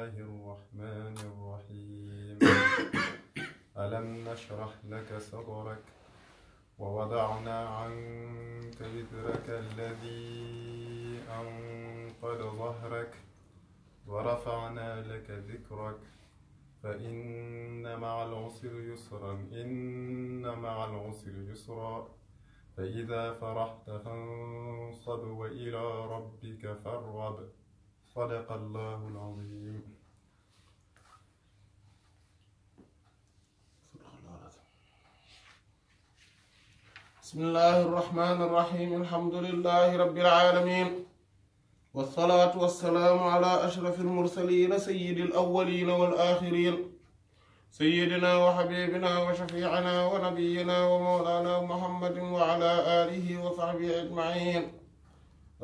الله الرحمن الرحيم ألم نشرح لك صدرك ووضعنا عنك وزرك الذي أنقذ ظهرك ورفعنا لك ذكرك فإن مع العسر يسرا إن مع العسر يسرا فإذا فرحت فانصب وإلى ربك فارغب صدق الله العظيم بسم الله الرحمن الرحيم الحمد لله رب العالمين والصلاة والسلام على أشرف المرسلين سيد الأولين والآخرين سيدنا وحبيبنا وشفيعنا ونبينا ومولانا محمد وعلى آله وصحبه أجمعين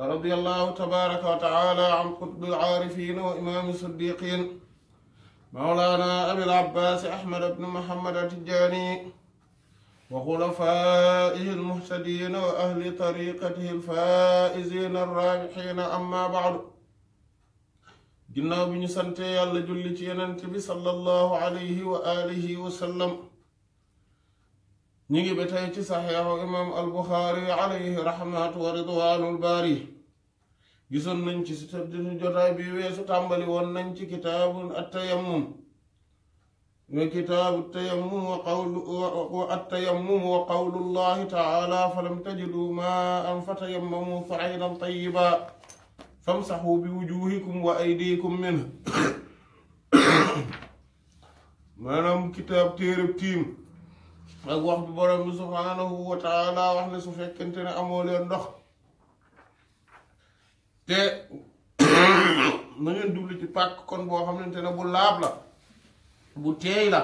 ورضي الله تبارك وتعالى عن قطب العارفين وإمام الصديقين مولانا أبي العباس أحمد بن محمد التجاني وخلفائه المهتدين وأهل طريقته الفائزين الرابحين أما بعد جنوب bi الله sante yàlla julli ci yenent bi sallallahu alayhi وسلم نيجي بتاي صحيح امام البخاري عليه رحمه ورضوان الباري غيسون نانتي ستاب دين جوتاي بي ويسو تامبالي وون نانتي كتاب التيمم وكتاب التيمم وقول التيمم وقول الله تعالى فلم تجدوا ماء فتيمموا صعيدا طيبا فامسحوا بوجوهكم وايديكم منه مانام كتاب تيرب تيم ak wax bi borom bi subhaanahu wa taala wax ne su fekkente ne amoo leen ndox te na ngeen dubli ci pàkk kon boo xamante ne bu laab la bu teey la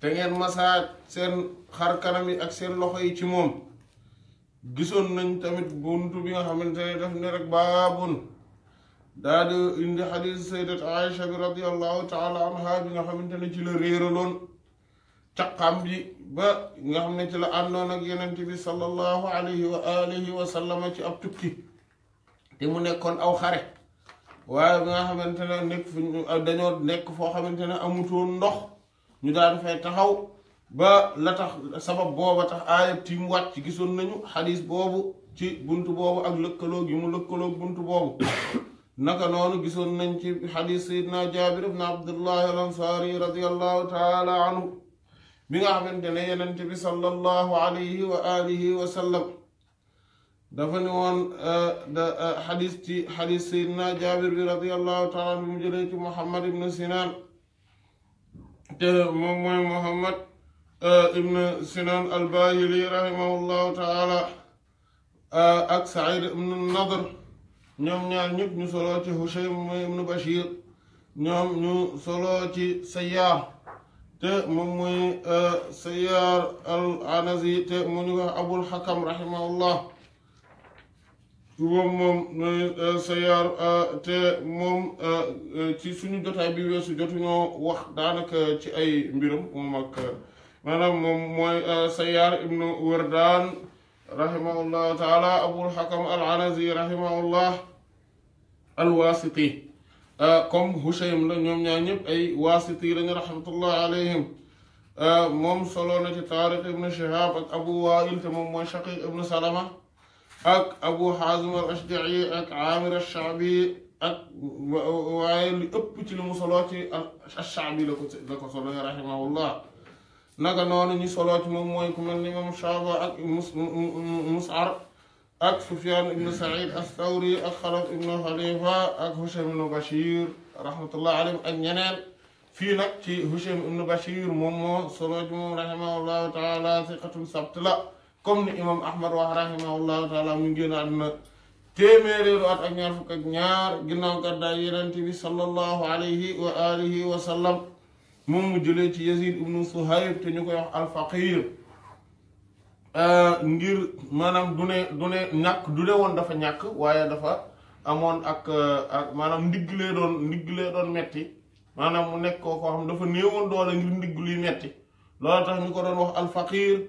te ngeen masaa seen xar kanam yi ak seen loxo yi ci moom gisoon nañ tamit buntu bi nga xamante ne daf ne rek baabun daa di indi xadiis sayyidat Aisha bi radiyallahu taala anha bi nga xamante ne ci la réeraloon caqam bi ba nga xam ne ci la àndoon ak ci bi sallallahu alayhi wa alihi wa sallama ci ab tukki te mu nekkoon aw xare waaye bi nga xamante ne nekk fu dañoo nekk foo xamante ne amutoon ndox ñu daal fay taxaw ba la tax sabab booba tax aaya tiim wàcc gisoon nañu xadis boobu ci bunt boobu ak lëkkaloo gi mu lëkkaloo bunt boobu naka noonu gisoon nañ ci xadis sayidna jaabir ibn abdullahi al radiallahu taala anhu mi nga xamantene yenen yenent bi sallallahu alayhi wa alihi wa sallam dafa ni won da hadith ti hadith sayyidina jabir bi radiyallahu taala bi jere ci muhammad ibn sinan te mom mooy muhammad ibn sinan al bahili rahimahu allah taala ak said ibnu nadr ñom ñaar ñep ñu solo ci hushaym ibn bashir ñom ñu solo ci sayyah te moom mooy Sayyaar al-Anazi te mu ñu wax Abul Hakam rahimahullah moom moom mooy Sayyaar te moom ci suñu jotaay bi weesu jotuñoo wax daanaka ci ay mbiram moom ak maanaam moom mooy Sayyaar ibnu Wardaan rahimahullah taala Abul Hakam al-Anazi rahimahullah al-Wasiti كم هشيم لنيوم يانيب أي واسطيرين رحمة الله عليهم مم صلونة تاريخ ابن شهاب أبو وائل تمم شقيق ابن سلمة أك أبو حازم الأشدعي أك عامر الشعبي أك وائل أبت المصلات الشعبي لك صلونة رحمه الله نغنوني صلوات مم ويكمل لمم شعب أك مسعر أك سفيان بن سعيد الثوري أك خلف بن خليفة أك هشام بن بشير رحمة الله عليهم أن ينال في نكت هشام بن بشير مومو سروج رحمه الله تعالى ثقة سبت لا كم إمام أحمد رحمه الله تعالى من جن أن تيميري رؤات أن يرفق أجنار جنان كردائر تبي صلى الله عليه وآله وسلم مومو جليت يزيد بن صهيب تنكو الفقير Euh, ngir maanaam du ne du ne ñàkk du ne woon dafa ñàkk waaye dafa amoon ak euh, ak maanaam ndigg lee doon ndigg lee doon metti maanaam mu nekk koo xam dafa néewoon doole ngir ndigg luy metti loolu tax ñu ko doon wax alfaqir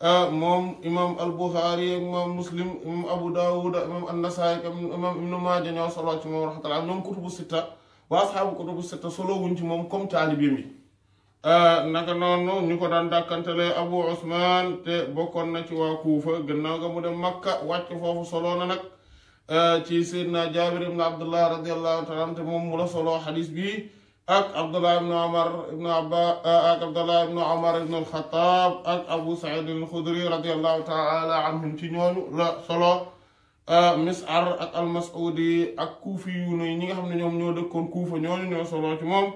euh, moom imam al buxaari imam muslim imam abu daawud imam annasaay imam ibnu maaja ñoo solo ci moom raxmatullah ñoom kutubu sitta waa asxaabu kutubu sitta solo wuñ ci moom comme taalibeem yi Ah, naka noonu ñu ko daan dàkkantele abu usman te bokkoon na ci waa kuufa gannaaw ga mu dem makka wàcc foofu soloo na nag ah, ci seydna jabir ibn abdullah radiallahu taala an te moom mu la soloo xadis bi ak abdullah ibnu omar ibnu abba ah, ak abdullah ibnu omar ibnu alxataab ak abu said alxudri radiallahu taala anhum ci ñooñu la solo misar ak almasudi ak kuufi yu ñi nga xam ne ñoom ñoo dëkkoon kuufa ñooñu ñoo soloo ci moom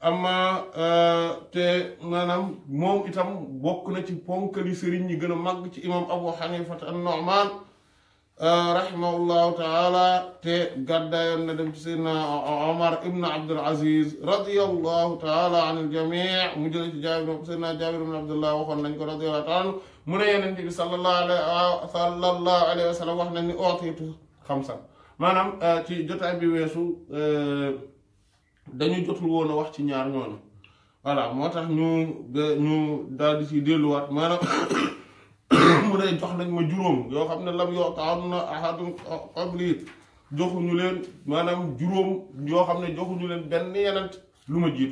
amma euh, te maanaam moom itam bokk na ci ponkali sëriñ ñi gën a màgg ci imam abu xanifata an nu'man euh, rahimahullahu taala te gàddaayoon na dem ci seydna omar ibn abdul aziz radiallahu taala an al jamii mu jële ci jaabir seydna jaabir ibn abdullah waxoon nañ ko radiallahu taala mu ne yenente bi sallallahu sallallahu alayhi wa sallam wax nañ ni ootiitu xamsan maanaam euh, ci jotaay bi weesu dañu jotul wona wax ci ñaar ñoon wala motax ñu ñu dal di ci delu wat manam mu day jox nañ ma jurom yo xamne lam yo taxaw ahadun qabli joxu ñu leen manam jurom yo xamne joxu ñu leen ben yenent luma ma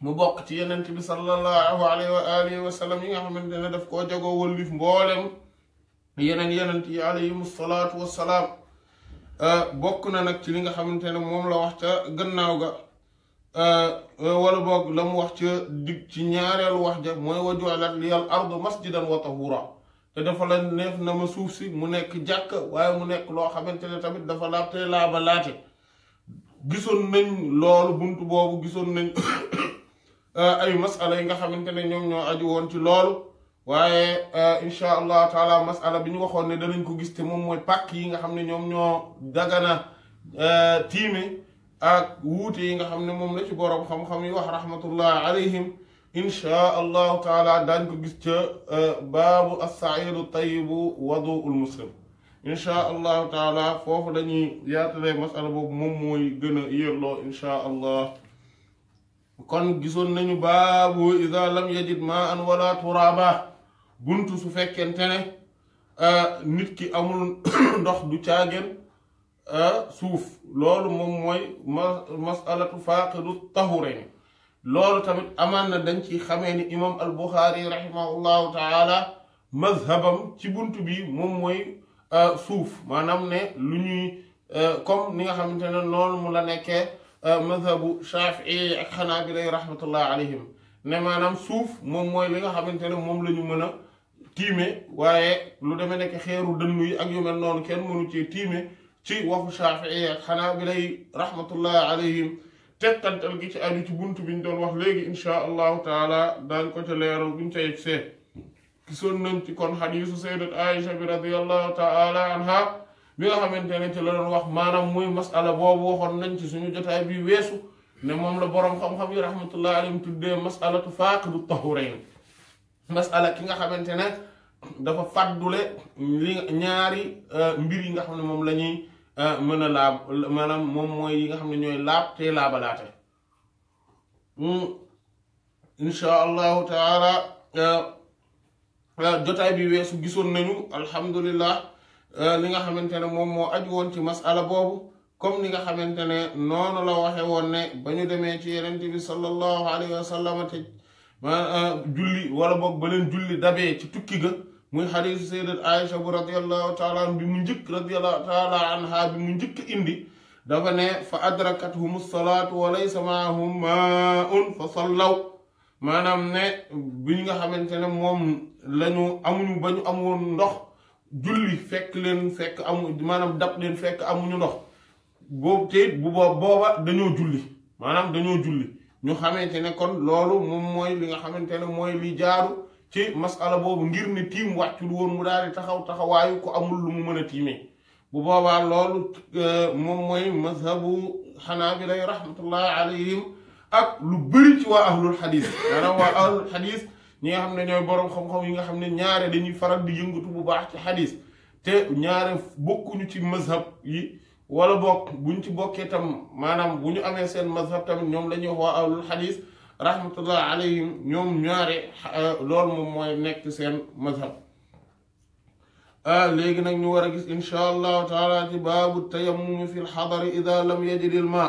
mu bok ci yenent bi sallallahu alayhi wa alihi wa sallam yi nga xamne ne daf koo jagoo wëllif mboolem yeneen yenent yi alayhimu salaatu wassalaam Euh, bokk na nag ci li nga xamante ne moom la wax ca gannaaw ga euh, euh, wala boog la mu wax ca digg ci ñaareelu wax ja mooy wajolat liyal ardu masjidan wa tahura te dafa la neef na ma suuf si mu nekk jàkk waaye mu nekk loo xamante ne tamit dafa laab te laaba laate gisoon nañ loolu bunt boobu gisoon nañ ay masala yi nga xamante ne ñoom ñoo aju woon ci loolu waaye euh, incha allah taala masala bi ñu waxoon ne danañ ko gis te moom mooy pàkk yi nga xam ne ñoom ñoo dagana euh, tiime ak wuute nga xam ne moom la ci boroom xam-xam yi wax rahmatullah alayhim inchaa allahu taala daañ ko gis ca euh, baabu assaidu tayibu waduul muslim inchaa allahu taala foofu dañuy yaatale masala boobu moom mooy gën a yelloo allah kon gisoon nañu baabu ida lam yajid ma wala turaaba buntu su fekente ne nit ki amul ndox du caageen suuf loolu mom moy masalatu faqidu tahurayni loolu tamit amana na dañ ci xamé ni imam al buxaari rahimahullahu taala mazhabam ci buntu bi moom mooy suuf manam ne luñuy comme ni nga xamantene ne mu la nekké mazhabu shafii ak xanaa bi lay alayhim ne manam suuf mom moy li nga xamantene mom lañu la ñu timé wayé lu démé nek xeeru dënnu yi ak yu mel non kenn mënu ci timé ci waxu shafi'i ak Xanaabilay rahmatullah alayhim tekkantal gi ci aju ci buntu biñ doon wax légui insha allah taala daañ ko ci leeral buñ ca yegg see gisoon nañ ci kon hadithu sayyidat aisha bi radiyallahu taala anha bi nga xamantene ci la doon wax manam muy masala bobu waxon nañ ci suñu jotaay bi wessu ne mom la borom xam-xam yi rahmatullah alayhim tuddé masalatu faqidut tahurayn masala ki nga xamante ne dafa fàddule li ñaari euh, mbir yi nga xam ne moom lañuy euh, mën a laab maanaam moom mooy yi nga xam ne ñooy laab te laabalaate insha allahu euh, jotaay bi weesu gisoon nañu alhamdulillah li nga xamante ne moom moo aju woon ci masala boobu comme ni nga xamante ne noonu la waxe woon ne ba ñu demee ci yenent bi sallallahu alayhi wa julli wala boog ba leen julli dabee ci tukki ga muy xadisa sayidat aïcha bu radiallahu taala an bi mu njëkk radiallahu taala anha bi mu njëkk indi dafa ne fa adrakathum salatu wa laysa maahum maun fa sallaw maanaam ne bi nga xamante ne moom lañu amuñu ba ñu amoon ndox julli fekk leen fekk amu maanaam dab leen fekk amuñu ndox boobu te bu booba dañoo julli maanaam dañoo julli ñu xamante ne kon loolu moom mooy li nga xamante ne mooy li jaaru ci masala boobu ngir ne tiim wàccul woon mu daal di taxaw taxawaayu ko amul lu mu mën a tiimee bu boobaa loolu euh, moom mooy mazhabu xanaabilay rahmatullahi alayhim ak lu bëri ci waa ahlul xadis maanaam waa ahlul xadis ñi nga xam ne ñooy boroom xam-xam yi nga xam ne ñaare dañuy faral di yëngatu bu baax ci xadis te ñaare bokkuñu ci mazhab yi wala bokk buñ ci bokkee tam maanaam bu ñu amee seen mazhab tamit ñoom lañuy ñuy wax waa ahlul xadis rahmatullah alayhim ñoom ñaare euh, loolu moom mooy nekk seen mazhab euh, léegi nag ñu war a gis insha allahu taala ci baabu tayammum fi lxadari ida lam yajid al ma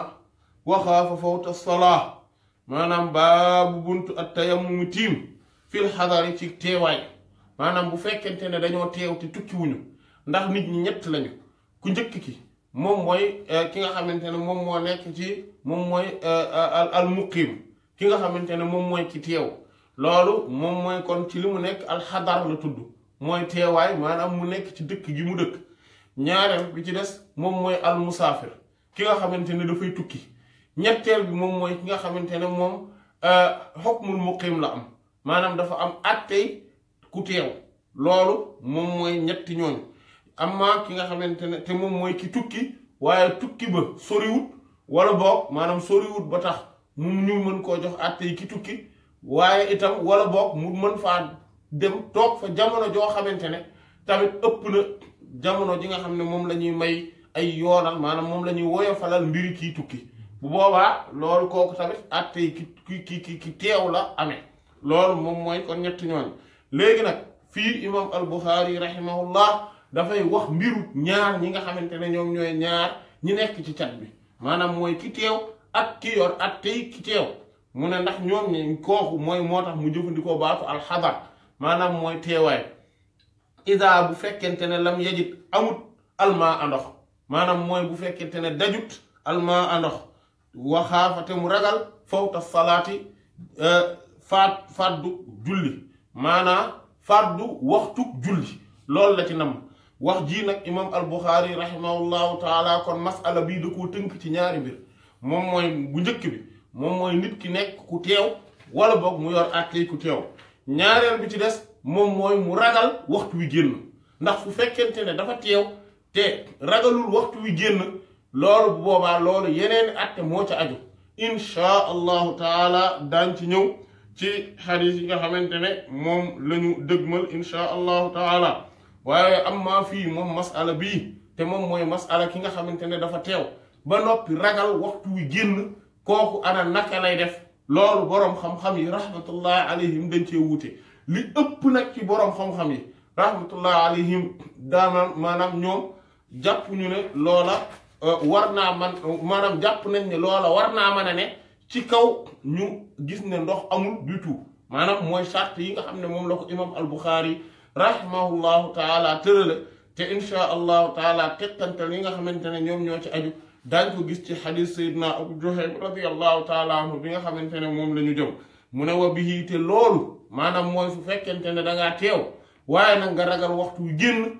wa xaafa fawta salaa maanaam baabu bunt at tayammum tiim fi lxadari ci teewaay maanaam bu fekkente ne dañoo teew te tukki ndax nit ñi ñett lañu ku njëkk ki moom mooy euh, ki nga xamante ne moom moo nekk ci moom mooy euh, euh, al muqiim ki nga xamante ne moom mooy ki teew loolu moom mooy kon ci li mu nekk alxadar la tudd mooy teewaay maanaam mu nekk ci dëkk gi mu dëkk ñaareel bi ci des moom mooy al musaafir ki nga xamante ne dafay tukki ñetteel bi moom mooy ki nga xamante ne moom xukmul muqiim la am maanaam dafa am àttey ku teew loolu moom mooy ñetti ñooñu amma ki nga xamante ne te moom mooy ki tukki waaye tukki ba soriwut wala boog maanaam soriwut ba tax mu ñu mën koo jox àtte yi ki tukki waaye itam wala boog mu mën faa dem toog fa jamono joo xamante ne tamit ëpp na jamono ji nga xam ne moom la ñuy may ay yoonal maanaam moom la ñuy woyofalal mbiri kii tukki bu boobaa loolu kooku tamit àtte yi ki ki ki teew la amee loolu moom mooy kon ñetti ñooñ léegi nag fii imam al Buxaari dafay wax mbiru ñaar ñi nga xamante ne ñoom ñooy ñaar ñi nekk ci cat bi maanaam mooy ki teew ak ki yor ak tey ki teew mu ne ndax ñoom ñi kooku mooy moo tax mu jëfandikoo baatu alxadar maanaam mooy teewaay ida bu fekkente ne lam yajit amut almaa andox maanaam mooy bu fekkente ne dajut almaa andox waxaafate mu ragal fawta salaati e, faat faat du julli maanaam faat du waxtu julli loolu la ci nam wax jii nag imam al buxaari rahimahullahu taala kon masala bii da koo tënk ci ñaari mbir moom mooy bu njëkk bi moom mooy nit ki nekk ku teew wala boog mu yor àttee ku teew ñaareel bi ci des moom mooy mu ragal waxtu wi génn ndax fu fekkente ne dafa teew te ragalul waxtu wi génn loolu bu boobaa loolu yeneen atte moo ci aju inchaa allahu taala daan ci ñëw ci xadiis yi nga xamante ne moom lañu ñu dëgmal inchaa allahu taala waaye am maa fii moom masala bii te moom mooy masala ki nga xamante ne dafa teew ba noppi ragal waxtu wi génn kooku ana naka lay def loolu boroom xam-xam yi rahmatullahi alayhim dañ cee wuute li ëpp nag ci boroom xam-xam yi rahmatullahi alayhim daana maanaam ñoom jàpp ñu ne loola euh, war naa man maanaam jàpp nañ ne loola war naa mën a ne ci kaw ñu gis ne ndox amul du tout maanaam mooy charte yi nga xam ne moom la ko imam al-Bukhari allah taala teurele te insha allah taala teqantal yi nga xamantene ñom ñoo ci aju dañ ko gis ci hadith sayidna abu juhayb radiallahu taala mu bi nga xamantene mom lañu jëm mu ne wa bihi te loolu manam moy fu fekkente ne nga tew waye nak nga ragal waxtu génn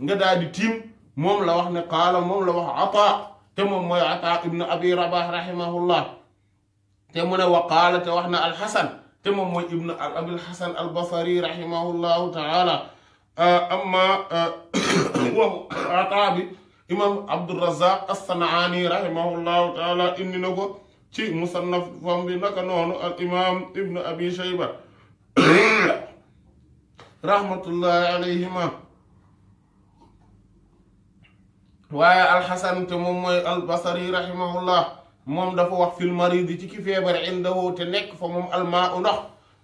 nga daal tim mom la wax ne qala mom la wax ata te mom moy ata ibn abi rabah rahimahullah te mu ne wa te waxna al hasan te moom mooy ibnu al abil xasan al basari rahimahullahu taala amma waxu ataa bi imam abdurazaq assanaani rahimahullahu taala indi na ko ci musannaf fam bi naka noonu al imam ibnu abi shayba rahmatullahi alayhima waaye alxasan te moom mooy al basari rahimahullah moom dafa wax fil maridi ci ki feebar indahu te nekk fa moom almaa u ndox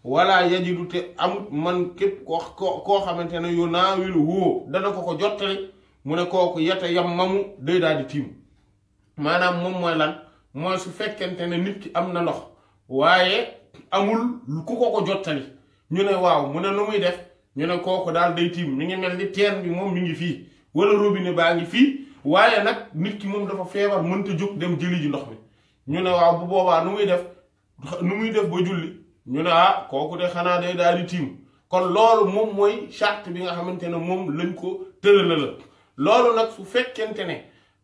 wala yajidu te amut man képp ko koo xamante ne yu naawilu woo dana ko ko jottali mu ne kooku yata yam mamu day daal di tiim maanaam moom mooy lan su fekkente ne nit ki am na ndox waaye amul ku ko ko ñu ne waaw mu ne lu muy def ñu ne kooku daal day tiim mi ngi mel ni teen bi moom mi ngi fii wala robine baa ngi fii waaye nag nit ki moom dafa feebar mënta jóg dem jëli ji ndox mi ñu ne waaw bu boobaa nu muy def nu muy def ba julli ñu ne ah kooku de xanaa day daal di tiim kon loolu moom mooy charte bi nga xamante ne moom lañ ko tërala la loolu nag su fekkente ne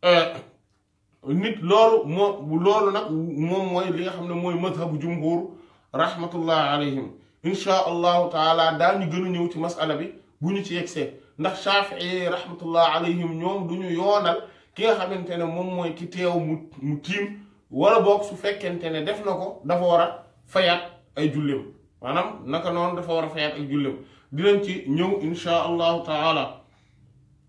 euh, nit loolu moom nag moom mooy li nga xam ne mooy mazhabu jumhur rahmatullah alayhim inchaa allahu daal ñu gën ñëw ci masala bi bu ñu ci ndax shafii rahmatullah alayhim du ñu yoonal ki nga xamante ne moom mooy ki teew mu mu tiim wala bok su fekkente ne def nako dafa wara fayat ay julleem manam naka non dafa wara fayat ak ay di len ci ñëw insha allah taala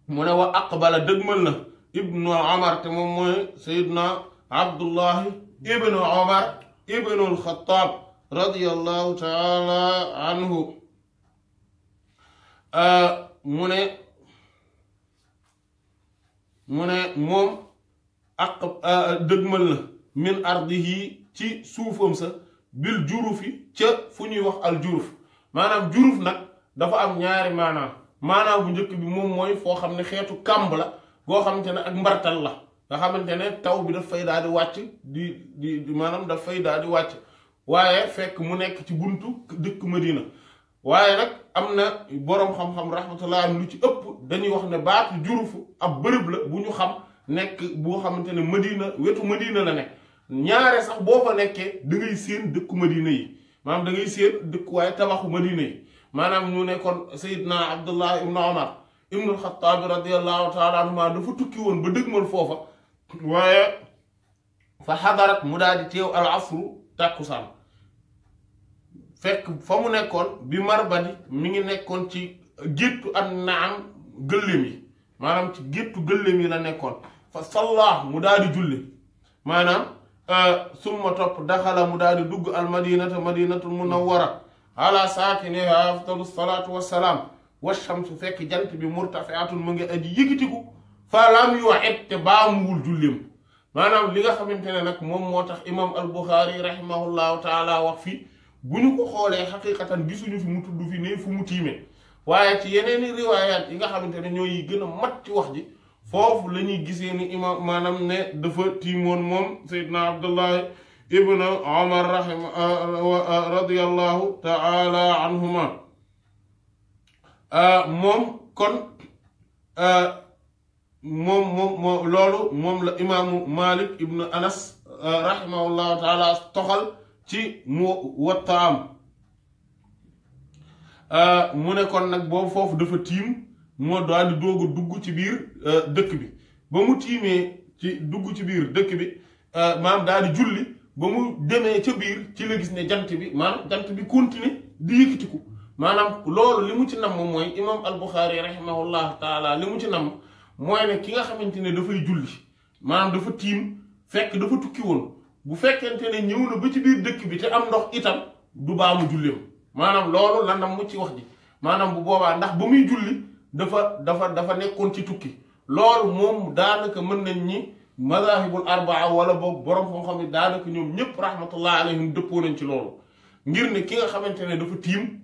mu wa aqbala dëgmal na ibnu umar te moom mooy sayidna abdullahi ibnu omar ibnu al-khattab radiyallahu taala anhu mu ne mu ne moom aq dëgmal na min ardihi ci suufam sa bil jurufi ca fu ñuy wax al juruf maanaam juruf nag dafa am ñaari maanaam maanaam bu njëkk bi moom mooy foo xam ne xeetu kàmb la boo xamante ne ak mbartal la nga xamante ne taw bi daf fay daal di wàcc di di maanaam daf fay daal di wàcc waaye fekk mu nekk ci buntu dëkk Madina waaye nag am na boroom xam-xam rahmatullah lu ci ëpp dañuy wax ne baatu jurufu ab bërëb la bu ñu xam nekk boo xamante ne Madina wetu Madina la nekk ñaare sax boo fa nekkee da ngay séen dëkku madina yi maanaam da ngay séen dëkkuwaay tabaxu madina yi maanaam ñu ne kon sayidna abdullah ibnu omar ibnu alxataabi radiallahu taala anhuma dafa tukki woon ba dëgmal foofa waaye fa xadarat mu daal di teew al asru tàkkusaan fekk fa mu nekkoon bi marbadi mi ngi nekkoon ci géttu ak naam gëllëm yi maanaam ci géttu gëllëm yi la nekkoon fa sallaa mu daal di julli maanaam Euh, summa topp daxala mu daal di dugg al madinata madinatul munawwara ala saakiniha afdalu salaatu wassalaam washamsu fekk jant bi murtafiatun mu ngi aji yëgitiku fa lam yu'id te baamuwul julleem maanaam li nga xamante ne nag moom moo tax imaam al buxaari rahimahullahu taala wax fi bu ñu ko xoolee xaqiqatan gisuñu fi mu tudd fi ne fu mu tiime waaye ci yeneeni riwaayaat yi nga xamante ne ñooy yi gën a mat ci wax ji foofu la ñuy gisee ni imaam maanaam ne dafa tiimoon moom seydna abdullahi ibn omar rahima radiallahu taala anhuma moom kon moom moom loolu moom la imaamu malik ibn anas rahimahullahu taala toxal ci mu wattaam mu ne kon nag boobu foofu dafa tiim moo daal doogu dugg ci biir euh, dëkk bi ba mu tiimee ci dugg ci biir dëkk bi euh, maam daal di julli ba mu demee ca biir ci la gis ne jant bi maanaam jant bi continuer di yëkkatiku maanaam loolu li mu ci namm mooy imam al-Bukhari rahimahullah taala li mu ci namm mooy ne ki nga xamante ne dafay julli maanaam dafa tiim fekk dafa tukki woon bu fekkente ne ñëw na ci biir dëkk bi te am ndox itam du baamu julleem maanaam loolu la namm ci wax ji maanaam bu boobaa ndax ba muy julli dafa dafa dafa nekkoon ci tukki loolu moom daanaka mën nañ ñi mazahibul arbaa wala boobu borom xam-xam ne daanaka ñoom ñëpp rahmatullah alayhim dëppoo nañ ci loolu ngir ne ki nga xamante ne dafa tiim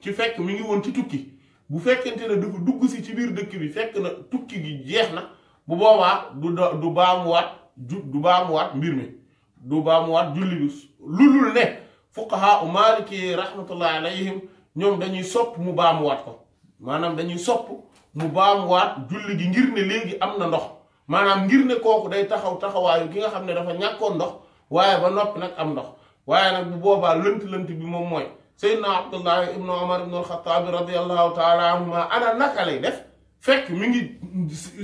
ci fekk mu ngi woon ci tukki bu fekkente ne dafa dugg si ci biir dëkk bi fekk na tukki gi jeex na bu boobaa du du baamuwaat ju du baamuwaat mbir mi du baamuwaat julli bi lulul ne fuqaha u maliki rahmatullah alayhim ñoom dañuy sopp mu baamuwaat ko maanaam dañuy sopp mu baamuwaat julli gi ngir ne léegi am na ndox maanaam ngir ne kooku day taxaw taxawaayu ki nga xam ne dafa ñàkkoon ndox waaye ba noppi nag am ndox waaye nag bu boobaa lënt-lënt bi moom mooy sayyidna abdullahi ibnu omar ibnu alxataabi radiallahu taala anhuma ana naka lay def fekk mi ngi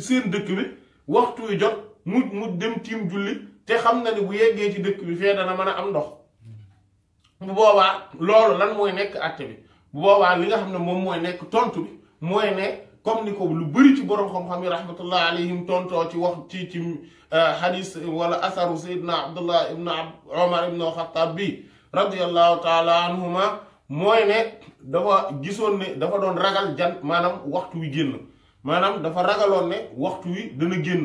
seen dëkk bi waxtu jot mu mu dem tiim julli te xam na ne bu yeggee ci dëkk bi fee dana mën a am ndox bu boobaa loolu lan mooy nekk àtte bi bu boobaa li nga xam ne moom mooy nekk tontu bi mooy ne comme ni ko lu bëri ci borom xam-xam yi rahmatullah alayhim tontoo ci wax ci ci euh, hadis wala asaru sayidna abdullah ibn omar ibn xattaab bi radiallahu taala anhuma mooy ne dafa gisoon ne dafa doon ragal jan maanaam waxtu wi génn maanaam dafa ragaloon ne waxtu wi dana génn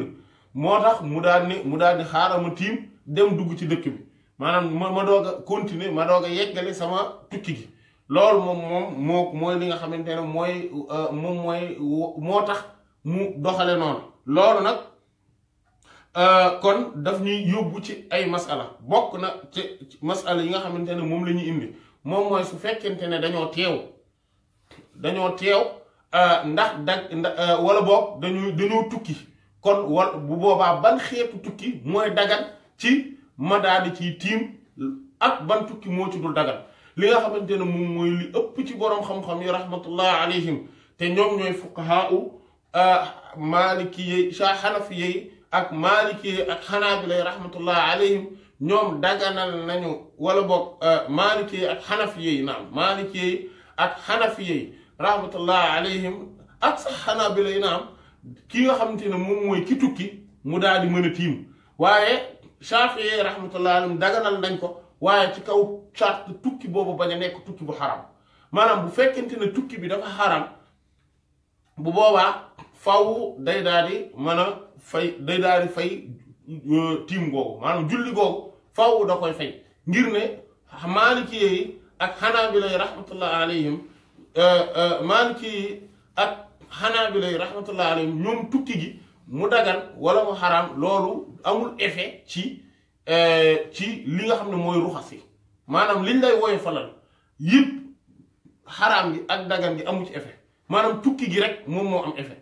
moo tax mu daal ni mu daal di xaaral ma tiim dem dugg ci dëkk bi maanaam ma ma dooga continuer ma doog a yeggale sama tukki gi loolu moom moom moo mooy li nga xamante ne mooy euh, moom mooy moo tax mu doxale noonu loolu nag euh, kon daf ñuy yóbbu ci ay masala bokk na ci masala yi nga xamante ne moom la ñuy indi moom mooy su fekkente ne dañoo teew dañoo teew euh, ndax da wala boog dañu dañoo tukki kon wal bu boobaa ban xeetu tukki mooy dagan ci ma daadi ciy tiim ak ban tukki moo ci dul dagan li nga xamantene mom moy li ëpp ci borom xam-xam yi rahmatullah alayhim te ñom ñoy fuqahaa maliki yi sa xanafi yi ak maliki ak xanaabila yi rahmatullah alayhim ñom daganal nañu wala bok maliki ak xanafi yi naam maliki ak xanafi yi rahmatullah alayhim ak sa xanaabila yi naam ki nga xamantene mom moy ki tukki mu daali di tim waye tiim rahmatullah alayhim daganal nañ ko waaye ci kaw charte tukki boobu bañ a nekk tukki bu xaram maanaam bu fekkente ne tukki bi dafa xaram bu boobaa faw day daal di fay day daal fay euh, tiim googu maanaam julli googu faw da koy fay ngir ne maaliki yi ak xanaabila yi rahmatullah alayhim euh, euh, maaliki ak xanaa xanaabila yi rahmatullah alayhim ñoom tukki gi mu dagan wala mu xaram loolu amul effet ci Euh, ci li nga xam ne mooy ruxas yi maanaam liñ lay woye falal yëpp xaraam gi ak dagan gi amu ci effet maanaam tukki gi rek moom moo am effet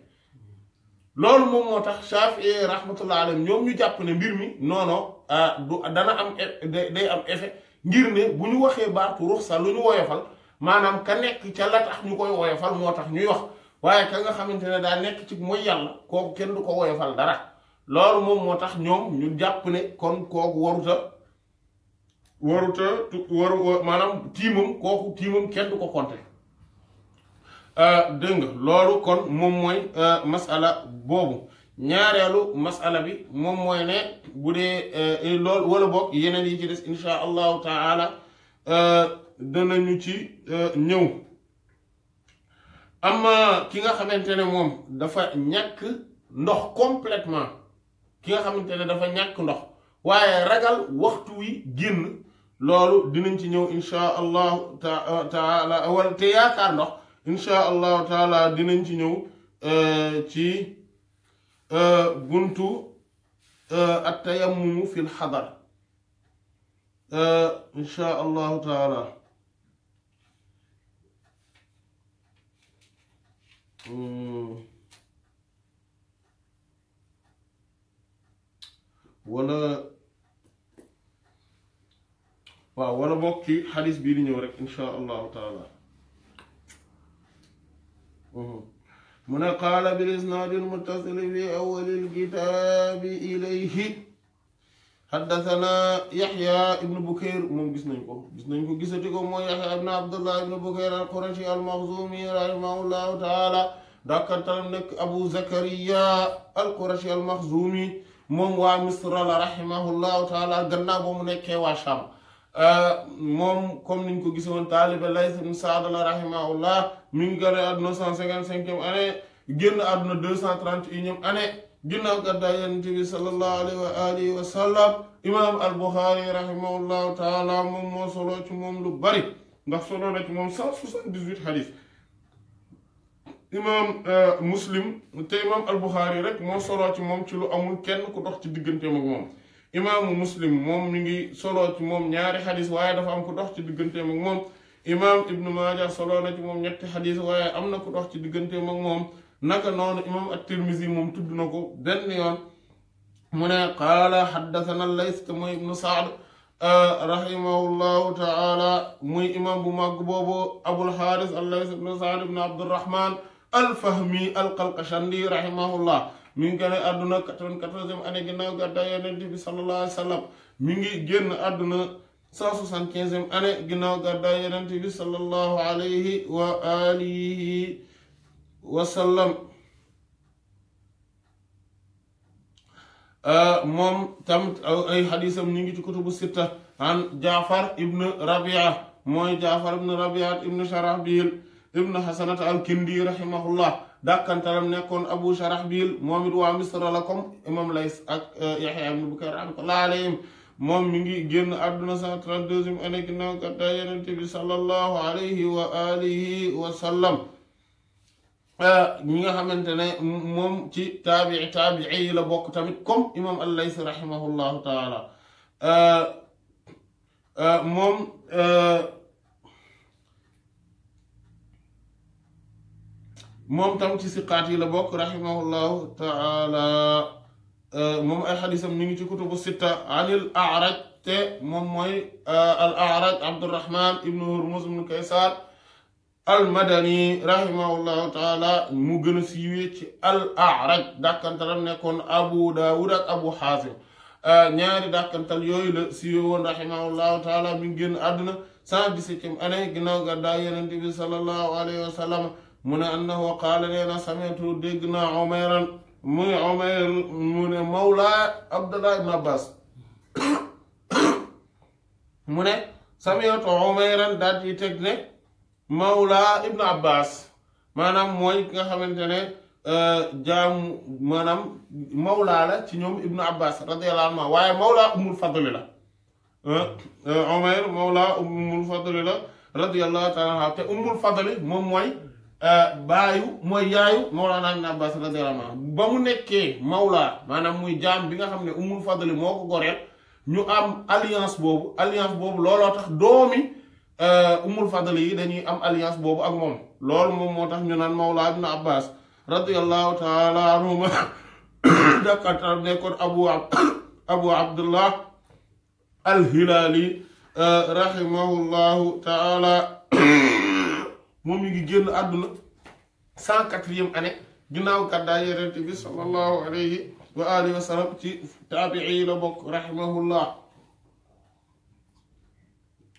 loolu moom moo tax Shaafi'i rahmatullah alayhi ñu jàpp ne mbir mi noono ah, du dana am e, day am effet ngir ne bu ñu waxee baatu ruxsa lu ñu woyofal maanaam ka nekk ca la tax ñu koy woyofal moo tax ñuy wax waaye ka nga xamante ne daa nekk ci mooy yàlla kooku kenn du ko woyofal dara loolu moom moo tax ñoom ñu jàpp ne kon kooku waruta waruta maanaam tiimam kooku tiimam kenn du ko compter euh, dégg nga loolu kon moom mooy euh, masala boobu ñaareelu masala bi moom mooy ne bu dee euh, lool wala boog yeneen yi ci des insha allahu taala danañu ci ñëw amma ki nga xamante ne moom dafa ñàkk ndox complètement ki nga xamantene dafa ñak ndox waye ragal waxtu wi génn lolu dinañ ci ñëw insha allah taala wala te yaakaar ndox insha allah taala dinañ ci ñëw ci buntu at-tayammum attayammumu fil xadar insha allahu taala Hmm. wala waaw wala bokk ci ñëw rek insha allahu taala mhm. mu ne qaala bil isnaadi almutasili fi awali alkitaabi ilayhi xaddasanaa yaxya ibnu bukair moom nañ ko gis nañ ko gisati ko mooy yaxya ibnu abdullah ibnu bukair al qurashi al maxzumi rahimahullahu taala dàkkantaram nekk abu zakariya al qurashi moom waa misra la rahimahullahu taala gannaaw ba mu nekkee waa Sham euh, moom comme niñ ko gisoon taaliba Layth ibn Sa'd la rahimahullah mi ngi gane àdduna 155e année génn àdduna 231e année ginnaaw gàddaay Yonent bi sallallahu alayhi wa alihi wa sallam imaam al-Bukhari rahimahullahu taala moom moo moom lu bari ndax solo na ci moom 178 hadith imam muslim te imam al bukhari rek mo solo ci mom ci lu amul kenn ku dox ci digganteem ak mom imam muslim mom mi ngi solo ci mom ñaari hadith waye dafa am ku dox ci digganteem ak mom imam ibn majah solo na ci mom ñetti hadith waye am na ku dox ci digganteem ak mom naka non imam at tirmidhi mom tuddu nako ben benn yoon mu ne qaala xaddathana lays te mooy ibnu saad rahimahullahu taala muy imaam bu màgg boobu abul xaaris al lays ibnu saad ibnu abdurahman alfahmi alqalqashandi rahimahullah mi ngi gane àdduna 94e année ginnaaw gàddaay yonent bi sallallahu alayhi wa sallam mi ngi génn àdduna 175e année ginnaaw gàddaay yonent bi sallallahu alayhi wa alihi wa sallam euh, moom tamit ay xadiisam ñu ngi ci kutubu sitta an jaafar ibn rabia mooy jaafar ibn rabia ibn sharabil ibn hasanat al kindi rahimahullah dàkkantalam nekkoon abu sharahbil moom it waa misra la kom imam lays ak yaxya ibn bukayr rahmatullah alayhim moom mi ngi génn àdduna cent trente-deuxième année ginnaaw gàddaay yonent bi sallallahu alayhi wa alihi wa sallam ñi nga xamante ne moom ci taabii taabii yi la bokk tamit comme imam al-Lays rahimahullahu taala moom moom tam ci siqaat yi la bokk rahimahullahu taala euh, moom ay xadisam ñu ngi ci kutubu sitta anil araj moom mooy euh, al araj abdurahman ibnu hurmuz ibnu kaysar madani rahimahullahu mu gën a ci al nekkoon abu daawud ak abu xaasim euh, ñaari dàkkantal yooyu la siiwee woon rahimahullahu taala mi ngi génn àdduna cent dix-septième année ginnaaw gàddaay yonent bi sallallahu alayhi wa mu ne annahu qaala nee na samitu dégg naa umayran muy umayr mu ne mawla abdullah ibn abbas mu ne samitu umayran daal di teg ne mawla ibn abbas maanaam mooy ki nga xamante ne euh, jaamu maanaam mawla la ci ñoom ibn abbas radiyallahu anhu waaye mawla umul fadli la umayr euh, euh, mawla umul fadli la radiyallahu taala te umul fadli moom mooy Euh, baayu mooy yaayu Mawlana Ibn Abbas radiyallahu anhu ba mu nekkee mawla maanaam muy jaam bi nga xam ne Ummul Fadli moo ko goreel ñu am alliance boobu alliance boobu looloo tax doomi euh, Ummul Fadli yi dañuy am alliance boobu ak moom loolu moom moo tax ñu naan Mawlana Ibn Abbas radiyallahu taala anhuma dakkatal nekkoon abu abdullah al hilaali euh, rahimahullahu moom mi ngi génn àdduna cent quatrième année ginnaaw gàddaay yonent bi sallallahu alayhi wa alihi wa sallam ci taabii la bokk rahimahullah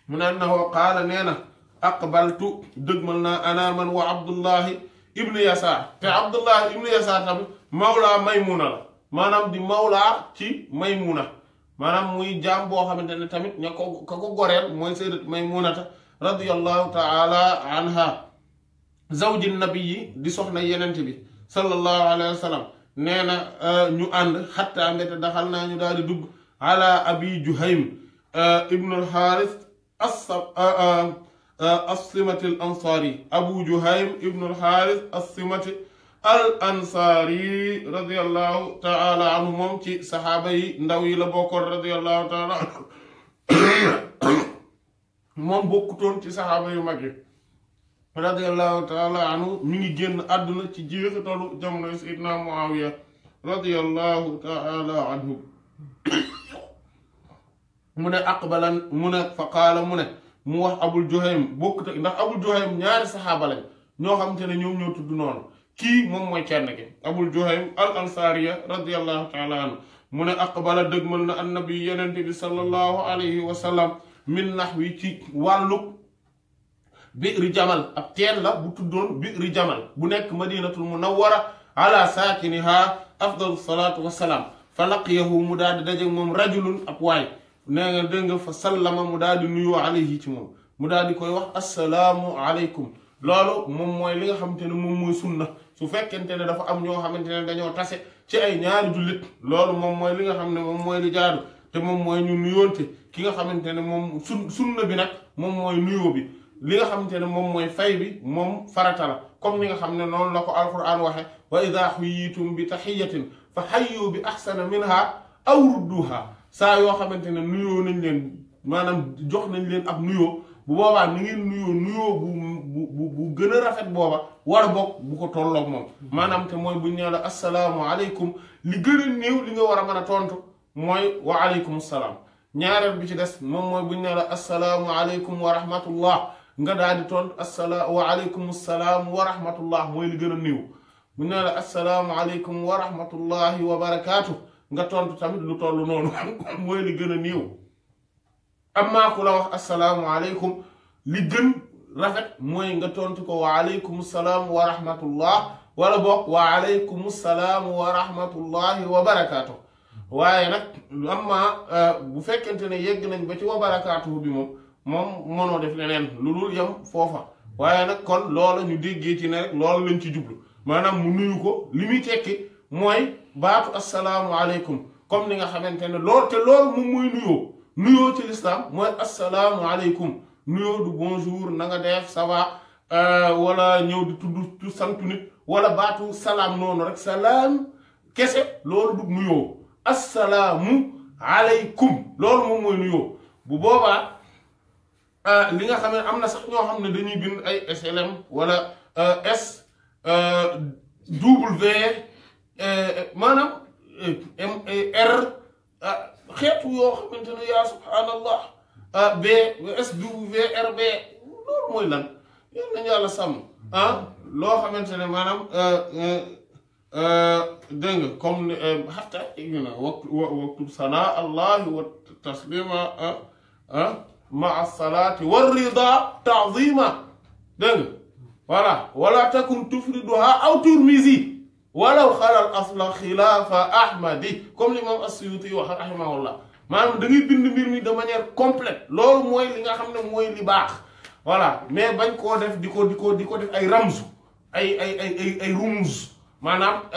mu ne annahu qaala nee na aqbaltu dëgmal naa ana man wa abdullahi ibnu yasaar te abdullahi ibnu yasaar tamit mawlaa maymuna la maanaam di mawlaa ci maymuna maanaam muy jaam boo xamante ne tamit ña ko ka mooy sayyidat maymunata رضي الله تعالى عنها زوج النبي دي سخنا يننتي بي صلى الله عليه وسلم نانا نو اند حتى مت دخلنا ني دال دغ على ابي جهيم ابن الحارث الصف الصمة الأنصاري أبو جهيم ابن الحارث الصمة الأنصاري رضي الله تعالى عنهم صحابي نوي لبوكر رضي الله تعالى moom bokkutoon ci saxaaba yu mag yi radiallahu taala anhu mi ngi génn àdduna ci jeexitalu jamonoy Seydina Muawiya radiallahu taala anhu mu ne aqbalan mu ne fa qaala mu ne mu wax abul juhaym bokkut ndax abul juhaym ñaari saxaaba lañ ñoo xamante ne ñoom ñoo tudd noonu kii moom mooy kenn ki abul juhaym al ansariya radiallahu taala anhu mu ne aqbala dëgmal na annabi yenente bi sallallahu alayhi wa sallam min nax wi ci wàlluk bi'ri jamal ab teen la bu tuddoon bi'ri jamal bu nekk madinatul munawwara ala saakiniha afdalu salaatu wassalaam fa laqiyahu mu daal di daje moom rajulun ab waay nee nga dégg nga fa sallama mu daal di nuyoo alayhi ci moom mu daal di koy wax assalaamu aleykum loolu moom mooy li nga xamante ne moom mooy sunna su fekkente ne dafa am ñoo xamante ne dañoo tase ci ay ñaari jullit loolu moom mooy li nga xam ne moom mooy li jaadu te moom mooy ñu nuyoonte ki nga xamantene mom sunna bi nak mom moy nuyo bi li nga xamantene mom moy fay bi mom farata la comme ni nga xamne non la ko alquran waxe wa idha huyitum bi tahiyatin fa hayyu bi ahsana minha aw rudduha sa yo xamantene nuyo nuyoo nañ leen maanaam jox nañ len ab nuyo bu boba ni ngeen nuyo nuyo bu bu bu gën rafet boba war bok bu ko tolloog mom manam te moy bu nee assalamu alaykum li gën néew li nga wara mëna tontu moy wa alaykum assalam ñaareel bi ci dess mom moy buñ neela assalamu alaykum wa rahmatullah nga daal di toon assalaamu wa alaykum assalam wa rahmatullah moy li gën niw buñ neela assalamu alaykum wa rahmatullah wa barakatuh nga tontu tamit lu tollu non moy li gën niw amma ku la wax assalamu alaykum li gën rafet moy nga tontu ko wa alaykum assalam wa rahmatullah wala bok wa alaykum assalam wa rahmatullah wa barakatuh waaye nag amma euh, bu fekkente ne yegg nañ ba ci wa barakaatuhu bi moom moom mënoo def leneen lu dul yem foofa waaye nag kon loola ñu déggee ci ne rek loola lañ ci jublu maanaam mu nuyu ko li muy tekki mooy baatu asalaamualeykum comme ni nga xamante ne lool te loolu moom mooy nuyoo nuyoo ci lislaam mooy asalaamualeykum nuyoo du bonjour na nga def ça va euh, wala ñëw di tudd santu nit wala baatu salaam noonu rek salaam kese loolu du nuyoo. assalaamu alaykum loolu moom mooy nuyoo bu boobaa li nga xam ne am na sax ñoo xam ne dañuy bind ay SLM wala S W maanaam M R xeetu yoo xamante ne yaa subhaanallah B S W R B loolu mooy lan yal nañu yàlla sàmm ah loo xamante ne maanaam. دنجا كم حتى يعنى وقت وقت صلاة الله وتسليمة آه، آه، مع الصلاة والرضا تعظيمة دنجا ولا ولا تكن تفردها أو ترمزي ولا خلا الأصل خلاف أحمدي كم الإمام السيوطي وحر رحمه الله ما ندري بند بيرمي دو مانيير كومبليت لول موي ليغا خامن موي لي باخ فوالا مي بان كو ديف ديكو ديكو ديكو ديف اي رمز اي اي اي اي رمز manam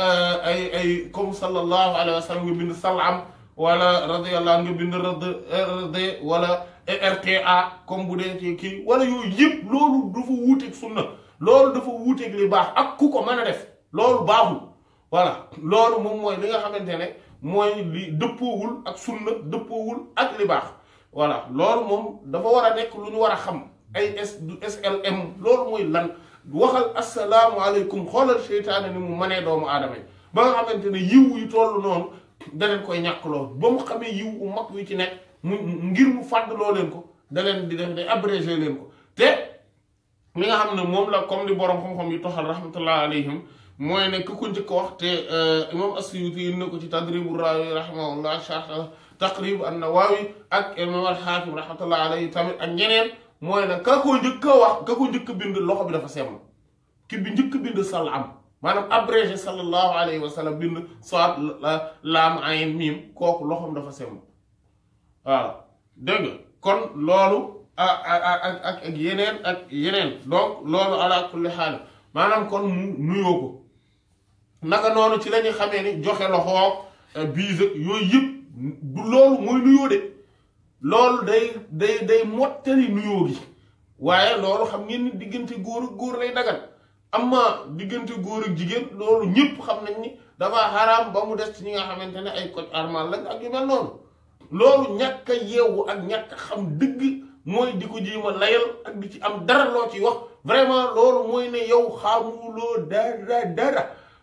ay ay comme sallallahu alayhi wa sallam nga salam wala radiyallahu anhu bin rëdd rd wala rta comme boudé ci ki wala yooyu yëpp loolu dafa ak sunna loolu dafa ak li bax ak kuko ko def lolu baxul voilà lolu mom moy li nga xamantene moy li deppowul ak sunna deppowul ak li bax voilà lolu mom dafa wara nek luñu wara xam ay SLM lolu moy lan waxal assalamu alaykum xolal sheytaane ni mu mané doomu adamay ba nga xamantene ne yiw yu non da len koy ñakklo bu mu xamé yiw u mak yu ci nek ngir mu lo len ko da len di def day abréger len ko te mi nga xamné mom la comme li borom xam-xam yu toxal rahmatullah alayhim moy ne ku ko njëkk wax te imam Asyuti yi nako ci tadribu raawi rahmatullah sharh taqrib an-Nawawi ak imam al hafi rahmatullah alayhi tamit ak ñeneen mooy na ka ko njëkk wax ka ko njëkk bind loxo bi dafa semb ki bi njëkk bind sal am maanaam abrégé sallallahu alayhi wa sallam bind soit laam ayin miim kooku loxoom dafa semb waaw dëgg kon loolu ak yeneen ak yeneen donc loolu ala kulli maanaam kon mu ko naka noonu ci la ñuy xamee ni joxe loxoog biis ak eh, yooyu yëpp du loolu mooy nuyoo de. loolu day day day mottali nuyoo gi waaye loolu xam ngeen diggante góor ak góor lay am amma diggante góor ak jigéen loolu ñëpp xam nañ ni dafa xaraam ba mu des ci ñi nga xamante ne ay code armal lañ ak yu mel noonu ñàkk a yeewu ak ñàkk xam dëgg mooy di ko jéem a layal ak di ci am dara loo ci wax vraiment loolu mooy ne yow xamuloo dara dara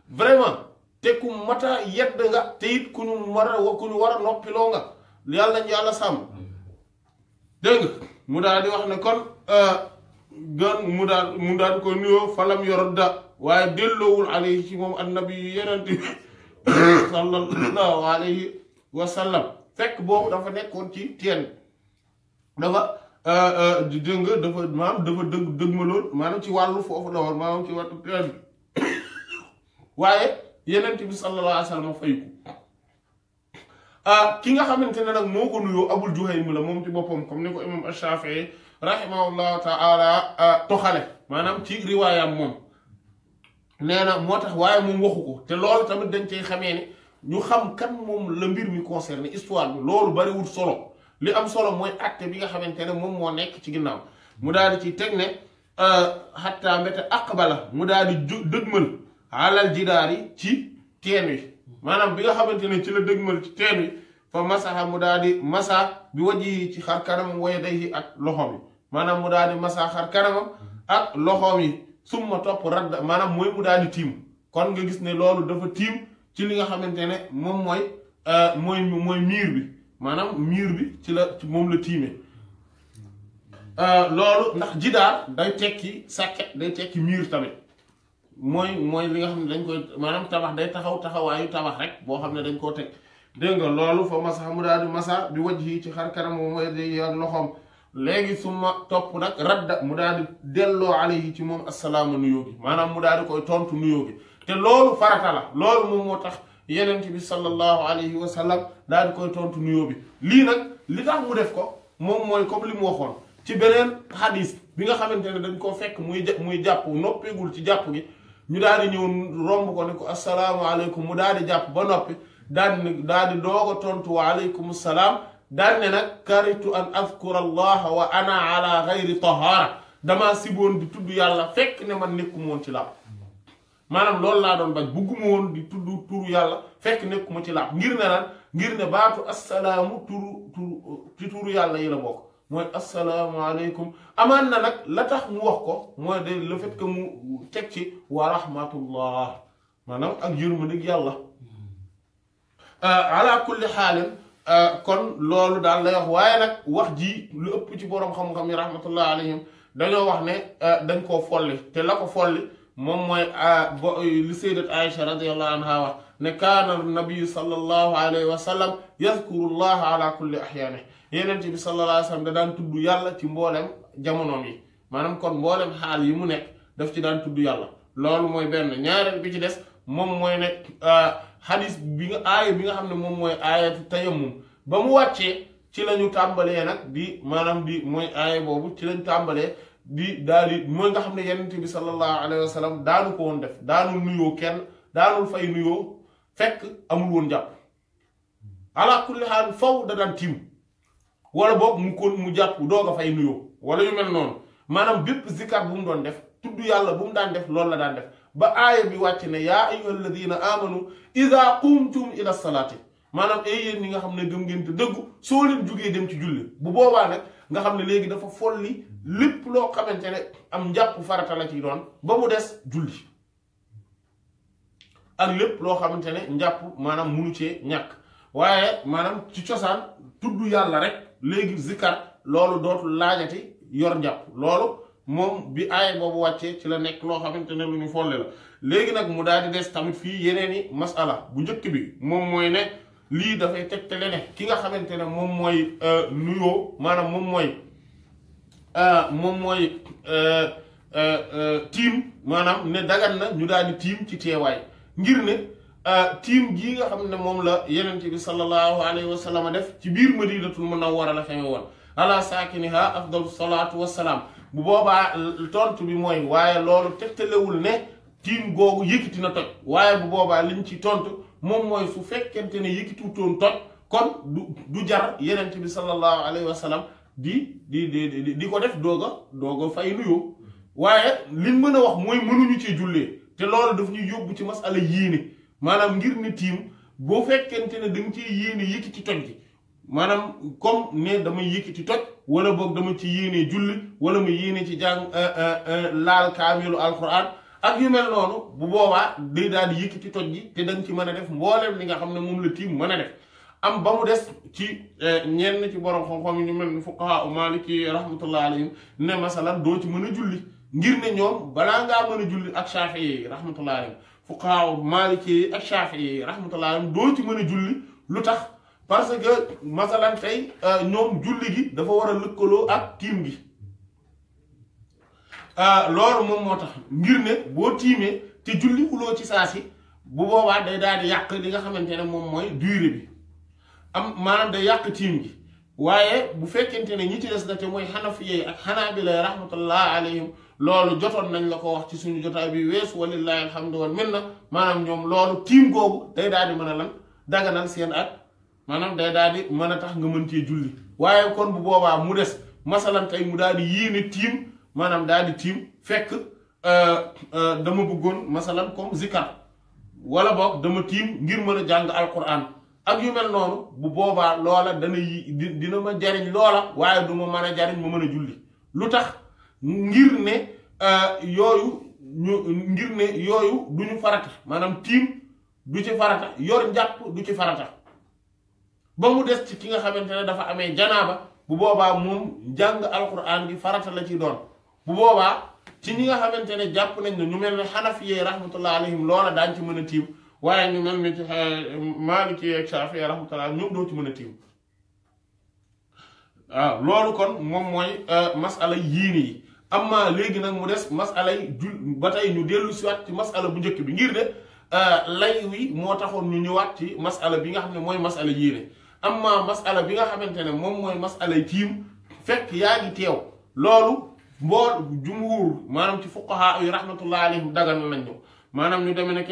vraiment te ku mat a yedd nga te ku nu war a ku nu war a noppiloo nga yàlla nañ yàlla sàmm. dégg mu daal di wax ne kon euh, gan mu daal mu daal ko nuyoo falam yorot da waaye delloowul alayhi ci moom annabi yu yenent bi sallallahu alayhi wa sallam fekk boobu dafa nekkoon ci teen dafa euh, euh, dégg nga dafa maanaam dafa dëgg dëgg ma lool maanaam ci wàllu foofu la woon ci wàllu teen bi waaye yenent bi sallallahu alayhi wa sallam Ah, ki nga xamante ne nag moo ko nuyoo Abul mu la moom ci boppam comme ni ko imam Ash-Shafi'i rahimahullahu ta'ala ah, toxale maanaam ci riwaayam moom nee na moo tax waaye moom waxu ko te loolu tamit dañ cey xamee ne ñu xam kat moom la mbir mi concerné histoire bi loolu bariwul solo li am solo mooy acte bi nga xamante ne moom moo nekk ci ginnaaw mu daal di ci teg ne xatta ah, mbéte aqbala mu daal di dëgmal alal jidaar yi ci teen wi maanaam bi nga xamante ne ci la dëgmal ci teen wi fa masaxa mu daal di masa bi waj yi ci xar kanamam waye day ak loxoom yi maanaam mu daal di masa xar kanamam ak loxoom yi suma topp radda maanaam mooy mu daal di tiim kon nga gis ne loolu dafa tiim ci li nga xamante ne moom mooy euh, mooy mooy miir bi maanaam miir bi ci la moom la tiimee euh, loolu ndax jidaar day tekki sàkket day tekki miir tamit mooy mooy li nga xam ne dañ koy maanaam tabax day taxaw taxawaayu tabax rek boo xam ne dañ koo dégg nga loolu fa masa mu daal di masa bi waj yi ci xar kanam mooy ak loxoom léegi su ma topp nag radda mu daal di delloo alayhi ci moom assalaamu nuyoo gi maanaam mu daal di koy tontu nuyoo te loolu farata la loolu moom moo tax yenent bi sallallahu alayhi wa sallam daal di koy tontu nuyoo bi lii nag li tax mu ko moom mooy comme li mu waxoon ci beneen xadis bi nga xamante ne dañ koo fekk muy muy jàpp noppeegul ci jàpp gi ñu daal di ñëw romb ko ne ko asalaamaaleykum mu daal di jàpp ba noppi daal di daal di doog a tontu waaleykum salaam daal ne nag karitu an azkura allah wa ana ala gayri tahara dama siboon di tudd yàlla fekk ne man nekkuma woon ci laab maanaam loolu laa doon bañ bugguma woon di tudd turu yàlla fekk nekkuma ci laab ngir ne lan ngir ne baatu asalaamu turu turu ci turu yàlla yi la bokk moy assalamu alaykum amana nak la tax mu wax ko moy de le fait que mu tek ci wa rahmatullah manam ak jurmu nek yàlla ala kulli xaalin kon lolu dal lay wax waye nak wax ji lu upp ci borom xam-xam yi rahmatullah alayhim dañu wax ne dañ ko folli te la ko folli mom moy li sayyidat aisha radiyallahu anha wax ne kana an-nabi sallallahu alayhi wa sallam yadkuru llaha ala kulli axyaanihi yeneen bi sallallahu alayhi wasallam da daan tudd yàlla ci mboolem jamonoom yi maanaam kon mboolem xaal yi mu nekk def ci daan tudd yàlla loolu mooy benn ñaareel bi ci des moom mooy nekk xadis euh, bi nga bi nga xam ne moom mooy aayatu tayammum ba mu wàccee ci la ñu tàmbalee nag di maanaam di mooy aaya boobu ci lañ tàmbalee di daal di mooy nga xam ne yenent bi sallallahu alayhi wa sallam daanu ko woon def daanul kenn daanul fay fekk amul woon jàpp ala kulli xaal faw da daan tiim wala boog mu ko mu jàpp doo a fay nuyoo wala yu mel noonu maanaam bépp zikar bu mu doon def tudd yàlla bu mu daan def loolu la daan def ba aaya bi wàcc ne yaa ayyuhal ladina amanu ida qumtum ila salaati maanaam ay yéen ñi nga xam ne gëm ngeen dëggu soo leen jugee dem ci julli bu boobaa nag nga xam ne léegi dafa fool folli lépp loo xamante ne am njàpp farata la ci doon ba mu des julli ak lépp loo xamante ne njàpp maanaam munu cee ñàkk waaye maanaam ci cosaan tudd yàlla léegi zikar loolu dootul laajati yor njàpp loolu moom bi aay boobu wàccee ci la nekk loo xamante ne lu ñu folle la léegi nag mu daal di des tamit fii yeneen i masala bu njëkk bi moom mooy ne lii dafay tegtale ne ki nga xamante ne moom mooy euh, nuyoo maanaam moom mooy euh, moom mooy euh, tiim maanaam ne dagan na ñu daal di tiim ci teewaay ngir ne Euh, tiim gii nga xam ne moom la yenent bi sallallahu alayhi wa sallam def ci biir madinatul munawwara la xewe woon ala saakiniha afdalu salaatu wassalaam bu boobaa tontu bi mooy waaye loolu tegtalewul ne tiim googu yëkkati na toj waaye bu boobaa liñ ci tontu moom mooy su fekkente ne yëkkitutoon toj kon du du jar yenent bi sallallahu alayhi wa sallam di di di di ko def doog doogo doog a fay nuyoo waaye liñ mën a wax mooy mënuñu ci jullee te loolu daf ñuy yóbbu ci masala yéene maanaam ngir ne tiim boo fekkente ne da nga cee yéene ci toj gi maanaam comme ne damay yëkkati toj wala boog dama ci yéene julli wala ma yéene ci jàng euh, euh, euh, laal kaamilu alquran ak yu mel noonu bu boobaa day daal di ci toj gi te da nga ci mën a def mbooleem li nga xam ne moom la tiim mën a def am ba mu des ci na ci borom xam-xam yi ñu mel ni fuqaha maliki rahmatullah alayhim ne masalan doo ci mën a julli ngir ne ñoom balaa ngaa mën a julli ak shafi'i rahmatullah alayhim fuqaaw maaliki ak shafii rahmatullah doo ci mën a julli lu tax parce que masalan tey euh, ñoom julli gi dafa war a lëkkaloo ak tiim gi euh, loolu moom moo tax ngir ne boo tiimee te julli wuloo ci saa si bu boobaa day daal di yàq li nga xamante ne moom mooy durée bi am maanaam day yàq tiim gi waaye bu fekkente ne ñi ci des na te mooy xanafi yi ak xanaabila rahmatullah alayhim loolu jotoon nañ la ko wax ci suñu jotaay bi weesu walillahi alhamdu wal na maanaam ñoom loolu tiim googu day daal di mën a lan daganal seen at maanaam day daal di mën a tax nga mën cee julli waaye kon bu boobaa mu des masalan tey mu daal di yéene tiim maanaam daal di tiim fekk euh, euh, dama bëggoon masalan comme zikar wala boog dama tiim ngir mën a jàng alquran ak yu mel noonu bu boobaa loola dana yi dina ma jariñ loola waaye du ma mën a jariñ ma mën a julli lu tax ngir ne euh, yooyu ñu ngir ne yooyu du ñu farata maanaam tiim du ci farata yor njàpp du ci farata ba mu des ci ki nga xamante ne dafa amee janaaba bu boobaa moom njàng alquran gi farata la ci doon bu boobaa ci ñi nga xamante ne jàpp nañ ne ñu mel ne xanaf yee rahmatullah alayhim loola daañ ci mën a tiim waaye ñu mel ne ci euh, maaliki ak shaafi rahmatullah ñoom doo ci mën a tiim loolu kon moom mooy euh, masala nii yi amma legui nak mu dess masalay batay ñu delu ci wat ci masala bu njëkk bi ngir ne lay wi mo taxoon ñu ñu wat ci masala bi nga xamne moy masala yéene amma masala bi nga xamantene mom moy masala tim fek yaagi tew lolu mbol mbool jumhur maanaam ci fuqaha ay rahmatullahi alayhim dagal nañ ñu manam ñu demee nekk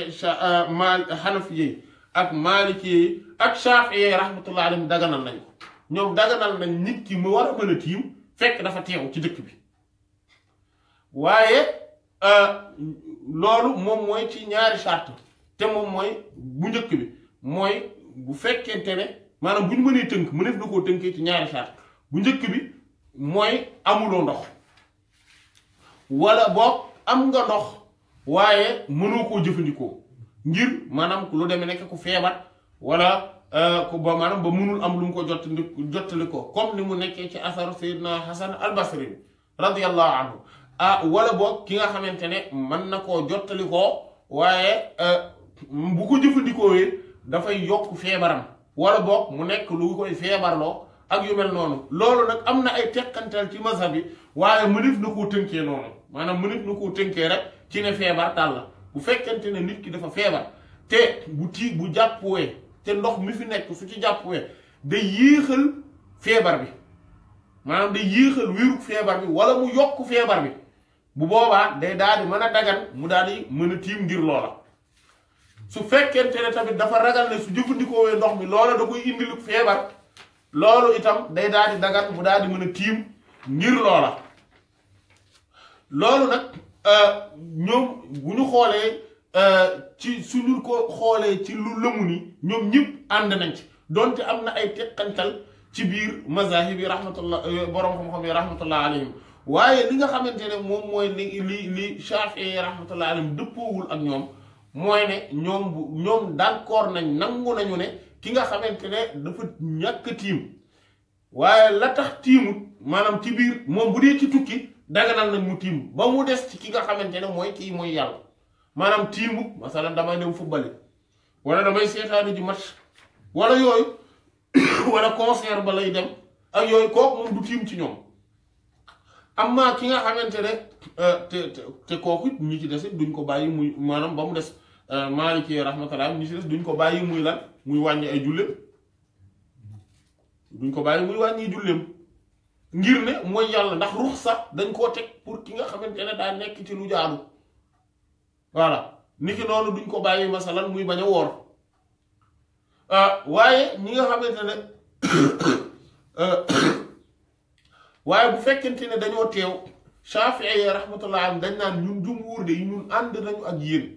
mal xanafi ak maliki ak shafi'i rahmatullahi alayhim dagal nañ ñom dagal nañ nit ki mu wara a tim fek dafa tew ci dëkk bi waaye euh, loolu moom mooy ci ñaari charte te moom mooy bu njëkk bi mooy bu fekkente ne maanaam bu ñu mënee tënk mëneef na koo tënkee ci ñaari charte bu njëkk bi mooy amuloo ndox walla boog am nga ndox waaye mënoo koo jëfandikoo ngir maanaam lu demee nekk ku feebar wala euh, ku ba maanaam ba mënul am lu mu ko jot jottali ko comme ni mu nekkee ci asaru Seydina Hasan al Basri radiyallahu anhu ah wala boog ki nga xamante ne mën na koo jottalikoo koo waaye eh, bu ko jëfandikoowee dafay yokk feebaram wala boog mu nekk lu koy feebarloo ak yu mel noonu loolu nag am na ay teqantal ci mazhab bi waaye mënif na koo tënkee noonu maanaam mënif na koo tënkee rek ci ne feebar tàll bu fekkente ne nit ki dafa feebar te bu tiig bu jàppwee te ndox mi fi nekk su ci jàppwee day yéexal feebar bi maanaam day yéexal wérug feebar bi wala mu yokk feebar bi bu boobaa day daal di mën a dagan mu daal di mën a tiim ngir loola su fekkente ne tamit dafa ragal ne su jëfandikoowee ndox mi loola da koy indi indilu feebar loolu itam day daal di dagan mu daal di mën a tiim ngir loola loolu nag euh, ñoom bu ñu xoolee euh, ci suñu ko xoolee ci lu lëmu ni ñoom ñëpp ànd nañ ci donte am na ay teqantal ci biir mazahib yi rahmatullah euh, borom xam-xam yi rahmatullah alayhim waaye li nga xamante ne moom mooy li li li Shaafi'i rahmatullahi alayhi dëppoowul ak ñoom mooy ne ñoom bu ñoom d'accord nañ nangu nañu ne ki nga xamante ne dafa ñàkk tiim waaye la tax tiimut maanaam ci biir moom bu dee ci tukki daganal nañ mu tiim ba mu des ci ki nga xamante ne mooy kii mooy yàlla maanaam tiimut masalan damay dem football wala damay seetaani ji match wala yooyu wala concert ba lay dem ak yooyu kooku moom du tiim ci ñoom am na ki nga xamante ne euh, te te kooku ñu ci des duñ ko bàyyi muy maanaam ba mu des euh, maaliki rahmatullah ñu ci des duñ ko bàyyi muy lan muy wàññi ay julleem duñ ko bàyyi muy wàññi julleem ngir ne mooy yàlla ndax sax dañ koo teg pour ki nga xamante ne daa nekk ci lu jaadu voilà ki loolu duñ ko bàyyi masalan muy bañ a woor euh, waaye ñi nga xamante ne. waaye bu fekkente ne dañoo teew Shaafi'i yi rahmatullah am dañ naan ñun jumhuur de yi ñun ànd nañu ak yéen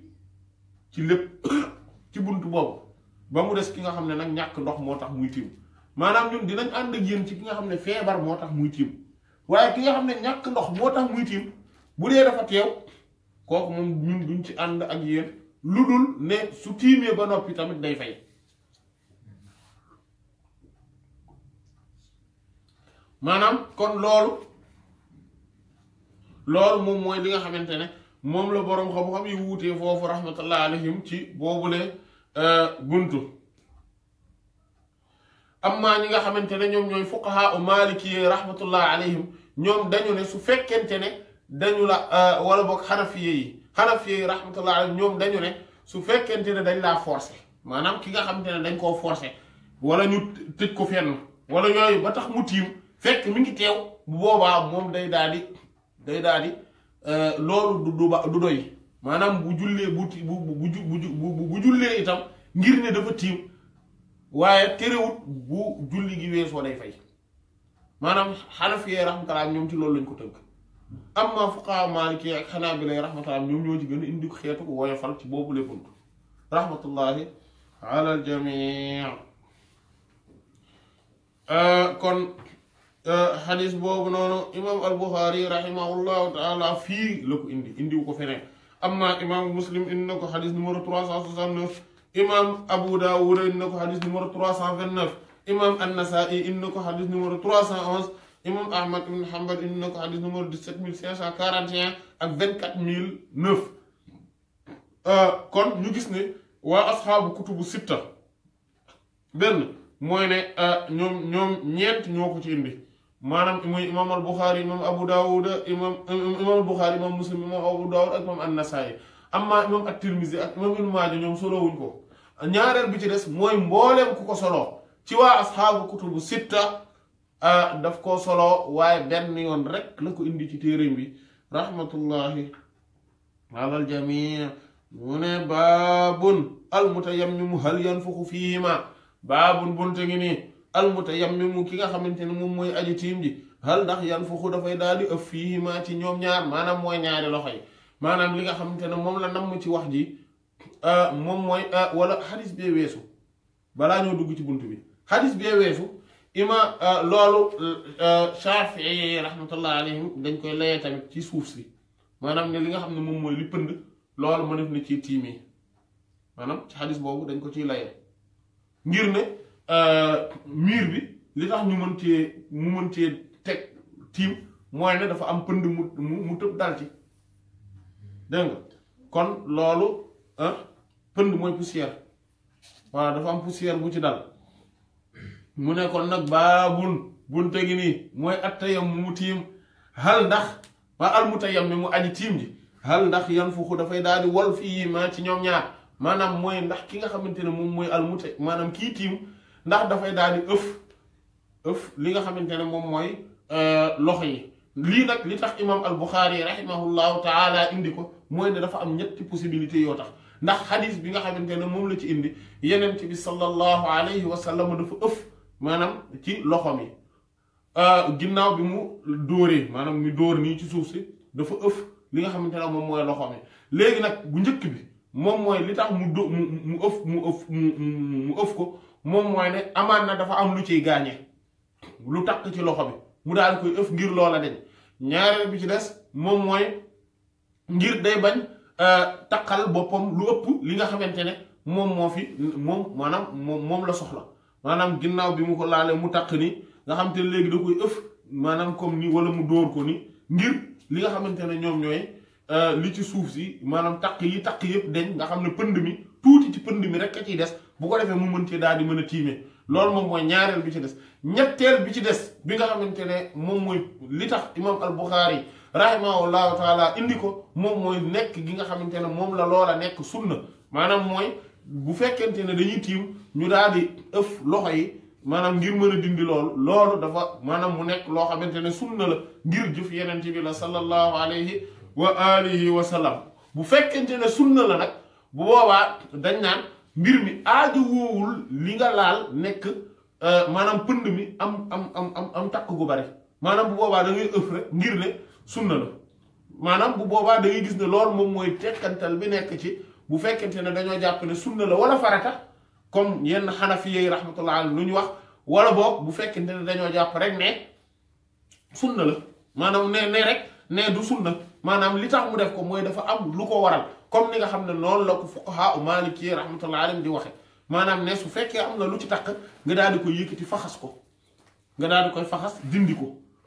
ci lépp ci bunt boobu ba mu des ki nga xam ne nag ñàkk ndox moo tax muy tiim maanaam ñun dinañ ànd ak yéen ci ki nga xam ne feebar moo tax muy tiim waaye ki nga xam ne ñàkk ndox moo tax muy tiim bu dee dafa teew kooku moom ñun duñ ci ànd ak yéen lu dul ne su tiimee ba noppi tamit day fay maanaam kon loolu loolu moom mooy li nga xamante ne moom la boroom xam-xam yi wuutee foofu rahmatullah alayhim ci boobule euh, buntu amma ñi nga xamante ne ñoom ñooy fuqaha u maliki yi rahmatullah alayhim ñoom dañu ne su fekkente ne dañu la euh, wala boog xanafiye yi xanafiye yi ñoom dañu su fekkente ne dañ laa forcé maanaam ki nga xamante ne dañ koo forcé wala ñu tëj ko fenn wala yooyu ba tax mu tiim fekk mu ngi teew bu boobaa moom day daadi day daadi di euh, loolu du du doy maanaam bu jullee bu bu bu bu itam ngir ne dafa tiim waaye terewut bu julli gi weesoo day fay maanaam xanafiyee raxmatalaam ñoom ci loolu lañ ko tënk amma fuqahaa maalikee ak xanaa bi lay raxmatalaam ñoom ñoo ci gën xeetu indi xeetu woyofal ci boobu lay bunt raxmatullaahi alal jamii euh, kon xadis euh, boobu noonu imaam al-Buxaari rahimahullahu taala fii la indi indiwu ko feneen amma imaam muslim indi na ko xadis numéro 369 imaam Abu Daawud indi na ko xadis numéro 329 imaam an-Nasaa'i indi na ko xadis numéro 311 imaam Ahmad ibn Hanbal indi na ko xadis numéro 17541 ak 24009 euh, kon ñu gis ne waa asxaabu kutubu sitta benn mooy ne euh, ñoom ñoom ñeent ñoo ko ci indi. maanaam muy imam al buxaari imam abu daawud imam imam al buxaari imam muslim imam abu daawud ak imam annasaayi amma imam at tirmisi ak imam ibnu maaja ñoom solowuñ ko ñaareel bi ci des mooy mbooleem ku ko solo ci waa asxaabu kutubu sitta daf ko solo waaye benn yoon rek la ko indi ci téeréem bi rahmatullahi alal jamii mu ne baabun al mutayammimu hal yanfuxu fiihima baabun bunte ngi nii mu ki nga xamante ne moom mooy aju tiim ji hal ndax yan fuxu dafay daal di ëf fii maa ci ñoom ñaar maanaam mooy ñaari loxo yi maanaam li nga xamante ne moom la namm ci wax ji ah, moom mooy ah, wala xadis bee weesu balaa dugg ci bunt bi xadis bee weesu ima ah, loolu Shaafi'i rahmatullah alayhim dañ koy layee tamit ci suuf si maanaam ne li nga xam ne moom mooy li pënd loolu mënef na ci tiimee maanaam ci xadis boobu dañ ko ciy layee ngir ne Euh, miir bi li tax ñu mën cee mu mën teg tiim mooy ne dafa am pënd mu mu tëb dal ci dégg nga kon loolu pënd mooy poussière waaw dafa am poussière bu ci dal mu ne kon nag baabun bunte gi nii mooy attayam mu tiim hal ndax waa al mu tayam mi mu aji tiim ji hal ndax yan fuxu dafay daal di wol fii ma ci ñoom ñaar maanaam mooy ndax ki nga xamante ne moom mooy al mu maanaam kii tiim ndax da fay di euf euf li nga xamantene mom moy euh loxo yi lii nag li tax imam al bukhari rahimahullahu taala indi ko moy ne dafa am ñetti possibilité yo tax ndax hadith bi nga xamantene mom la ci indi yenen ci bi sallallahu alayhi wa sallam dafa euf manam ci loxo mi ginnaw bi mu doré manam mi dor ni ci suuf si dafa euf li nga xamantene mom moy mooy loxo mi léegi nag bu njëkk bi mom moy li tax mu mu euf mu euf mu euf ko moom mooy ne amaan na dafa am lu ciy gaañe lu takk ci loxo bi mu daal koy ëf ngir loola dañ ñaareel bi ci des moom mooy ngir day bañ euh, takkal boppam lu ëpp li nga xamante ne moom moo fi moom maanaam moom la soxla maanaam ginnaaw bi mu ko laale mu takk ni nga xam te léegi da koy ëf maanaam comme ni wala mu dóor ko ni ngir li nga xamante ne ñoom ñooy euh, li ci suuf si maanaam takk yi takk yëpp dañ nga xam ne pënd mi tuuti ci pënd mi rek a ciy des bu ko defee mu mën cee daal di mën a tiime loolu moom mooy ñaareel bi ci des ñetteel bi ci des bi nga xamante ne moom mooy li tax imam al-Bukhari rahimahullahu taala indi ko moom mooy nekk gi nga xamante ne moom la loola nekk sunna maanaam mooy bu fekkente ne dañuy tiim ñu daal di ëf loxo yi maanaam ngir mën a dindi loolu loolu dafa maanaam mu nekk loo xamante ne sunna la ngir jëf yeneen bi la sallallahu alayhi wa a wa sallam bu fekkente ne sunna la nag bu boobaa dañ naan mbir mi aaju woowul li nga laal nekk euh, maanaam pënd mi am am am am am takk gu bari maanaam bu boobaa da ngay rek ngir ne sunna la maanaam bu boobaa dangay gis ne loolu moom mooy tekkantal bi nekk ci bu fekkente ne dañoo jàpp ne sunna la wala farata comme yenn xanafi yi rahmatullah alayhi lu ñu wax wala boog bu fekkente ne dañoo jàpp rek ne sunna la maanaam ne ne rek ne du sunna maanaam li tax mu def ko mooy dafa am lu ko waral comme li nga xam ne noonu la ko fuqaha u maliki rahmatullahi alayhim di waxe maanaam ne su fekkee am na lu ci takk nga daal di koy yëkkati faxas ko nga daal di koy faxas dindi ko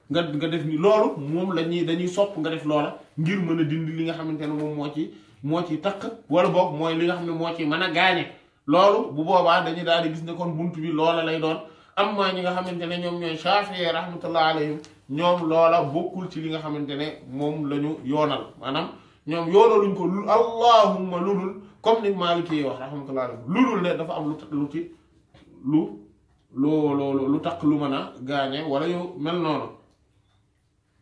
nga nga def nii loolu moom la ñuy dañuy sopp nga def loola ngir mën a dindi li nga xamante ne moom moo ci moo ci takk wala boog mooy li nga xam ne moo ci mën a gaañe loolu bu boobaa dañuy daal di gis ne kon bunt bi loola lay doon am maa ñi nga xamante ne ñoom ñooy Shaafi'i rahmatullahi alayhim ñoom loola bokkul ci li nga xamante ne moom lañu yoonal maanaam ñoom yoonaluñ ko lu allahumma ludul comme ni Maliki wax rahmatullah ludul ne dafa am lu lu ci lu lu lu takk lu mën a gaañe wala yow mel noonu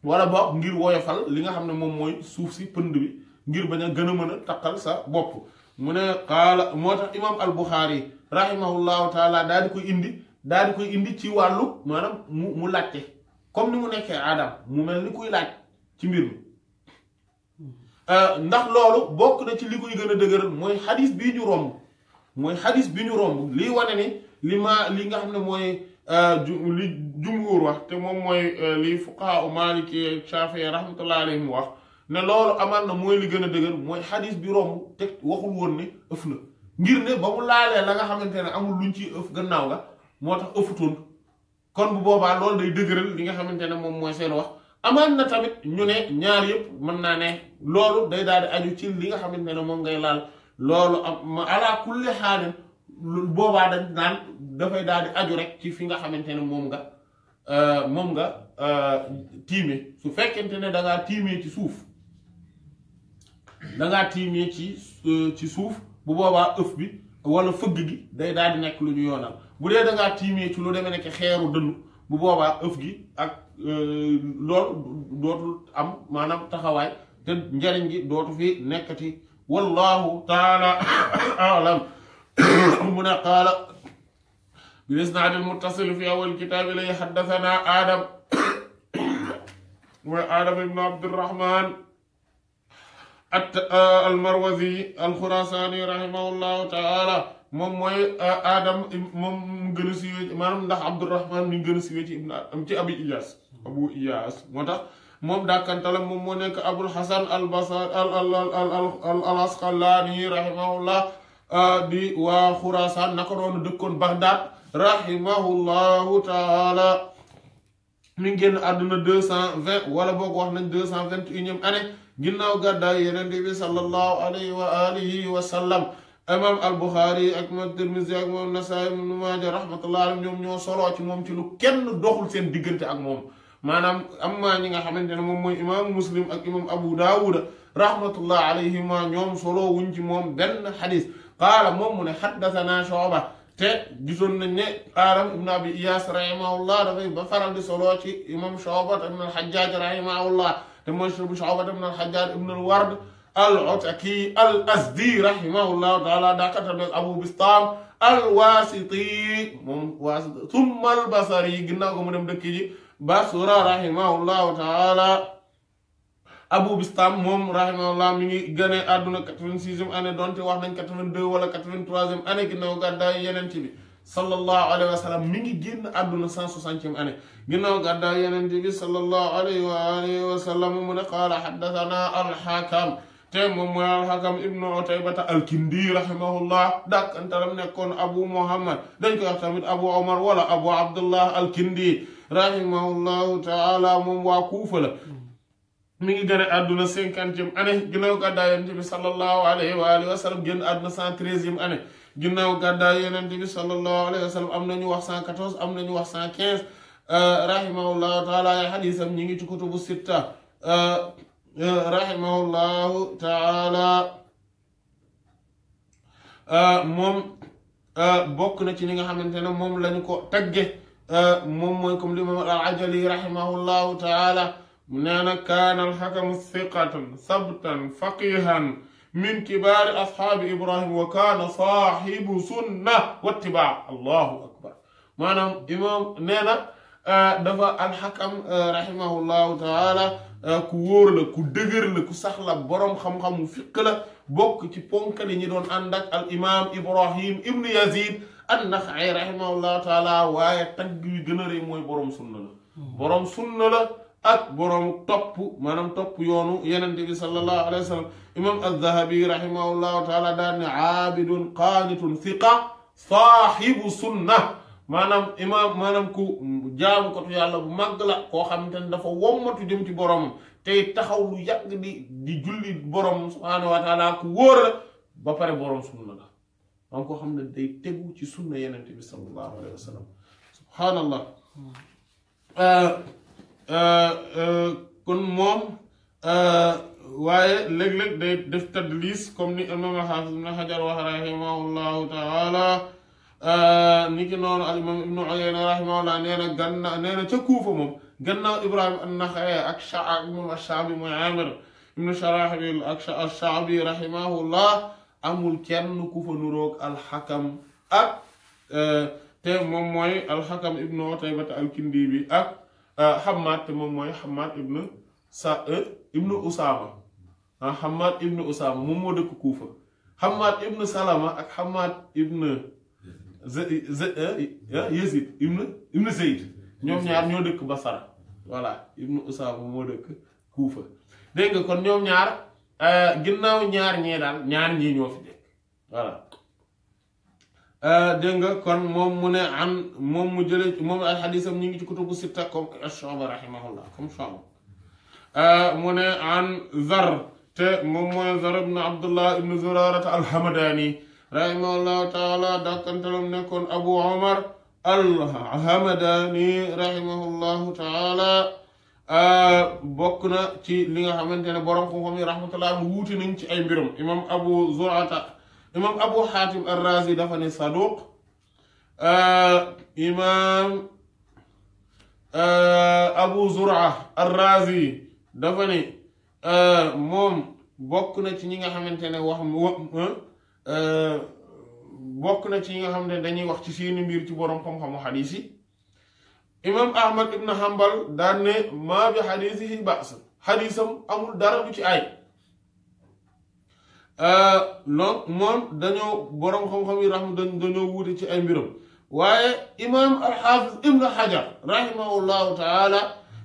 walla boog ngir woyofal li nga xam ne moom mooy suuf si pënd bi ngir bañ a gën a mën a taqal sa bopp mu ne qaala moo tax imaam al-Bukhari rahimahullahu taala daal di koy indi daal di koy indi ci wàllu maanaam mu mu laajte. comme ni mu nekkee Adam mu mel ni kuy laaj ci mbir mi hmm. euh, ndax loolu bokk na ci li koy gën a dëgër mooy xadis bii ñu mooy xadis bi ñu romb li wane ni li ma li nga xam ne mooy euh, li jumhur moom mooy euh, li fuqahaa Maliki Shaafi'i rahmatullahi alayhim wax ne loolu amaan na mooy li gën a dëgër mooy xadis bi romb te waxul woon ne ëf na ngir ne ba mu laalee la nga xamante ne amul luñ ci ëf gannaaw nga moo tax ëfutoon kon bu boobaa loolu day dëgëral li nga xamante ne moom mooy seen wax amaan na tamit ñu ne ñaar yëpp mën naa ne loolu day daal di aju ci li nga xamante ne moom ngay laal loolu am ala boobaa dañ naan dafay daal di ci fi nga xamante ne moom nga euh, moom nga euh, tiime su fekkente ne da ngaa ci suuf da ngaa ci euh, ci suuf bu boobaa ëf bi wala fëgg gi day daal di nekk lu ñu yoonal bu dee da ngaa tiimee ci lu demee nekk xeeru dënnu bu boobaa ëf gi ak loolu dootul am maanaam taxawaay te njariñ gi dootu fi nekkati wallahu taala alam mu ne qaala bilisnaadi lmuttasil fi awal kitaab ilay xaddasanaa aadam mooy aadam ibnu abdirahman almarwazi alxurasaani rahimahu llahu taala moom mooy euh, Adam moom mu gën a maanaam ndax Abdurrahman mi gën a siiwee ci am ci Abi Iyaas Abu Iyaas moo tax moom dàkkantala moom moo nekk Abul Hasan al Basar al al al Asqalaani rahimahullah euh, di waa Xuraasaan naka doon dëkkoon Bagdaad rahimahullahu taala mi ngi génn àdduna deux cent wala boog wax nañ deux cent vingt et unième année ginnaaw gàddaay Yonent bi sallallahu alayhi wa alihi imam al-Bukhari ak imam Tirmisi ak imam Nasaa'i ibn Maaja rahmatullahi alayhim ñoom ñoo soloo ci moom ci lu kenn doxul seen diggante ak moom maanaam am maa ñi nga xamante ne moom mooy imam Muslim ak imam Abu Daawuda rahmatullahi alayhima ñoom soloo wuñ ci moom benn xadis qaala moom mu ne xaddasanaa Shu'ba te gisoon nañ ne Aaram ibn Abi Iyaas rahimahullah dafay ba faral di soloo ci imam Shu'ba ibn al-Hajjaaj rahimahullah te mooy Shu'ba ibn al-Hajjaaj ibn al-Ward al-Ataki al-Azdi rahimahullahu taala daa katam rek Abu Bistaam al-Waasiti moom Waasiti summa al-Basri ginnaaw ko mu dem dëkk ji Basra rahimahullahu taala Abu Bistaam moom rahimahullah mi ngi gane àdduna 86e ane don wax nañ 82 wala 83e année ginnaaw gàddaay Yonent bi sallallahu alayhi wa sallam mi ngi génn àdduna 160e année ginnaaw gàddaay Yonent bi sallallahu alayhi wa alihi wa sallam mu ne qaala haddathana al-Hakam te moom mooy alxakam ibnu otaybata alkindi rahimahullah dàkkantaram nekkoon abu muhammad dañ koy wax abu omar wala abu abdullah alkindi rahimahullahu taala moom waa kuufa mi ngi gane àdduna cinquantième année ginnaaw gàddaay yonent bi sallallahu alayhi wa alihi am nañu wax cent quatorze am nañu wax cent quinze euh, rahimahullahu taala ay xadisam ñi ngi ci kutubu sitta euh, رحمه الله تعالى آه، مم آه، بوك نتي نيغا خامتاني موم لا نكو تاغي آه، موم موي كوم لي العجلي رحمه الله تعالى من انا كان الحكم ثقة ثبتا فقيها من كبار اصحاب ابراهيم وكان صاحب سنة واتباع الله اكبر مانام امام نينا دفع الحكم رحمه الله تعالى ku wóor la ku dëgër la ku sax la boroom xam mu fiq la bok ci ponkali ñi doon ànd ak al imam ibrahim ibn yazid an-Naxa'i rahimahullahu taala way tagg yu gën a rëy mooy sunna la borom sunna la ak borom top manam top yoonu yenente bi sallallahu alayhi wasallam imam az-Zahabi rahimahullahu taala dan ne aabidun qaanitun thiqa sahibu sunnah maanaam imaam maanaam ku jaamu kotu yàlla bu màgg la koo xamante ne dafa wommatu jëm ci borom tey taxaw lu yàgg di di julli borom subhaanahu wa taala ku wóor ba pare borom sunna la maanaam koo xam ne day tegu ci sunna yenent bi sallallahu alayhi wa sallam subhaanallah euh, euh, euh, kon moom waaye léeg-léeg day comme ni آه، نيجنور الإمام ابن عيينة رحمه الله نينا جنة نينا تكوفة مم جنة إبراهيم النخعي أكشع أمم الشعبي معامر ابن شراحبي أكشع الشعبي رحمه الله أمول كان نكوفة نروك الحكم أك آه، تي مموي الحكم ابن عطيبة الكنديبي أك آه، حمد تي مموي حمد ابن سا ابن أسامة حمد ابن أسامة مو مودك كوفة حمد ابن سلامة أك حمد ابن E, e, Yazid ibnu ibnu Zayd ñoom ñaar ñoo dëkk Basara voilà ibnu Usaama moo dëkk Kuufa dégg nga kon ñoom ñaar e, ginnaaw ñaar ñee daal ñaar ñii ñoo fi nekk voilà dégg nga kon moom mu ne an moom mu jëlee moom ay xadisam ñu ngi ci kutubu sitta comme Shu'ba rahimahullah comme Shu'ba mu ne an Zar te moom mooy Zar ibnu Abdullah ibnu Zurarata al-Hamadani رحمه الله تعالى دكنتلم نكون أبو عمر الله حمداني رحمه الله تعالى بكنا تي لين حمدان تنا برام كومي رحمة الله موتين تي أي بيرم إمام أبو زرعة إمام أبو حاتم الرازي دفن صدوق إمام أبو زرعة الرازي دفن موم بكنا تي لين حمدان تنا وهم Euh, bokk na ci yi nga xam ne dañuy wax ci seeni mbir ci boroom xam-xamu xadiis yi imaam ahmad ibn hambal daan ne maa bi xadiisihi ba's xadiisam amul dara ci ay non euh, moom dañoo boroom xam-xam yi raxma dañoo wuute ci ay mbiram waaye imaam alxaafiz ibn xajar rahimahullahu taala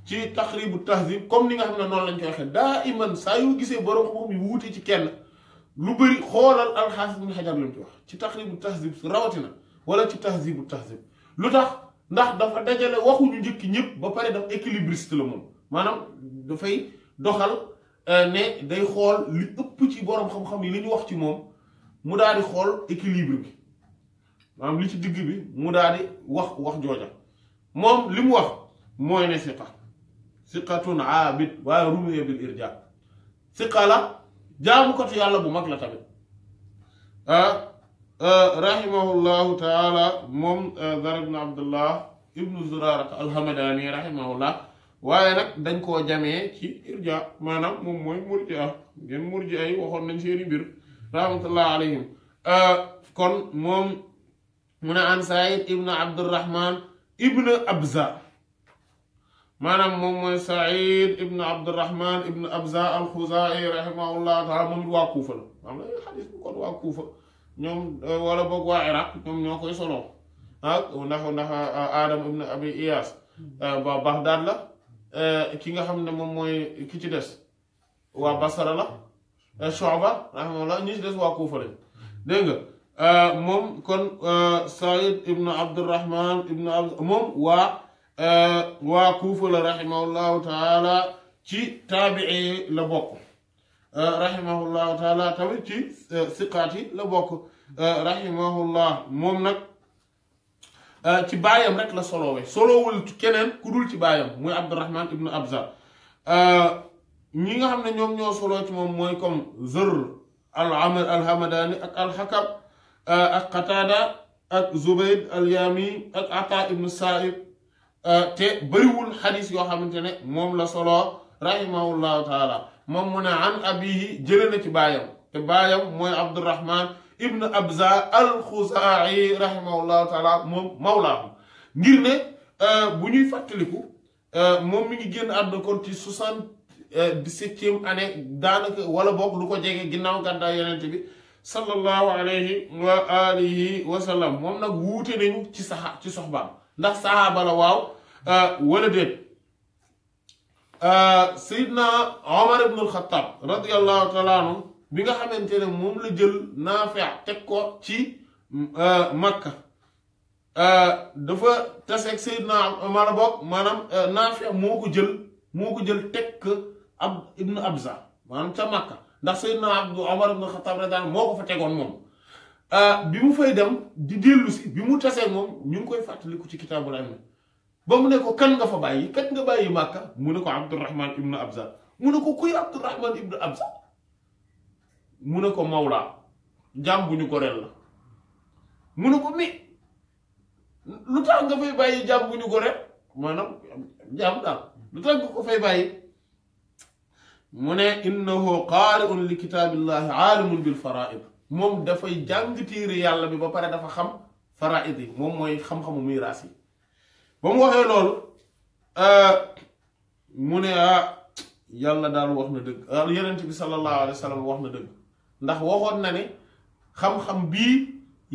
ci taxribu tahzib comme ni nga xam ne noonu lañ koy daa iman saa yu gisee boroom xam-xam ci kenn lu bëri xoolal alxaafis ibn xajar lim ci wax ci taxribu tahzib rawatina wala ci tahzibu tahzib lu tax ndax dafa dajale waxuñu njëkk ñëpp ba pare daf équilibriste la moom maanaam dafay doxal ne day xool li ëpp ci borom xam-xam yi li ñu wax ci moom mu daal di xool équilibre bi maanaam li ci digg bi mu daal di wax wax jooja moom li mu wax mooy ne siqa siqatun aabid waaye rumiya bil irja siqa la جامو كتو يالا بو jaamukatu yàlla bu رحمه الله تعالى مم ذر بن عبد الله ابن ibnu الحمداني رحمه الله waye nak dañ ko jame ci irja manam mom moy murjia ngeen murjia yi waxon nañ seeni bir rahmatullah alayhim euh kon mom muna an Saïd ibnu Abdurrahman ibnu Abza maanaam moom mooy Saïd ibn Abdurahman ibn Abza al-Xuzaa'i rahimahullah taala moom it waa Kuufa la maanaam la xadis bu kon waa Kuufa ñoom wala boog waa Iraq ñoom ñoo koy soloo ah ndax ndax Adam ibn Abi Iyas waa Baxdaad la ki nga xam ne moom mooy ki ci des waa Basra la Shu'ba rahimahullah ñi ci des waa Kuufa lañ dégg nga moom kon Saïd ibn Abdurahman ibn Abza moom waa wa kuufa la rahimahullahu taala ci tabi'i la bokk rahimahullahu taala tamit ci siqati yi la bokk rahimahullah mom nak ci bayam rek la solo solowee solowul keneen kenen kudul ci bayam moy abdurrahman ibn abza ñi nga xamne ñom ñoo solo ci mom moy comme zur al amr al hamadani ak al hakam ak qatada ak zubayd al yami ak ata ibn sa'id Euh, te bëriwul xadis yoo xamante ne moom la solo rahimahullahu taala moom mu ne an abihi jële na ci baayam te baayam mooy abdurahman ibn abza alxuzaayi rahimahullahu taala moom mawlaahu ngir ne euh, bu ñuy fàttaliku euh, moom mu ngi génn àdduna kon ci soixante-dix-septième année daanaka wala boog lu ko jege ginnaaw gàddaay yonent bi sallallahu alayhi wa alihi wa sallam moom nag wuute nañu ci saxa ci soxbaam ndax saxaaba la waaw wala déet sayidna omar ibn alxataab radiallahu taala bi nga xamante ne moom la jël naafi teg ko ci makka dafa taseeg sayidna omar boog maanaam naafi moo ko jël moo ko jël tekk ab ibnu abza maanaam ca makka ndax sayidna abdu omar ibn alxataab daal moo ko fa tegoon moom bi mu fay dem di dellu bi mu tasee moom ñu ngi koy fàttaliku ci kitaabul ilm ba mu ne ko kan nga fa bàyyi kat nga bàyyi màkka mu ne ko abdurahman ibnu abza mu ne ko kuy abdurahman ibnu abza mu ne ko mawlaa jaam bu ñu goreel la mu ne ko mi lu tax nga fay bàyyi jaam bu ñu goreel maanaam jaam daal lu tax nga ko fay bàyyi mu ne innahu qaariun li kitaabillahi aalimun bil faraid moom dafay jàng téere yàlla bi ba pare dafa xam faraid yi moom mooy xam-xamu miraas yi ba mu waxee loolu euh, mu ne ah yàlla daal wax na dëgg ah, yonent bi sallallahu alayhi wa wax na dëgg ndax waxoon na ni xam-xam bii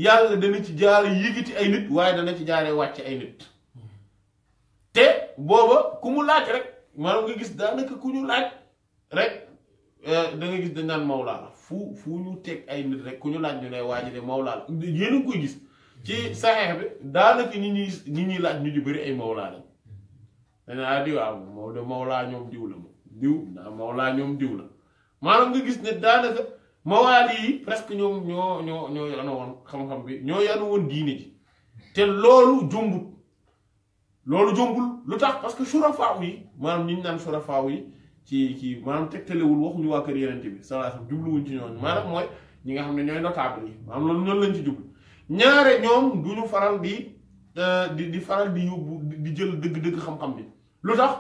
yàlla dana ci jaare yëgiti ay nit waaye dana ci jaaree wàcc ay nit te booba ku mu laaj rek maanaam nga gis daanaka ku ñu laaj rek euh, da nga gis dañ naan mawlaa la fu fu ñu teg ay nit rek ku ñu laaj ñu ne waa ji de mawlaa la yéen a ngi koy gis ci saxeex bi daanaka ñi ñuy ñi laaj ñu ci bëri ay mawlaa lañ danaa ah, di waaw ah, Maodo mawlaa ñoom diw la moom diw naa mawlaa ñoom diw la maanaam nga gis ne daanaka mawaali yi presque ñoom ñoo ñoo ñoo yanu woon xam-xam bi ñoo yanu woon diine ji te loolu jombul loolu jombul lu tax parce que surafaaw yi maanaam ñi ñu naan surafaaw yi ci kii maanaam tegtalewul waxuñu waa kër yeneen bi sa alayhi wasallam jubluwuñ ci ñooñu maanaam mooy ñi nga xam ne ñooy notable yi maanaam loolu ñoo lañ ci jublu. ñaare ñoom du ñu faral di euh, di di faral di yóbbu di jël dëgg-dëgg xam-xam bi lu tax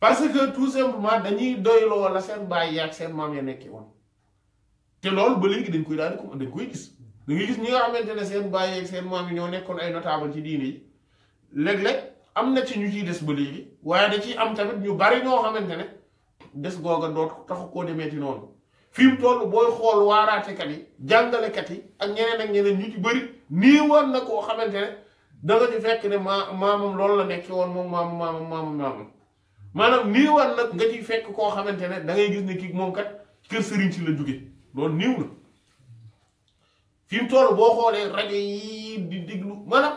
parce que tout simplement dañuy doyloo la seen bàyyi ak seen maam ya nekkee woon te loolu ba léegi dañ koy daal di dañ koy gis da ngay gis ñi nga xamante ne seen bàyyi ak seen maam yi ñoo nekkoon ay notable ci diine yi léeg-léeg am na ci ñu ciy des ba léegi waaye da ciy am tamit ñu bari ñoo xamante ne des googa doot taxu koo demeeti noonu fi mu toll booy xool waaraatekat yi jàngalekat yi ak ñeneen ak ñeneen ñu ci bëri nii war na koo xamante ne da nga ci fekk ne maa maamam loolu la nekk woon moom maamam maamam maamam maamam maanaam nii war nag nga ci fekk koo xamante ne dangay ngay gis ne kii moom kat kër sëriñ si la juge loolu niiw na fi mu boo xoolee rajo yi di déglu maanaam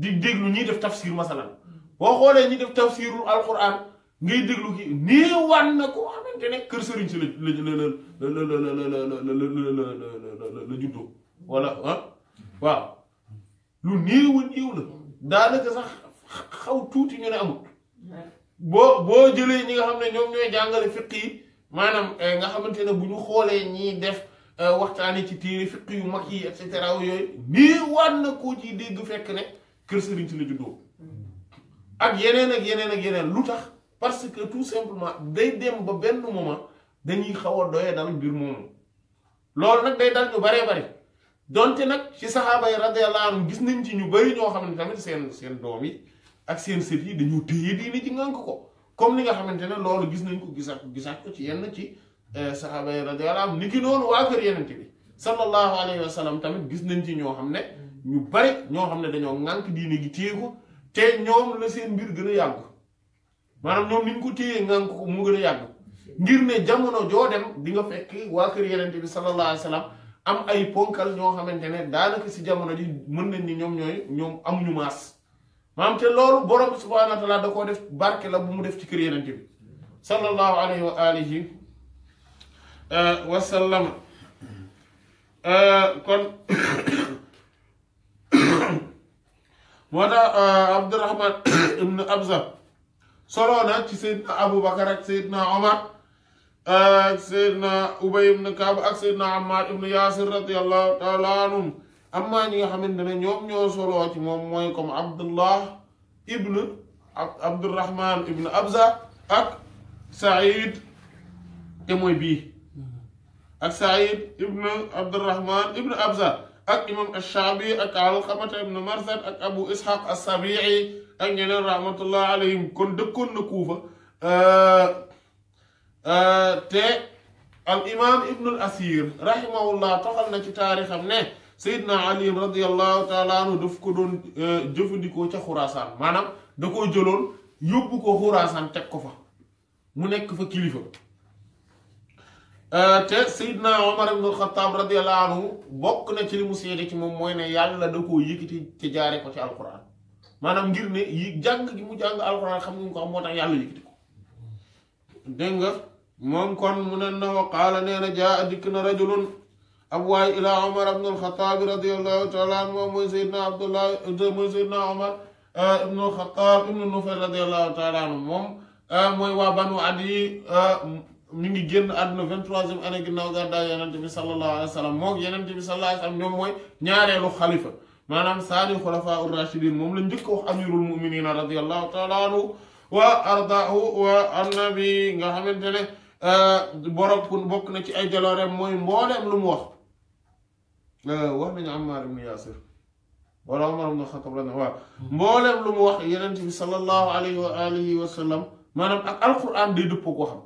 di déglu ñiy def tafsir masalan boo xoolee ñi def tafsirul alquran ngay déglu kii nii wan na koo xamante ne kër sëriñ si la la la la wala ah waaw lu néew a néew la daanaka sax xaw tuuti ñu ne amul boo boo jëlee ñi nga xam ne ñoom ñooy jàngale fiq yi maanaam nga xamante ne bu ñu xoolee ñiy def waxtaani ci téere fiq yu mag yi et cetera yooyu nii wan na koo ci dégg fekk ne kër sëriñ si la juddoo ak yeneen ak yeneen ak yeneen lu tax parce que tout simplement day dem ba benn moment dañuy xaw a doyee dal mbir moomu loolu nag day dal ñu baree bari donte nag ci saxaaba yi radiyallahu anhum gis nañ ci ñu bari ñoo xam ne tamit seen seen doom yi ak seen sët yi dañoo téye diine ci ngànk ko comme ni nga xamante ne loolu gis nañ ko gisaat gisaat ko ci yenn ci euh, saxaaba yi radiyallahu anhum ni ki noonu waa kër yeneen bi gis nañ ci ñoo xam ne ñu bari ñoo xam ne dañoo ngànk diine gi téye ko te ñoom la seen mbir gën a yàgg maanaam ñoom ni ñu ko téyee ngank ko mu gën a yàgg ngir ne jamono joo dem di nga fekk waa kër yenente bi sallallahu am ay ponkal ñoo xamante ne daanaka si jamono ji mën nañ ni ñoom ñooy ñoom amuñu maas maanaam te loolu borom subhaanahu wa taala koo def barke la bu mu def ci kër yenente bi sallallahu alayhi wa alihi uh, wa sallam uh, kon moo tax uh, Abdurahman ibn Abza solo na ci Seydina Aboubacar ak sayyidna Omar ak sayyidna Ubay ibn kab ak sayyidna Ammar ibn yasir radiyallahu taala anhum amma ñi nga xamante ne ñoom ñoo solo ci mom moy comme Abdullah ibn Abdurrahman ibn Abza ak Saïd te mooy bii ak Saïd ibn Abdurrahman ibn Abza ak imam Ash-Shaabi ak Alqamata ibn Marsad ak Abu Ishaq as-Sabi'i ak ñeneen rahmatullah alayhim kon dëkkoon na kuufa euh, euh, te al imam ibnul asir rahimahullah toxal na ci taarixam ne sayidna ali radiallahu taala anhu daf ko doon euh, jëfandikoo ca xuraasaan maanaam da koo jëloon yóbbu ko xuraasaan teg ko fa mu nekk fa kilifa te Seydina Omar ibn Xattaab radiyallahu anhu bokk na ci li mu seede ci moom mooy ne yàlla da koo yëkkati te jaare ko ci alquran maanaam ngir ne yi jàng gi mu jàng alxuraan xam nga mu ko moo tax yàlla yëkkati ko dégg nga moom kon mu ne na qaala nee na jaa dikk na rajulun ab waay ilaa omar ibn alxataab radiallahu taala moom mooy seydna abdullah mooy seydna omar eh, eh, eh, mi ngi génn àdduna vingt-troisième année ginnaaw gàddaay yonente bi sallallahu alayhi wa sallam moom yonente mooy ñaareelu xalifa manam salih khulafa ar rashidin mom la njëkk wax amirul mu'minin radiyallahu taala wa ardaahu wa annabi nga xamantene euh ne kun bok na ci ay jaloorem moy mbolem lu mu wax euh wax nañu ammar ibn yasir wala Umar ibn khattab la ne mbolem lu mu wax yeneen bi sallallahu alayhi wa alihi wa sallam manam ak alquran day dëppoo ko xam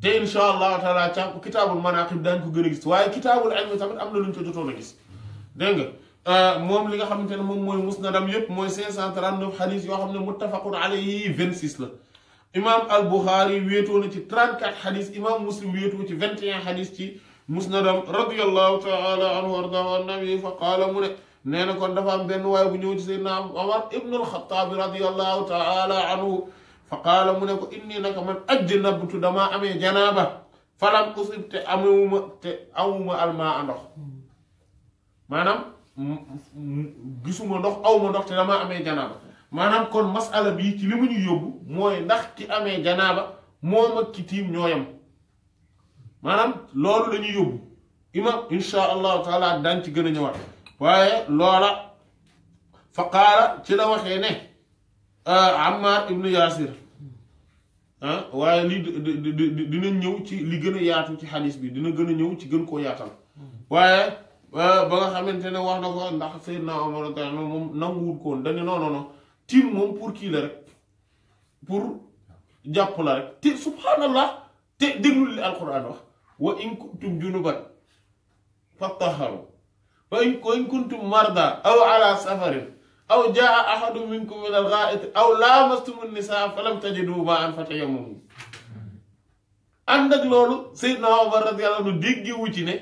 te inshallah taala ci kitabul manaqib dan ko gëna gis waye kitabul ilmi tamit am na lu ko jottona gis. deng nga moom li nga xamantene mom moy musnadam yep moy 539 hadith yo xamne muttafaqun alayhi 26 la imam al bukhari weto na ci 34 hadith imam muslim weto ci 21 hadith ci musnadam radiyallahu taala anhu wardahu annabi fa qaala mu ne nee na kon dafa am ben way bu ñëw ci umar ibn al khattab radiyallahu taala anhu fa qala mun ko inni naka man ajnabtu dama amé janaba falam usib te amuma te amuma almaa a ndox maanaam gisuma ndox aw ma ndox te damaa amee janaaba maanaam kon masala bii ci li mu ñu yóbbu mooy ndax ci amee janaaba moom ak ci tiim ñooyam maanaam loolu la ñuy yóbbu imam insha allahu taala daan ci gën a ñëwaat waaye loola fa ci la waxee ne ah, Ammar ibnu Yaasir ah waaye li dina ñëw ci li gën a yaatu ci xadis bi dina gën a ñëw ci gën koo yaatal waaye Euh, ba nga xamante ne wax na ko ndax Seydina Omar Gane moom koon dañu non non moom pour kii rek pour jàpp la rek te subhanallah te déglul li wax wa in kuntum junuban fattaharu wa in kuntum marda aw ala safarin aw jaa ahadu minkum min alghaa'iti aw laamastumu nisaa falam tajidu maa'an fatayammamu ànd ak loolu Seydina Omar radiyallahu anhu déggewu ci ne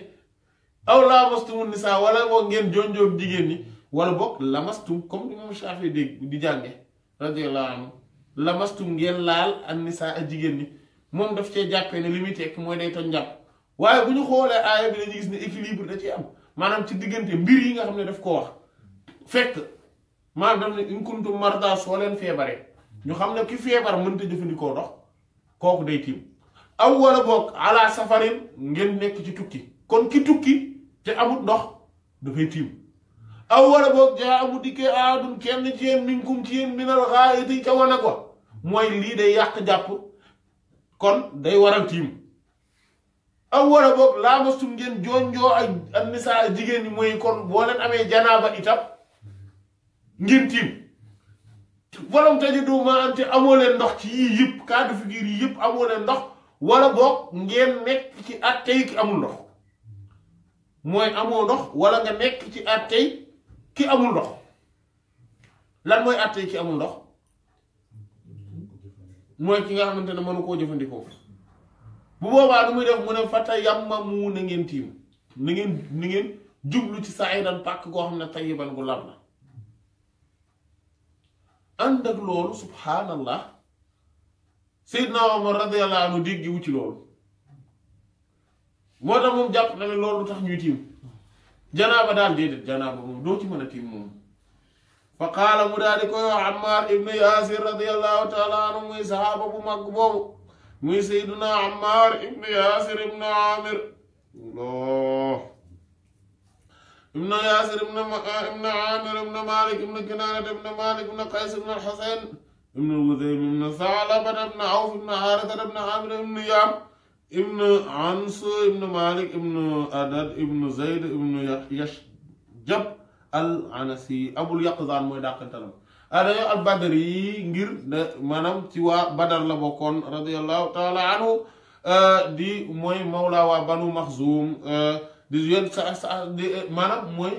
aw lamastumu nisaa wala boog ngeen jonjoog jigéen ñi wala boog lamastum comme ni moom Shaafi dégg di jànge radiyallahu anhu lamastum ngeen laal ak nisaa ak jigéen ñi moom daf cee jàppee ne li muy tekk mooy day toj njàpp waaye bu ñu xoolee aaya bi dañuy gis ne équilibre da ciy am maanaam ci diggante mbir yi nga xam ne daf ko wax fekk maanaam daf ne in kuntum marda soo leen feebaree ñu xam ne ki feebar mënta jëfandikoo ndox kooku day tiim aw wala boog ngeen nekk ci tukki te amut ndox dafay tiim aw wala boog jaa amu dikkee aadun kenn ci yéen minkum ci yéen minal xaayati ca wane ko mooy lii day yàq jàpp kon day waral tiim aw wala boog laamastum ngeen joo ak ak jigéen ñi mooy kon boo leen amee janaaba itam ngeen tiim walam du ma am te amoo leen ndox ci yii yëpp cas de figure yii yëpp amoo leen ndox wala boog ngeen nekk ci at tey ki amul ndox mooy amoo ndox wala nga nekk ci àttey ki amul ndox lan mooy àttey ki amul ndox mooy ki nga xamante ne mënu koo jëfandikoo bu boobaa lu muy def mu ne fata yàmmamu na ngeen tiim na ngeen na ngeen jublu ci sa'idan pàkk goo xam ne tayyiban gu lab na ànd ak loolu subhaanallah Seydina Omar radiyallahu anhu dégg wu ci loolu moo tax moom jàpp na ne loolu tax ñuy tiim janaaba daal déedéet janaaba moom doo ci mën a tiim moom fa qaala mu daal di koy wax Ammaar ibnu Yaasir radiyallahu taala anhu muy saxaaba bu mag muy sayduna Ammaar ibnu Yaasir ibnu Amir Allah Malik ibnu Kinaanata ibnu Malik ibnu Qays ibnu Alxuseyn ibnu Wuzaym ibnu Saalabata ibnu Awf ibnu Xaarisata ibnu Amir ibnu Yaam ibn Ans ibn Malik ibn Adad ibn Zayd ibn Yashjab al Anasi Abul Yaqzan mooy dàqantalam adañoo al badar yi ngir de maanaam ci waa badar la bokkoon radiallahu taala anhu euh, di mooy mawla waa banu maxzum euh, di yéen sa sa mooy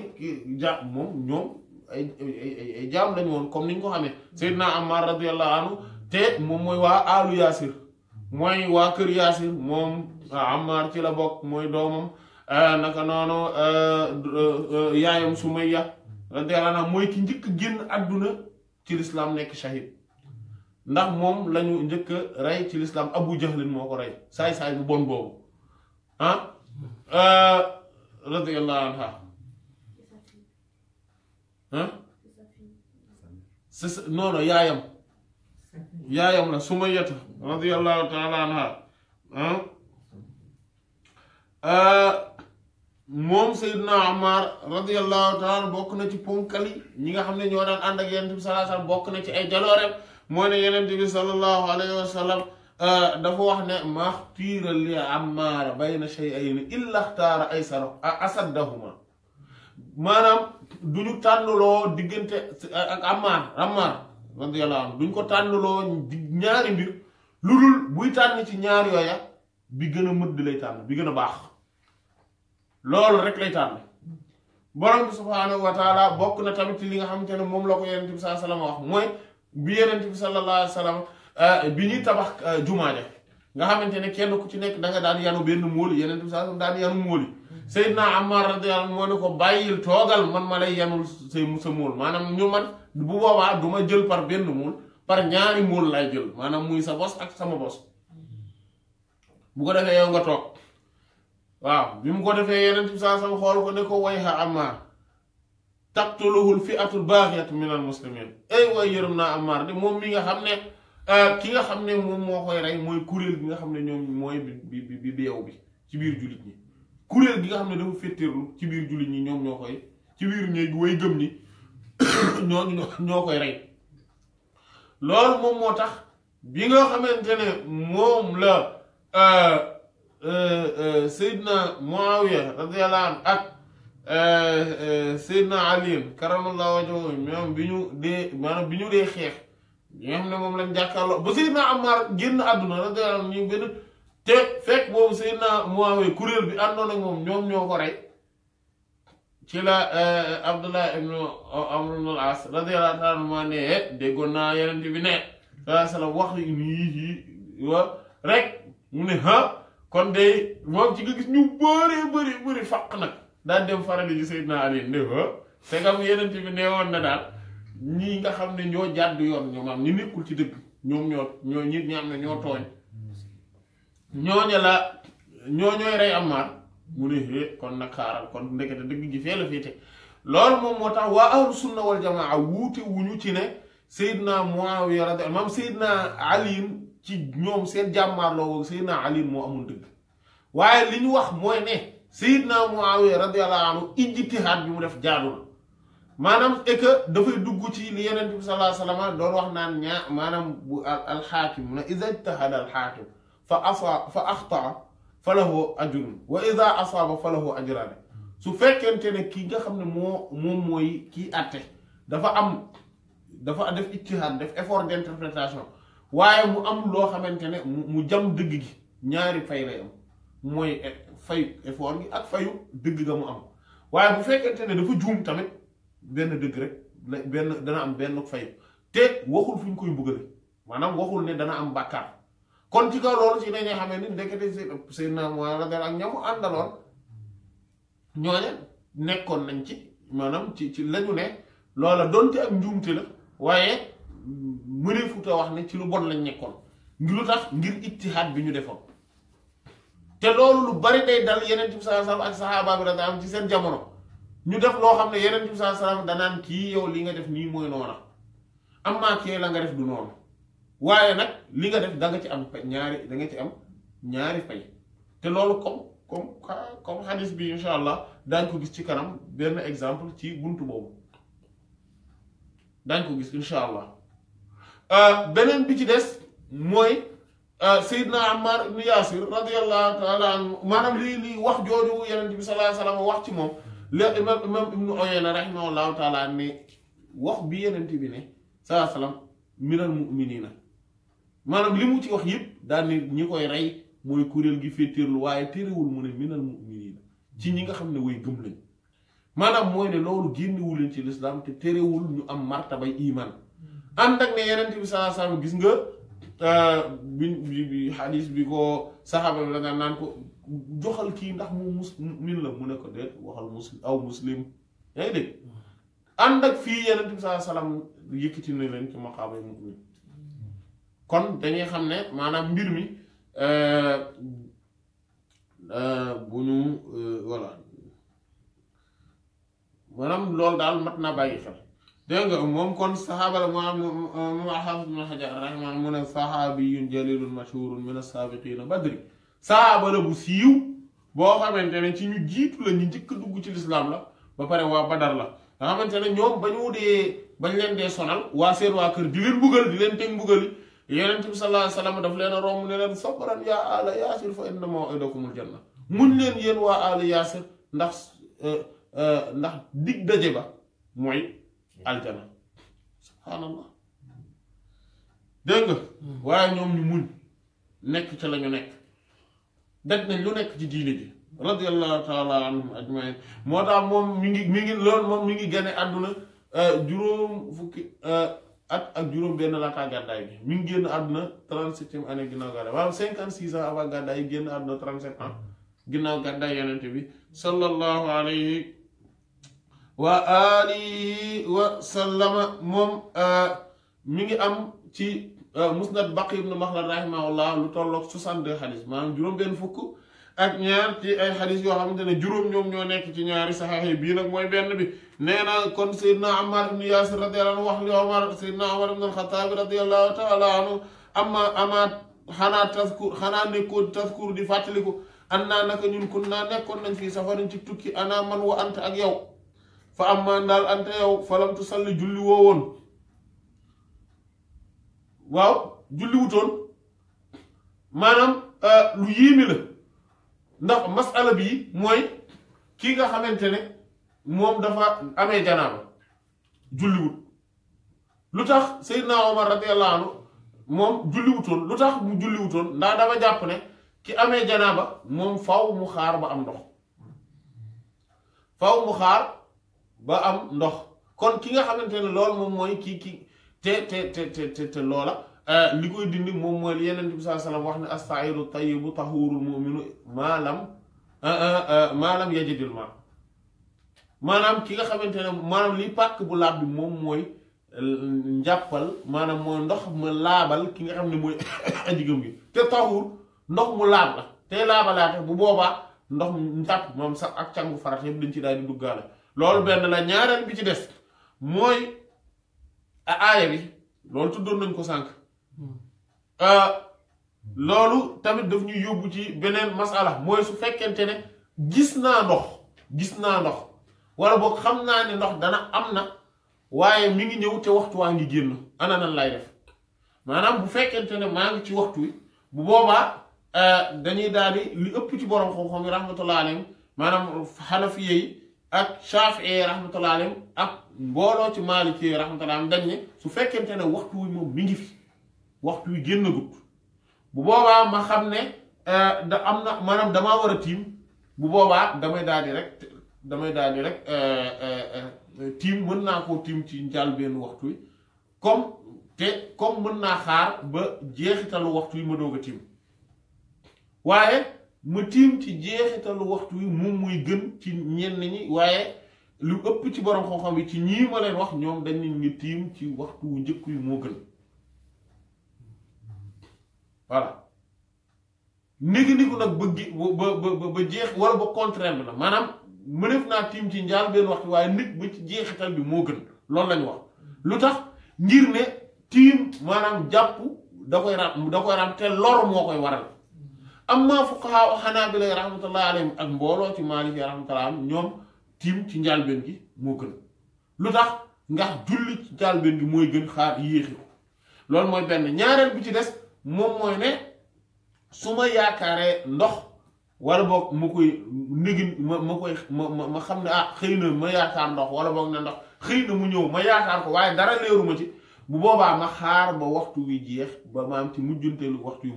ja moom ñoom ay jaam lañu woon comme ni ñu ko radiallahu anhu te moom mooy waa alu yaasir mooy waa kër yaasir moom ah, Ammar ci la bokk mooy doomam ah, naka noonu ah, yaayam Sumayya radiyallahu anha mooy ki njëkk génn àdduna ci lislaam nekk shahid ndax moom lañu njëkk rey ci lislaam Abu Jahlin moo ko rey saay saay bu bon boobu ah radiyallahu anha ah non non yaayam yaayam la Sumayyata radiyallahu taala anha ah. Ah, moom Seydina Amar radiyallahu taala bokk na ci ponkali ñi nga xam ne ñoo daan ànd ak Yonent bi sallallahu bokk na ci ay jaloorem moo ne Yonent bi sallallahu alayhi ah, dafa wax ne maxtiira li Ammaara bayna shay'ayni illa ñu tànnloo diggante radiyallahu anhu duñ ko tànnloo ñaari mbir lu dul buy tànn ci ñaar yooya bi gën a mëdd lay tànn bi gën a baax loolu rek lay tànn borom bi subhaanahu bokk na tamit ci li nga xamante ne moom la ko yenent bi sallallahu alayhi wasallam wax mooy bi yenent bi sallallahu alayhi wasallam euh, bi ñuy tabax euh, jumaa xamante ne kenn ku ci nekk da nga daan yanu benn móoli yenent am sallallahu alayhi wasallam daan yanu móoli Seydina moo ne ko bàyyil toogal man ma lay yanul say musa maanaam ñu man bu boobaa du ma jël par benn muul par ñaari muul lay jël maanaam muy sa bos ak sama bos bu ko defee yow nga toog waaw bi mu ko defee yeneen ci saa sama xool ko ne ko way xa fi taqtuluhul fi'atul baaghiyatu minal muslimiin ay way yërëm naa Ammaar de moom mi nga xam ne euh, ki nga xam ne moom moo koy rey mooy kuréel bi nga xam ne ñoom mooy bi bi bi beew bi ci biir jullit ñi kuréel gi nga xam ne dafa féttéerlu ci biir jullit ñi ñoom ñoo koy ci biir ñi way gëm ñi. ñoo ñoo koy rey loolu moom moo tax bi nga xamante ne moom la euh, euh, euh, Seydina Muawiya radiyallahu anhu ak Seydina Ali karamallahu wajhahu maanaam bi ñu dee maanaam bi ñu dee xeex ñi ne moom lañ jàkkaarloo ba Seydina Ammar génn àdduna radiyallahu anhu ñu benn te fekk boobu Seydina Muawiya kuréel bi àndoon ak moom ñoom ñoo ko rey ci la eh, eh, abdullah ibnu amr ibnu al as ma ne déggoon naa yeneen bi ne salaa salaam wax nii wa rek mu ne ha kon day moom ci nga gis ñu bëree bëri bëri faq nag daan dem farali ji Seydina Ali ne ha te nga mu yeneen bi ne woon na daal ñi nga xam ne ñoo jàdd yoon ñoom am ñu nekkul ci dëgg ñoom ñoo ñoo ñi am ne ñoo tooñ ñooñu la ñoo ñooy rey Ammaar mu ne hé kon na xaaral kon ndekete dëgg ji fee la féete moom moo tax waa ahlu sunna wal jamaa wuute wuñu ci ne Seydina Muawiya radiyallahu anhu maam Seydina Ali ci ñoom seen jàmmaarloo Seydina Ali moo amul dëgg waaye li ñu wax mooy ne Seydina Muawiya radiyallahu anhu ijtihaad bi mu def jaadu na maanaam et que dafay dugg ci li Yonent bi sallallahu alayhi wax naan ñaa maanaam bu alxaakim mu ne iza ijtahada fa afa fa axtaa falahu ajrun wa ida asaaba falahu ajraan su fekkente ne kii nga xam ne moo moom mooy kii àtte dafa am dafa def ijtihaad def effort d'interprétation waaye mu am loo xamante mu jam dëgg gi ñaari fay lay am mooy fay effort gi ak fayu dëgg ga mu am waaye bu fekkente ne dafa juum tamit benn dëgg rek ben dana am benn fayu te waxul fu ñu koy bëggale maanaam waxul ne dana am bàkkaar kon ci kaw loolu ci dañuy xamee ni ndekete Seydina Muawiya radiyallaahu anhu ak ña mu àndaloon ñooñu nekkoon nañ ci maanaam ci ci lañu ne loola donte ak njuumte la waaye mu mëneefuta wax ne ci lu bon lañ nekkoon ngir lu tax ngir ittihaad bi ñu defoon te loolu lu bari day dal yeneen bi sallallaahu alayhi wa ak saxaaba bi radiyallaahu anhum ci seen jamono ñu def loo xam ne yeneen bi sallallaahu alayhi wa sallam danaan kii yow li nga def nii mooy noona am maa kee la nga def du noonu. waaye nag li nga def danga ci am ñaari da ci am ñaari fay te loolu comme comme comme bi incha allah daañ ko gis ci kanam benn exemple ci buntu boobu daañ ko gis incha allah euh, beneen bi ci des mooy euh, Seydina Ammar ibn Yaasir radiyallahu taala anhu maanaam lii lii wax jooju Yonent bi sallallahu alayhi wa wax ci moom le imam imam ibnu Uyayna rahimahullahu taala ne wax bi Yonent bi ne sallallahu alayhi wa minal mu'minina maanaam li mu ci wax yëpp daal ne ñi koy rey mooy kuréel gi féetéerlu waaye téerewul mu ne minal mu'miniina ci ñi nga xam ne way gëm lañ maanaam mooy ne loolu génnewu ci lislaam te téerewul ñu am martabay iman ànd ak ne yeneen gis nga euh, bi bi xadis bi ko saxaaba la nga naan ko ndax mu mu ne ko déet waxal aw muslim yaa ngi dégg ànd ak fii yeneen bi sallallahu alayhi yëkkati na leen ci maqaamay mu'min kon dañuy xam ne maanaam mbir mi euh, euh, bu ñu euh, voilà maanaam loolu daal mat na bàyyi xel dégg nga moom kon saxaaba la maanaam moom alxaafis ibn Hajar raximahu mu ne saxaabiyun jalilun mashhurun min as-saabiqiina badri saxaaba bu siiw boo xamante ne ci ñu jiitu la ñu njëkk dugg ci lislaam la ba pare waa Badar la nga xamante ne ñoom ba ñu dee bañ leen dee sonal waa seen waa kër di leen mbugal di leen teg mbugal yonent bi sallallahu alayhi wa daf leen a romb ne leen sabran yaa aala yaasir fa inna maw'idakumul janna muñ leen yéen waa aala yaasir ndax euh, euh, ndax dig daje ba mooy aljana subhaanallah dégg nga hmm. waaye ñoom ñu muñ nekk ci la ñu nekk daj nañ lu nekk ci diine ji radiyallahu taala anhum moo tax moom mi ngi mi ngi loolu moom mi ngi gane àdduna euh, juróom fukki at ak juróom benn laataa gàddaay gi mi ngi génn àdduna trente septième année ginnaaw gàddaay waaw cinquante six ans avant gàddaay yi génn àdduna trente sept ans ginnaaw gàddaay yonent bi sallallahu alayhi wa alihi wa moom euh, mi ngi am ci euh, musnad Baqi ibn Makhlad rahimahullah lu tolloog soixante-deux xadis maanaam juróom benn fukk ak ñaar ci ay xadis yoo xamante ne juróom ñoom ñoo nekk ci ñaari saxaax bii nag mooy benn bi nee na kon Seydina Ammar ibn Yaasir radiyallahu anhu wax li Omar Seydina Omar ibn al-Xattaab radiyallahu amaat xanaa taskur xanaa nekkoon taskur di fàttaliku annaa naka ñun kun naa nekkoon nañ fii safarin ci tukki ana man wa ant ak yow fa amma daal ant yow falam tu salli julli woo waaw julli wutoon maanaam euh, lu yéemi ndax masala bii mooy ki nga xamante ne moom dafa amee janaaba julliwut lu tax Seydina Omar radiyallahu anhu moom julliwutoon lu tax mu julliwutoon ndax dama jàpp ne ki amee janaaba moom faw mu xaar ba am ndox faw mu xaar ba am ndox kon ki nga xamante ne loolu moom mooy kii ki te te te te te loola Euh, li koy dindi moom mooy li yeneen bi saa salaam wax ne astairu tayibu tahuurul muminu maalam euh, euh, maalam yajidil ma maanaam ki nga xamante ne maanaam li pàkk bu laab bi moom mooy njàppal maanaam mooy ndox ma laabal ki nga xam ne mooy ajigam gi te taxuur ndox mu laab la te laabalaate bu boobaa ndox njàpp moom sax ak càngu farat yëpp dañ ci daal di duggaale loolu benn la ñaareel bi ci des mooy aaya bi loolu tuddoon nañ ko sànq Euh, loolu tamit daf ñuy yóbbu ci beneen masala mooy su fekkente ne gis naa ndox gis naa ndox wala boog xam naa ni ndox dana am na waaye mu ngi ñëw te waxtu waa ngi génn ana nan lay def maanaam bu fekkente ne maa ngi ci waxtu wi bu boobaa euh, dañuy daal di li ëpp ci borom xam-xam yi rahmatullah alayhim maanaam xanafiye yi ak shafi'i rahmatullah alayhim ak mbooloo ci maali yi rahmatullah alayhim dañ ne su fekkente ne waxtu wi moom mi ngi fi. waxtu wi génn gut bu boobaa ma xam ne euh, da am na maanaam damaa war a tiim bu boobaa damay daal di rek damay daal di rek euh, euh, tiim mën naa koo tiim ci njaal benn waxtu wi comme te comme mën naa xaar ba jeexitalu waxtu wi ma doog a tiim waaye ma tiim ci jeexitalu waxtu wi moom muy gën ci ñenn ñi waaye lu ëpp ci borom xam-xam yi ci ñii ma leen wax ñoom dañ ne ñu tiim ci waxtu wu njëkk wi moo gën. voilà néegi niku nag ba gi ba ba jeex wala ba contraire bi na maanaam mënef naa tiim ci njaal benn waxtu waaye nit ba ci jeexital bi moo gën loolu lañu wax lu tax ngir ne tiim maanaam jàpp da koy ram da koy ram te lor moo koy waral amma fuqaha hanabila rahmatullahi alayhim ak mbooloo ci maliki rahmatullahi alayhim ñoom tiim ci njaalbeen gi moo gën lu tax ndax julli ci njaalbeen gi mooy gën xaar yéexi ko loolu mooy benn ñaareel bi ci des moom mooy ne su ma yaakaaree ndox wala boog ma koy négin ma ma koy ma ma xam ne ah xëy na ma yaakaar ndox wala boog na ndox xëy na mu ñëw ma yaakaar ko waaye dara leeruma ci bu boobaa ma xaar ba waxtu wi jeex ba ci mujjanteelu waxtu wi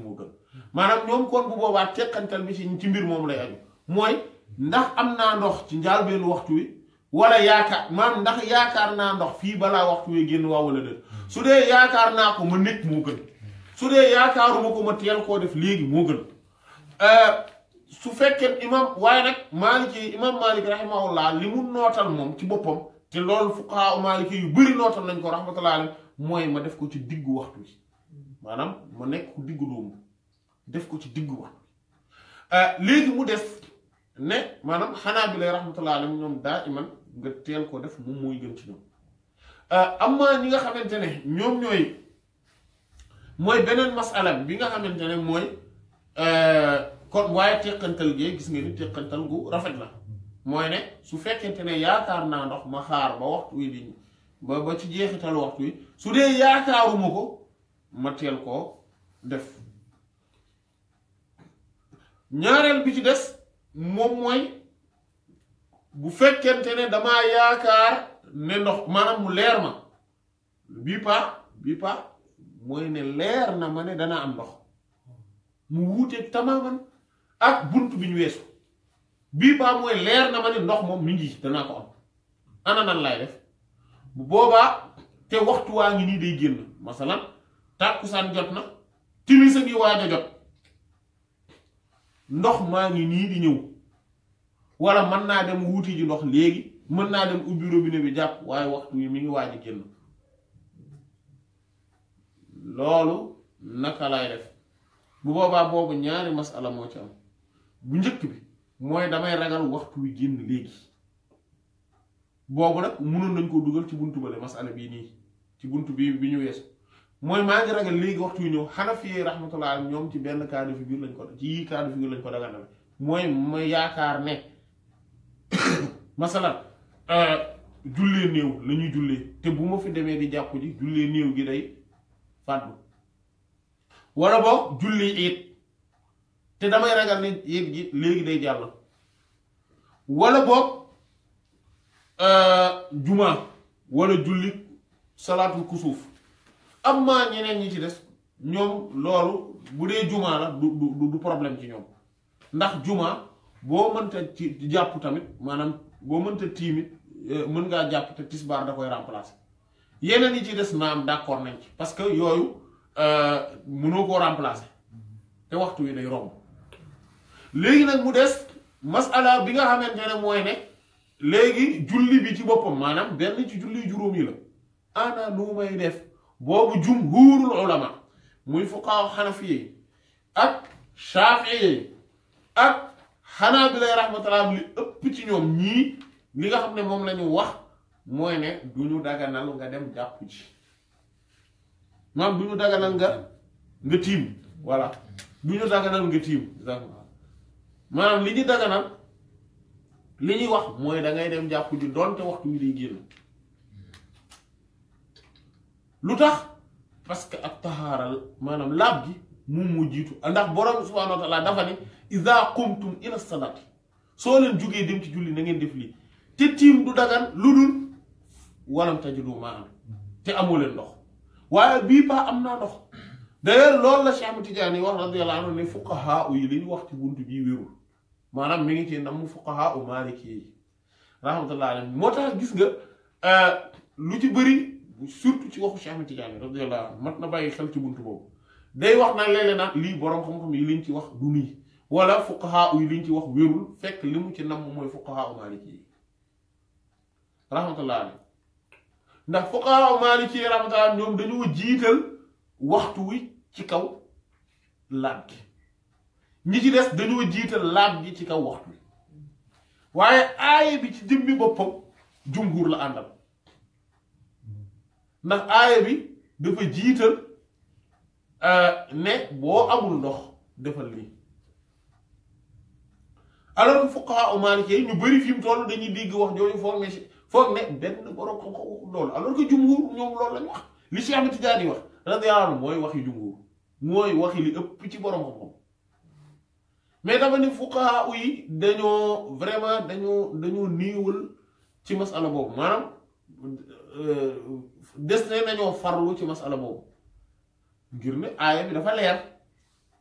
maanaam ñoom kon bu boobaa teqantal bi ci ci mbir moom lay mooy ndax am naa ndox ci njaal benn waxtu wi wala yaakaar maam ndax yaakaar naa ndox fii balaa waxtu wi génn waaw wala déet su dee yaakaar naa ko ma nekk moo gën su dee yaakaaruma ko ma teel koo def léegi moo gën euh, su fekkee imam waaye nag maaliki imam maalik rahimahullah li mu nootal moom ci boppam te loolu fuqahaa maaliki yu bëri nootal nañ ko rahmatullahi alayhi mooy ma def ko ci diggu waxtu bi maanaam ma nekk ku diggu dóomu def ko ci diggu waxtu bi euh, léegi mu def ne maanaam xanaa bi lay rahmatullahi alayhi ñoom daa iman nga teel ko def moom mooy gën ci ñoom euh, am na ñi nga xamante ne ñoom ñooy mooy beneen masalam bi nga xamante ne mooy euh, kon waaye teqantal gee gis nga ni teqantal gu rafet la mooy ne su fekkente ne yaakaar naa ndox ma xaar ba waxtu wi di ba ba ci jeexital waxtu wi su dee yaakaaruma ko ma teel koo def ñaareel bi ci des moom mooy bu fekkente ne damaa yaakaar ne ndox maanaam mu leer ma bii paax bii paax mooy ne leer na ma ne dana am ndox mu wuuteeg tamaaman ak bunt bi ñu weesu bii baa mooy leer na ma ne ndox moom mi ngi danaa ko am ana nan laay def bu boobaa te waxtu waa ngi nii day génn masalan tàkkusaan jot na timis ngi waaj jot ndox maa ngi nii di ñëw wala mën naa dem wuuti ji ndox léegi mën naa dem ubbi robinet bi jàpp waaye waxtu wi mi ngi waaj a génn lolu naka lay def bu boba bobu ñaari masala mo ci am bu njëkk bi moy damay ragal waxtu wi génn legi bobu nak mënon nañ ko dugal ci buntu bale masala bi ni ci buntu bi bi ñu wess moy ma nga ragal legi waxtu wi hanafi xanafi rahmatullah alayhi ñoom ci benn cas de figure lañ ko ci yii cas de figure lañ ko daganal moy ma yaakar ne masala euh julle la ñuy julle te bu ma fi demee di jappu ji julle gi day fàddu wala boog julli iit te damay ragal ni iit gi léegi day jàll wala boog euh, juma wala julli salaatul kusuuf am maa ñeneen ñi ci des ñoom loolu bu dee juma la du du du problème ci ñoom ndax juma boo mënta ci jàpp tamit maanaam boo mënta tiimit euh, mën ngaa jàpp te tisbaar da koy remplacer yeneen yi ci des naam d'accord nañ ci parce que yooyu euh, mënoo koo remplacer te waxtu wi day romb léegi nag mu des masala bi nga xamante ne mooy ne léegi julli bi ci boppam maanaam benn ci julli juróom la ana nu may def boobu jumhurul ulama muy fuqahaa xanafiye ak xanaa ak xanaabila rahmatullah li ëpp ci ñoom ñii li nga xam ne moom la ñu wax mooy ne du ñu daganal nga dem jàppu ji maam du ñu daganal nga nga tiim voilà du ñu daganal nga tiim maanaam li ñu daganal li ñuy wax mooy dangay dem jàpp ji donte waxtu wi day génn lu tax parce que ak taxaaral maanaam laab gi mu moo jiitu ndax borom subhaanahu wa taala dafa ne iza qumtum ila salaati soo leen jógee dem ci julli na ngeen def lii te tiim du dagan lu dul walam tajidu maa te amoo leen ndox waaye bii baa am naa ndox d'ailleurs loolu la Cheikh Ahmad Tidiane yi wax radiyallahu anhu ne fuqaha yi li ñu wax ci buntu bii wérul maanaam mi ngi ci nam mu fuqaha u maliki yi gis nga euh, lu ci bëri surtout ci waxu Cheikh Ahmad Tidiane radiyallahu anhu na bàyyi xel ci buntu boobu day wax nag léeg-léeg lii borom yi liñ ci wax du wala fuqaha yi ci wax wérul fekk li mu ci nam mooy fuqaha u maliki ndax fuqahaa maaliki rahmatullah ñoom dañoo jiital waxtu wi ci kaw laab gi ñi ci des dañoo jiital laab gi ci kaw waxtu wi waaye aaya bi ci jëmmi boppam jumhur la àndal ndax aaya bi dafa jiital euh, ne boo amul ndox defal lii alors fuqahaa maaliki yi ñu bari fi mu dañuy dégg wax jooju foog ne foog mais benn borom xam-xam waxul loolu alors que jumhur ñoom loolu lañ wax li Cheikh Ahmed Tidiane wax radiyallahu anhu mooy waxi jumhur mooy waxi li ëpp ci borom xam-xam mais dama ni fuqaha yi vraiment dañoo dañoo niiwal ci masala boobu maanaam euh, des ne nañoo farlu ci masala boobu ngir ne aaya bi dafa leer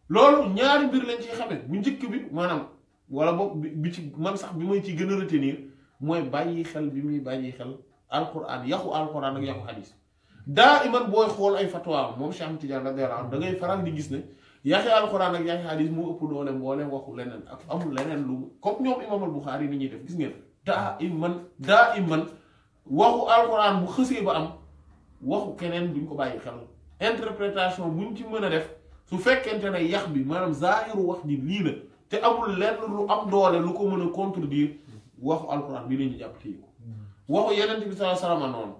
loolu ñaari mbir lañ ciy xamee bu njëkk bi maanaam wala boobu bi ci man sax bi may ci gën a retenir mooy bàyyi xel bi muy bàyyi xel alquran yaxu alquran ak yaxu hadis daa iman booy xool ay fatwa moom Cheikh Ahmed Tidiane radiyallahu anhu da ngay faral di gis ne yaxi alquran ak yaxi hadis moo ëpp doole mbooleem waxu leneen ak amul leneen lu comme ñoom imam al Buxaari ni ñuy def gis ngeen daa iman daa iman waxu alquran bu ba am waxu keneen duñ ko bàyyi xel interprétation buñ ci mën a def su fekkente ne yax bi maanaam zaahiru wax ji te amul lenn lu am doole lu ko mën a contredire waxu alquran bi leen ñu jàpp téye ko hmm. waxu yeneen bi sallallahu alayhi wasallam noonu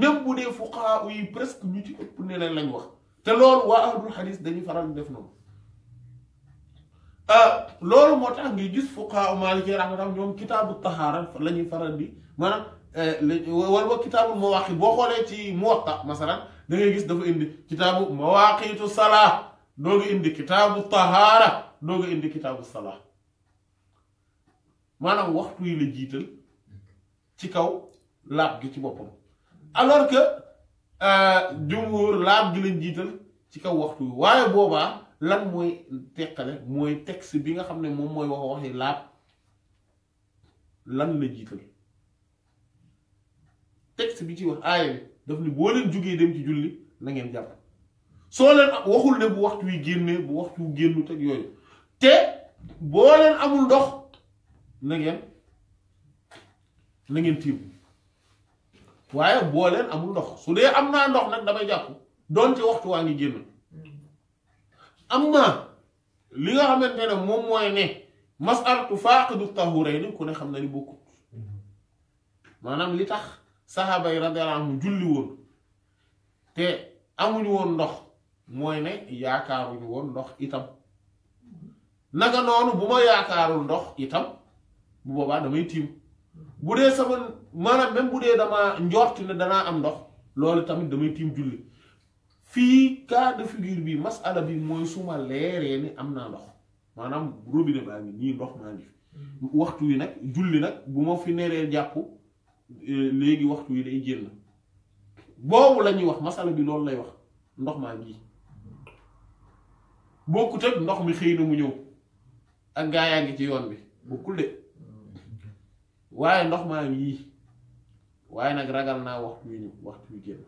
même bu dee fuqahaa yi presque ñu ci ëpp ne leen lañ wax te loolu waa ahlul xadis dañuy faral di def noonu euh, loolu moo tax ngi gis fuqahaa maaliki rahmatullah ñoom kitaabu tahaara la ñuy faral bi maanaam euh, wala ba kitaabu boo xoolee ci muwatta masalan da ngay gis dafa indi kitaabu mawaaqitu salaa dooga indi kitaabu tahaara dooga indi kitaabu salaa maanaam waxtu yi la jiital ci kaw laab gi ci boppam alors que euh, jumhur laab gi lañ jiital ci kaw waxtu yi waaye boobaa lan mooy teqale mooy texte bi nga xam ne moom mooy wax waxi laab lan la jiital texte bi ci wax aaya bi daf ni boo leen jógee dem ci julli na ngeen jàpp soo leen waxul ne bu waxtu wi génnee bu waxtu wu génnu teg yooyu te boo leen amul dox na ngeen na tiim waaye booleen amul ndox su dee am naa ndox nag damay jàpp doon ci waxtu waa ngi génn am na li nga xamante ne moom mooy ne masalatu faaqidu tahurayni ku ne xam na ni bokkut maanaam li tax saxaaba yi radiyallahu julli woon te amuñu woon ndox mooy ne yaakaaruñu woon ndox itam naka noonu bu ma yaakaarul ndox itam bu boobaa tiim bu dee sama maanaam même bu dee damaa danaa am ndox loolu tamit damay tiim julli fii cas bi masala bi mooy su ma am naa ndox maanaam robinet baa ngi nii wi nag julli nag bu ma fi neree jàpp euh, léegi waxtu wi day génn boobu la ñuy wax masala bi loolu lay wax ndox maa ngi bokkut ak ndox mi xëy na mu ñëw ak gaa yaa ngi ci yoon bi bokkul de. waaye ndox maa ngi yii waaye nag ragal naa waxtu yu ñëw waxtu yu génn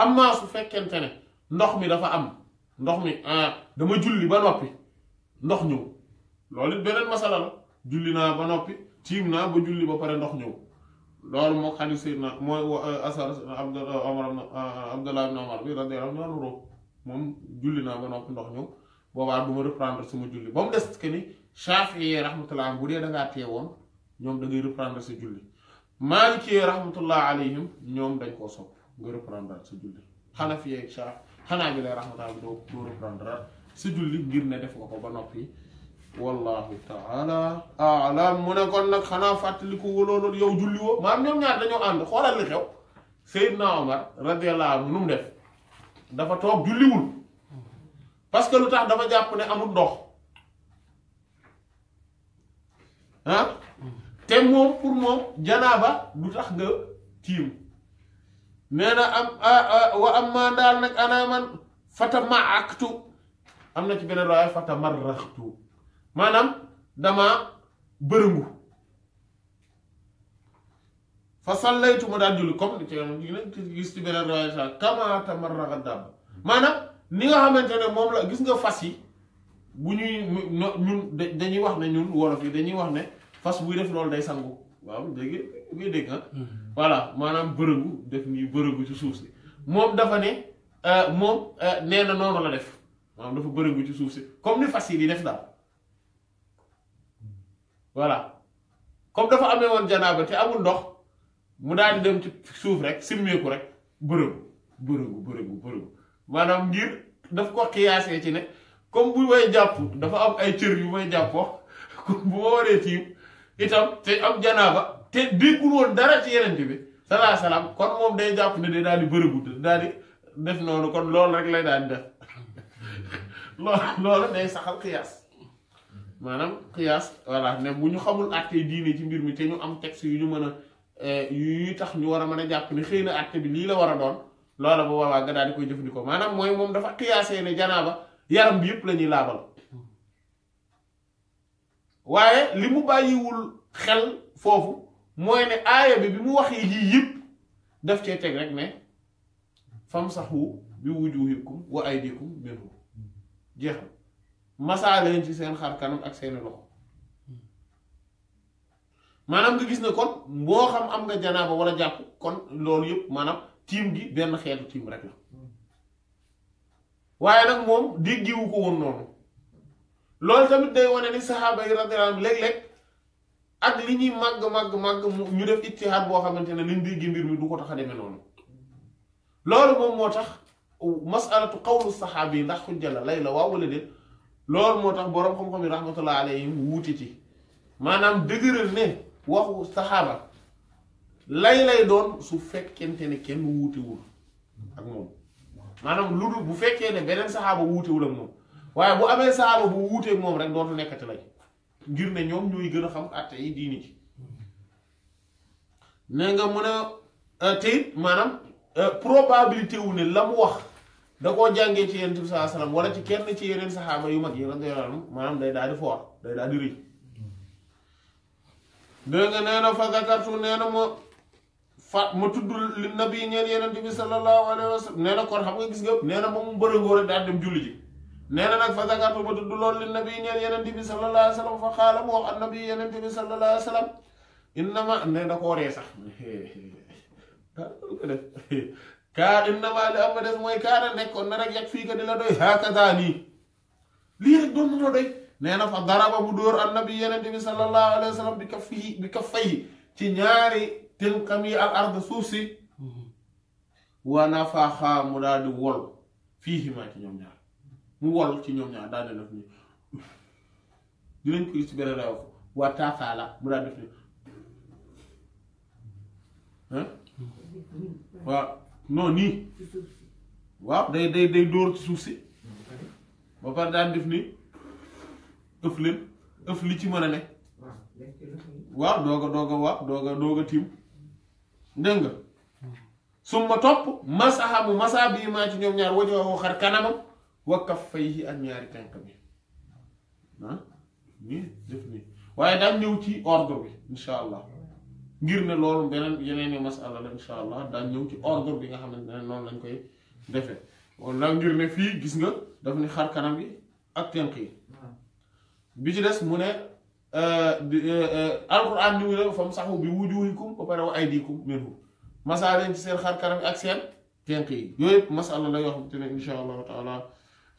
am naa su fekkente ne ndox mi dafa am ndox mi ah, dama julli ba noppi ndox ñëw loolu it beneen masala la julli naa ba noppi tiim naa ba julli ba pare ndox ñëw loolu moo xadis Seydina mooy eh, asar Abdullah eh, eh, ibn Omar bi radiyallahu anhu moom julli naa ba noppi ndox ñëw boobaa du ma reprendre suma julli ba mu des que ni Shaafi'i rahmatullah bu dee da ngaa teewoon ñoom da ngay reprendre sa julli Maaliki rahmatullah ñoom dañ koo sopp nga reprendre sa julli Hanafi ak Shaafi xanaa bi lay rahmatullah bi doo doo reprendre sa julli ngir ne def nga ko ba noppi wallahu taala alam mu ne kon nag xanaa fàttaliku waloolool yow julli woo maam ñoom ñaar dañoo ànd xoolal li xew Seydina Omar radiyallahu anhu nu mu def dafa toog julliwul parce que lu tax dafa jàpp ne amul ndox té mom pour mom janaba du tax nga tim néna am wa am dal nak ana man fata maaktu amna ci benen waaye fata marraxtu manam dama bërëngu fa sallaytu ma daal julli comme ci ñu gis ci benen waaye sa kama tamarraxa dàbb manam ni nga xamantene mom la gis nga fas yi bu ñuy ñun dañuy wax ne ñun wolof yi dañuy wax ne fas buy def loolu day sangu waaw dégg nga dégg ah. Hmm. voilà maanaam bërëgu def nii bërëgu ci suuf si moom dafa ne euh, moom euh, nee na noonu la def maanaam dafa bërëgu ci suuf si comme ni fas yi di def daal voilà comme dafa amee woon janaaba te amul ndox mu daal di dem ci suuf rek simmeeku rek bërëgu bërëgu bërëgu bërëgu maanaam ngir daf ko xiyaasee ci ne comme bu may jàpp dafa am ay cër yu may jàppoo comme bu ma waree tiim itam te am janaaba te déggul woon dara ci yeneen bi salaa salaam kon moom day jàpp ne day daal di bërëbu daal di def noonu kon loolu rek lay daal di def loolu loolu day saxal xiyaas maanaam xiyaas voilà ne bu ñu xamul àtte diine ci mbir mi te ñu am texte yu ñu mën a eh, yuy tax ñu war a mën a jàpp ne xëy na àtte bi lii la war a doon loola bu boobaa nga daal di koy jëfandikoo maanaam mooy moom dafa xiyaasee ne janaaba yaram bi yëpp la ñuy laabal waaye li mu bàyyiwul xel foofu mooy ne aaya bi bi mu waxee lii yëpp def cee teg rek ne wu bi wujuhikum wa aydikum minhu jeexal masaa leen ci seen xar ak seeni maanaam nga gis ne kon boo xam am na janaaba wala jàpp kon loolu yëpp maanaam tiim gi benn xeetu tiim rek la waaye nag moom déggiwu ko woon noonu loolu tamit day wane ni saxaaba yi radiyallaahu anhum léeg-léeg ak li ñuy màgg màgg màgg ñu def ittihaad boo xamante ne liñ dégg mbir mi du ko tax a demee noonu loolu moom moo tax masalatu qawlu saxaabi yi ndax xujja la lay waaw wala déet loolu moo tax boroom xam-xam yi rahmatullahi alayhim wuute ci maanaam dëgëral ne waxu saxaaba lay lay doon su fekkente ne kenn wuutewul ak moom maanaam lu dul bu fekkee ne beneen saxaaba wuutewul ak moom. waaye bu amee saaba bu wuuteeg moom rek dootu nekkati lay ngir ne ñoom ñooy gën a xam atte yi diini ci ne nga mën a tey maanaam euh, probabilité wu ne la mu wax da koo jàngee ci Yonent bi sallallahu alayhi wala ci kenn ci yeneen saxaaba yu mag yi radiyallahu anhum maanaam day daal di foor day daal di rëy dégg nga nee na fa zakartu nee na ma fa ma tudd li nabi ñeen Yonent bi sallallahu alayhi wasallam nee na kon xam nga gis nga nee na moom mu bërëngoo rek daal dem julli ji nee na nag fa zakartu ba tudd loolu li nabi ñeen yenente bi sallallahu alayhi wa sallam fa xaala mu wax an nabi yenente bi wa sallam sax kaa mooy kaana nekkoon na rek yag fii ka di la doy hakaza nii lii rek doon na doy na fa daraba bu dóor an nabi yenente bi ka fii bi ka fay ci ñaari tënkam yi al suuf si mm-hmm. wa nafaxa mu daal wol fii himaa ci ñoom ñaar mu wol ci ñoom ñaar daal di def nii dinañ ko gis ci benn réew waa taasaala mu daal def nii waaw non nii waaw day day day suuf si ba pare daan def nii ëf leen li ci mën a ne waaw doog a doog a waaw doog a doog a tiim dégg nga topp masaha mu masa bii maa ci ñoom ñaar wajoo xar kanamam wa kaffayhi ak ñaari tànk bi waaye daal ñëw ci ordre bi incha allah ngir ne loolu beneen yeneen i masala la incha allah daan ñëw ci ordre bi nga xamante ne noonu lañ koy defee wala ngir ne fii gis nga daf ni xar kanam bi ak tànk yi bi ci des mu ne euh, euh, alquran ni mu ne fam saxu bi wujuhikum ba pare wa aydikum minhu masaa leen ci seen xar kanam ak seen tànk yi yooyu yëpp masala la yoo xamante ne incha allahu taala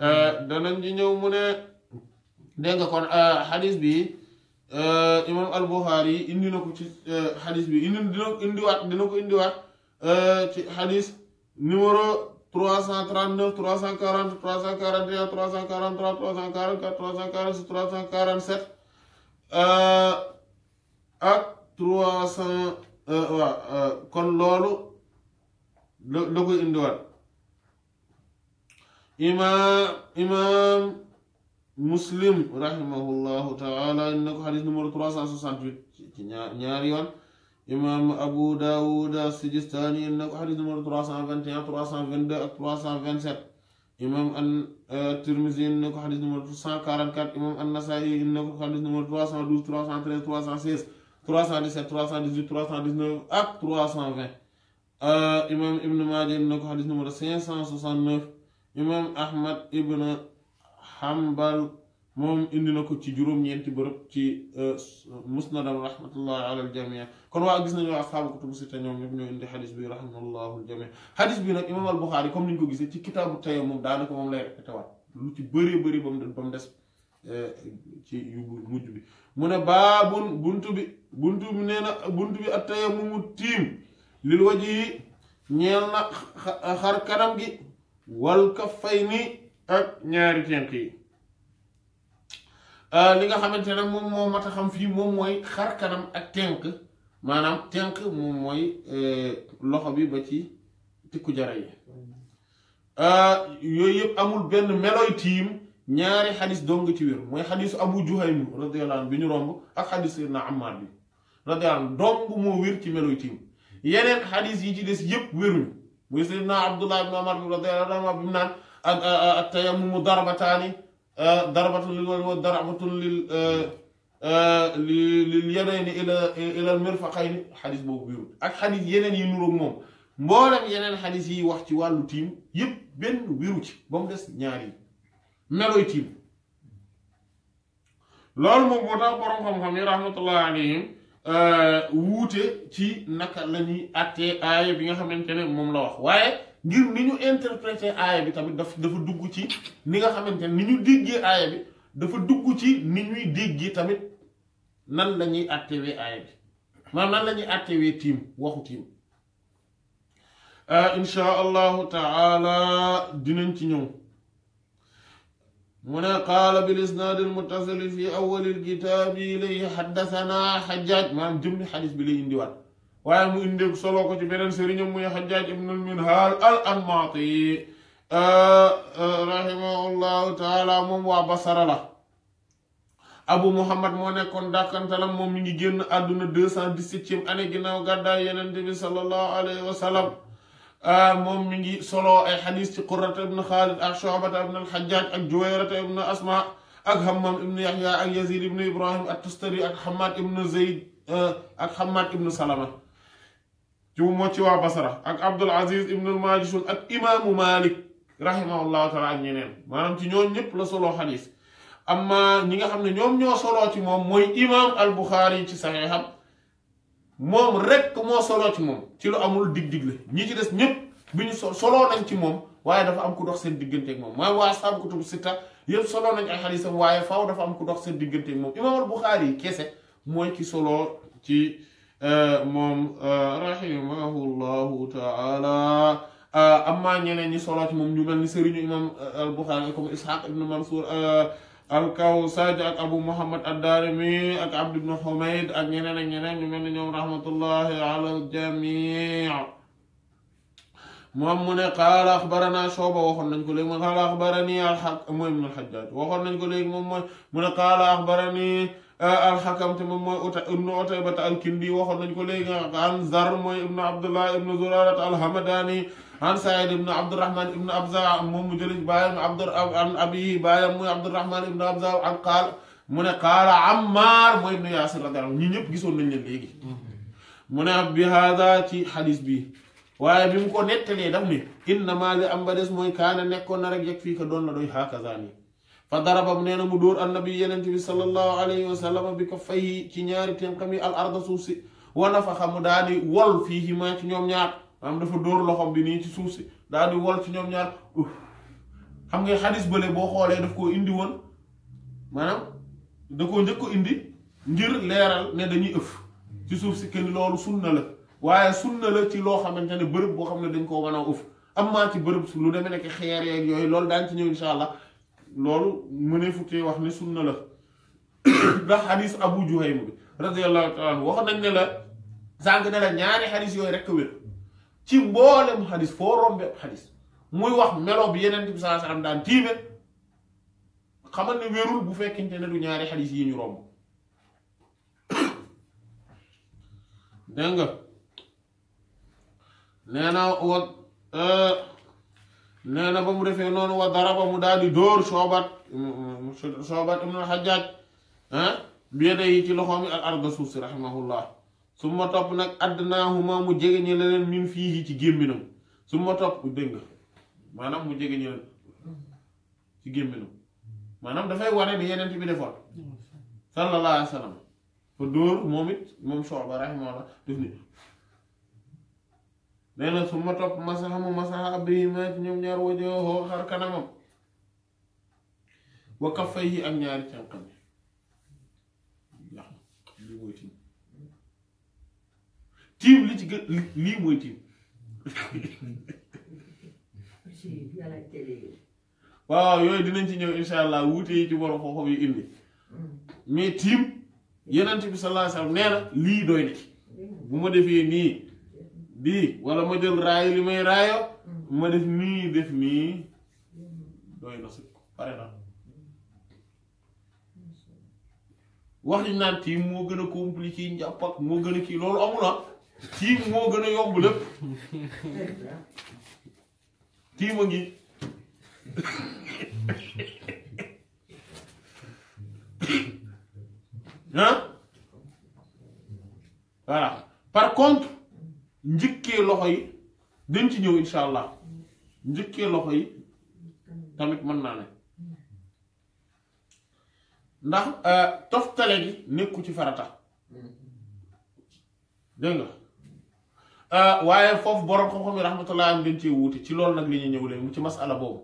Eh, danañ ji ñëw mu ne dégg nga kon xadis eh, bi eh, imam al bukhari indi na ko ci xadis bi indi dina indi wat dina ko indi indiwaat ci xadis numéro 339 340 341 343 344 346 347 ak 300 waaw kon loolu da da koy imaam imaam muslim rahimahullahu taala inna ko xadis cent 368 ci ñaari yoon imaam abu daawuda sijistaani inna ko xadis numéro 321 322 ak 327 imaam an tirmisi inna ko xadis numéro 144 imaam an nasaayi inna ko xadis numéro 312 313 316 317 318 319 ak 320 imaam ibnu maaja inna ko xadis numéro 569 imaam ahmad ibn hambal moom indi na ko ci juróom-ñeenti bërëb ci euh, musnadam rahmatullahi ala aljamia kon waa gis nañu waa asxaabu kutubu te ñoom ñëpp ñoo indi xadis bi rahmatullahul jamia xadis bi nag imaam al comme ni ñu ko gisee ci kitaabu tayam moom daanaka moom lay répété waat lu ci bëree bëri ba mu ba mu des euh, ci yu mujj bi mu ne baabun bunt bi bunt bi nee na buntu bi at tayam mu tiim lil waji ñeel na xar kanam gi wal kaffayni ak ñaari tenk yi euh, li nga xamante ne moom moo mat a xam fii moom mooy xar kanam ak tenk maanaam tenk moom mooy euh, loxo bi ba ci tikku jara yi euh, yooyu yëpp amul benn meloy tiim ñaari xadis nga ci wér mooy xadisu abu juhaym radiyallahu anhu bi ñu romb ak xadis sayyidina Ammaar bi radiyallahu anhu dong moo wér ci meloy tiim yeneen xadis yi ci des yëpp wéruñu مسلمنا عبد الله بن عمر رضي الله عنهما نعم، بمنا التيمم ضربة ثاني ضربة للضربة لل لليدين إلى إلى المرفقين حديث بوكبير أك حديث ينن ينورك موم مولم ينن حديث يوحت والو تيم يب بن ويروت بوم دس نياري ملوي تيم لول موم موتا بروم خم خم رحمه الله عليهم يعني. Euh, wuute ci naka lañuy ñuy àttee aaya bi nga xamante ne moom la wax waaye ngir ni ñu interpréter aaya bi tamit daf dafa dugg ci ni nga xamante ne ni ñu déggee aaya bi dafa dugg ci ni ñuy déggee tamit nan la ñuy àttewee aaya bi maanaam nan lañuy ñuy àttewee tiim waxu tiim euh, insha allahu taala dinañ ci ñëw mu ne qaala bil isnaad al muttasili fi awwal al kitaab ilayhi xaddasanaa xajjaaj maanaam jëmmi xadis bi lay waaye mu indi solo ko ci beneen sëriñam muy xajjaaj ibn al minhaal al anmaati rahimahullahu taala moom waa basara la abu muhammad moo nekkoon dàkkantalam moom mi ngi génn àdduna 217e année ginnaaw gàddaay yenente bi sallallahu alayhi wa Ah, moom mi ngi solo ay xadis ci qurrata ibn xaalid ak shobata ibn alxajaj ak juwayrata ibn asma ak hammam ibn yahya ak yazid ibn ibrahim ak tustari ah, ak salama ci wa ci waa basara ak abdul aziz ibn almajishun ak imaamu malik rahimahullahu taala ak ñeneen ci ñooñu ñëpp la solo xadis amma ñi nga xam ne ñoom ñoo solo ci moom mooy imaam al ci saxeexam moom rekk moo solo ci moom ci lu amul dig-dig la ñi ci des ñëpp bi ñu so soloo nañ ci moom waaye dafa am ku dox seen diggante ak moom mooy waa sahabu kutubu sitta yëpp soloo nañ ay waaye faaw dafa am ku dox seen diggante ak moom imaamal Buxaari yi keese mooy ki soloo ci euh, moom euh, rahimahullahu taala euh, amma ñeneen ñi soloo ci moom ñu mel ni sëriñu imaam al Buxaari comme Ishaq ibnu Mansour alkawsaj ak abu muhammad addarimi ak abd ibn humayd ak ñeneen ak ñeneen ñu mel ni ñoom rahmatullahi ala aljami moom mu ne qaala axbarana shuba waxoon nañ ko léegi mooy qaala axbarani alxak mooy ibn alxajjaaj waxoon nañ ko léegi moom mooy mu ne qaala axbarani alxakam te moom mooy uta ibnu utaybata alkindi waxoon nañ ko léegi an zar mooy ibnu abdullah ibnu zurarata alhamadani an Saïd ibn Abdurrahman ibn Abza moom mu jëlee baayam Abdur an abihi baayam muy Abdurrahman ibn Abza an qaala mu ne qaala Ammar mooy ibn Yaasir radiyallaahu anhu ñi ñëpp gisoon nañ leen léegi mu ne bi haada ci xadis bi waaye bi mu ko nettalee daf ne innama li am ba des mooy kaana nekkoon na rek yeg fii ko doon la doy haakaza nii fa darabam nee na mu dóor annabi yenent bi sallallahu alayhi wa sallam bi ko fay ci ñaari tànkam yi al arda suuf si wa nafaxa mu daal di wol fii ci ñoom ñaar maanaam dafa dóor loxom bi nii ci suuf si daal di wol ci ñoom ñaar xam nga xadis bële boo xoolee daf koo indi woon maanaam da koo njëkk ko indi ngir leeral ne dañuy ëff ci suuf si kenn loolu na la waaye sunna la ci loo xamante ne bërëb boo xam ne dañ koo mën a am maa ci bërëb su lu demee nekk xeer yeeg yooyu loolu daan ci ñëw insha allah loolu mënee fukkee wax ne na la ndax xadis abu juhaym bi radiyallahu taala wax nañ ne la sànq ne la ñaari xadis yooyu rekk wér ci mboolem xadis foo rombe xadis muy wax melo bi yeneen bi sallallahu alayhi wasallam daan tiime xamal ne wérul bu fekkente ne du ñaari xadis yi ñu romb dégg nga nee na wa euh, nee ba mu defee noonu wa dara daraba mu daal di dóor soobat soobat ibnu xajaaj ah bieda yi ci loxoom yi al arda suuf si rahimahullah su ma topp nag adnaahuma mu jege ñi leen min fii ci gémminam su ma topp dégg nga mu jege ñi leen ci gémminam maanaam dafay wane ni yeneen bi defoon sallallahu alayhi wa sallam fa dóor moom it moom Shu'ba rahimahullah def ni nee na ma topp masaxa mu masaxa abihimaa ci ñoom ñaar wajoo xar kanamam wa kaffayhi ak ñaari cànqam tiim li ci gën lii mooy tiim waaw yooyu dinañ ci ñëw insha allah wuute yi ci borom xooxam yi indi mais tiim yenent bi sallallahu alayhi wasallam nee na lii doy na bu ma defee nii di wala ma jël raay li may raayo ma def nii def nii doy na pare na wax ñu naan tiim moo gën a compliqué njàpp ak moo gën a kii loolu amul ah. kii moo gën a yomb lépp kii ma ngi ah voilà par contre njëkkee loxo yi dañ ci ñëw insha allah njëkkee loxo yi tamit mën naa ne ndax euh, toftale gi nekku ci farata dégg Ah, waaye foofu borom xam-xam yi rahmatullah am gën ci wuute ci loolu nag li ñuy ñëwlee mu ci masala boobu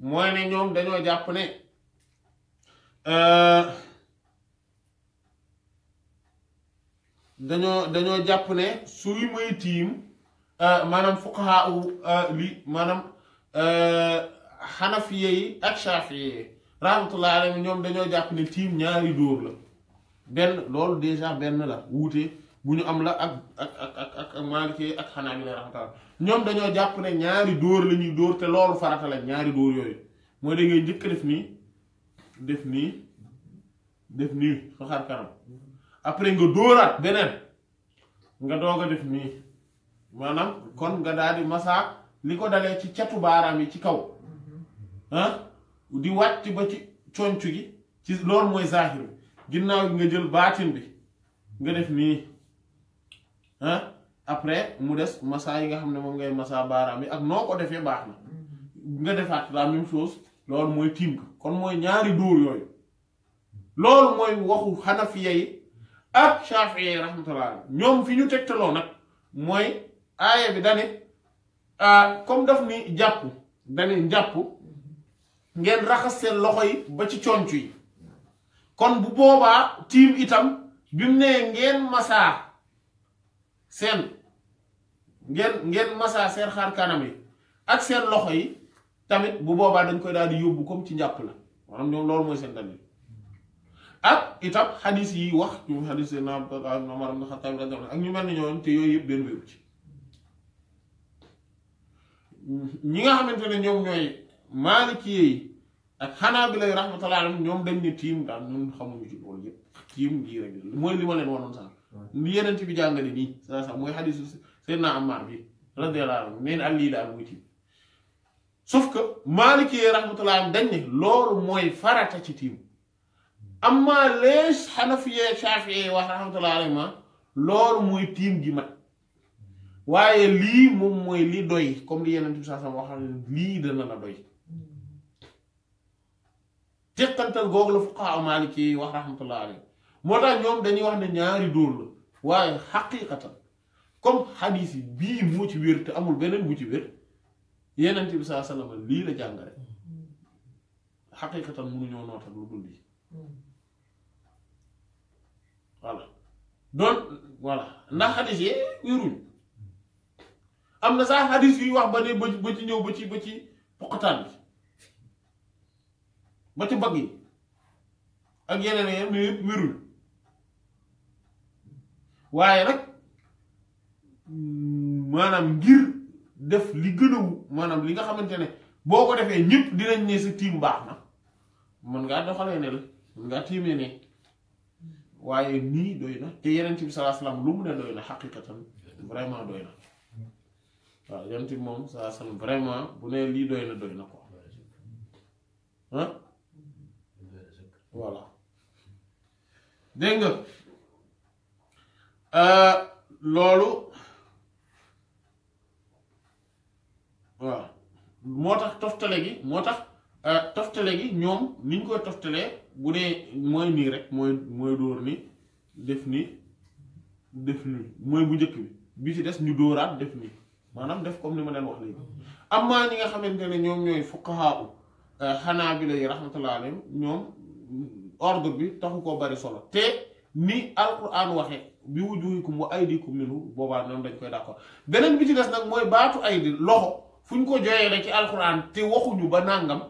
mooy ne ñoom dañoo jàpp ne ah, dañoo dañoo jàpp ne suy may tiim ah, maanaam fuqahaa u li maanaam xanafiye yi ak chafiye yi rahmatullah alayhi ñoom dañoo jàpp ne tiim ñaari dóor la benn loolu dèjà benn la wuute bu ñu am la ak ak ak ak ak Maliki ak Xanaabila rahmatullah ñoom dañoo jàpp ne ñaari dóor la ñuy dóor te loolu farata la ñaari dóor yooyu mooy da njëkk def nii def nii def nii fa xar après nga dóoraat beneen nga doog a def nii maanaam kon nga daal di masaa li ko dalee ci catu baaraam yi ci kaw ah di wàcc ba ci concu gi ci loolu mooy zaahir bi ginnaaw bi nga jël baatin bi nga def nii après mu des massa yi nga xam ne moom ngay massa baaraam yi ak noo ko defee baax na nga defaat la même chose loolu mooy tiim ko kon mooy ñaari dóor yooyu loolu mooy waxu xanafiya yi ak shaafiya yi ñoom fi ñu tegtaloo nag mooy aaya bi dane comme daf ni jàpp jàpp ngeen raxas seen loxo yi ba ci conc yi kon bu boobaa tiim itam bi nee ngeen masaa seen ngeen ngeen massa seen xaar kaanam yi ak seen loxo yi tamit bu boobaa dañ koy daal di yóbbu comme ci njàpp la maanaam ñoom seen dalil ak itam xadis yi wax ñu xadis na Umar ibn ak ñu mel ni ñoom te yooyu yëpp benn wéru ci ñi nga xamante ne ñoom ñooy maaliki yi ak xanaa bi lay rahmatullahi alayhim ñoom dañ ne tiim daal ñun xamuñu ci loolu yëpp tiim gii rek mooy li ma leen sax li yeneen bi jàngale nii saa sax mooy xadiisu Seydina Ammaar bi radiyallaahu anhu nee na ak lii la am wuti sauf que Maaliki rahmatullaahi dañ ne loolu mooy farata ci tiim amma les xanafiyee saafiyee wax rahmatullaahi alayhim loolu mooy tiim gi mat waaye lii moom mooy li doy comme li yeneen bi saa sax waxal lii dana la doy teqantal googu la fuqahaa Maaliki wax rahmatullaahi alayhim moo tax ñoom dañuy wax ne ñaari dóor la waaye xaqiiqatan comme xadiis yi bii moo ci wér te amul beneen bu ci wér yenent bi saa salama lii la jàngale xaqiiqatan mënuñoo nootal lu dul lii voilà donc voilà ndax xadiis yi wéruñ am na sax xadiis yuy wax ba ne ba ci ñëw ba ci ba ci poqataan bi ba ci bagg yi ak yeneen yeneen yëpp wéruñ waaye nag maanaam ngir def li gën maanaam li nga xamante ne boo ko defee ñëpp dinañ ne sa tiim baax na mën ngaa doxalee ne la ngaa tiimee ne waaye nii doy na te yeneen bi salaa salaam lu mu ne doy na xaqiqatan vraiment doy na waaw yeneen moom salaa salaam vraiment bu ne lii doy na doy na ko ah voilà Euh, loolu waaw moo tax toftale gi moo tax euh, toftale gi ñoom ni ñu koy toftalee bu dee mooy nii rek mooy mooy dóor ni def nii def ni mooy bu njëkk bi bi ci des ñu dóoraat def nii maanaam def comme ni ma leen wax léegi am maa ñi nga xamante ne ñoom ñooy fuqahaa xanaa euh, bi lay rahmatullah alayhim ñoom ordre bi taxu koo bari solo te ni alquran waxe bi wujuhikum wa aydikum minhu boobaa noonu dañ koy d'accord beneen bi ci des nag mooy baatu aydi loxo fu ñu ko jooyee ci alxuraan te waxuñu ba nàngam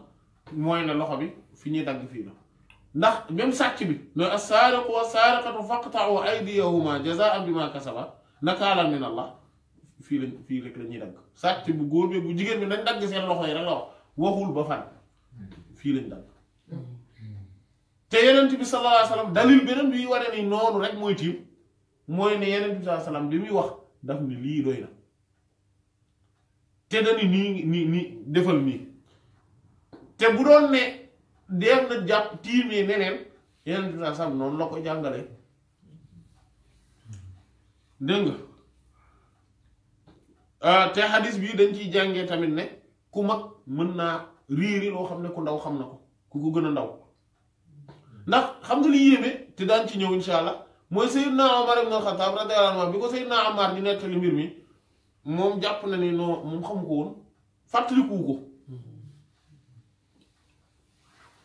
mooy ne loxo bi fi ñuy dagg fii la ndax même sàcc bi loolu as-saariqu was-saariqatu faqta'u aydiyahuma jazaa'an bimaa kasabaa nakaalan min allah fii lañ fii rek la ñuy dagg sàcc bu góor bi bu jigéen bi nañ dagg seen loxo yi rek la wax waxul ba fan fii lañ dagg te yonent bi sallallahu alayhi wa sallam dalil beneen bi waree ni noonu rek mooy tiim mooy ne yeneen bi saa salaam bi muy wax daf ni lii doy na te dañu nii nii nii defal nii te bu doon ne def na jàpp tiimee neneen yeneen bi saa salaam noonu la ko jàngale dégg nga ah, te xadis bii dañ ciy jàngee tamit ne ku mag mën naa riiri loo xam ne ku ndaw xam na ko ku ko gën a ndaw ndax xam nga li yéeme te daan ci ñëw insha allah moy sayyidna umar ibn khattab radhiyallahu anhu biko sayyidna umar di nek li mbir mi mom jàpp na ni no mom xam ko woon fàttaliku ko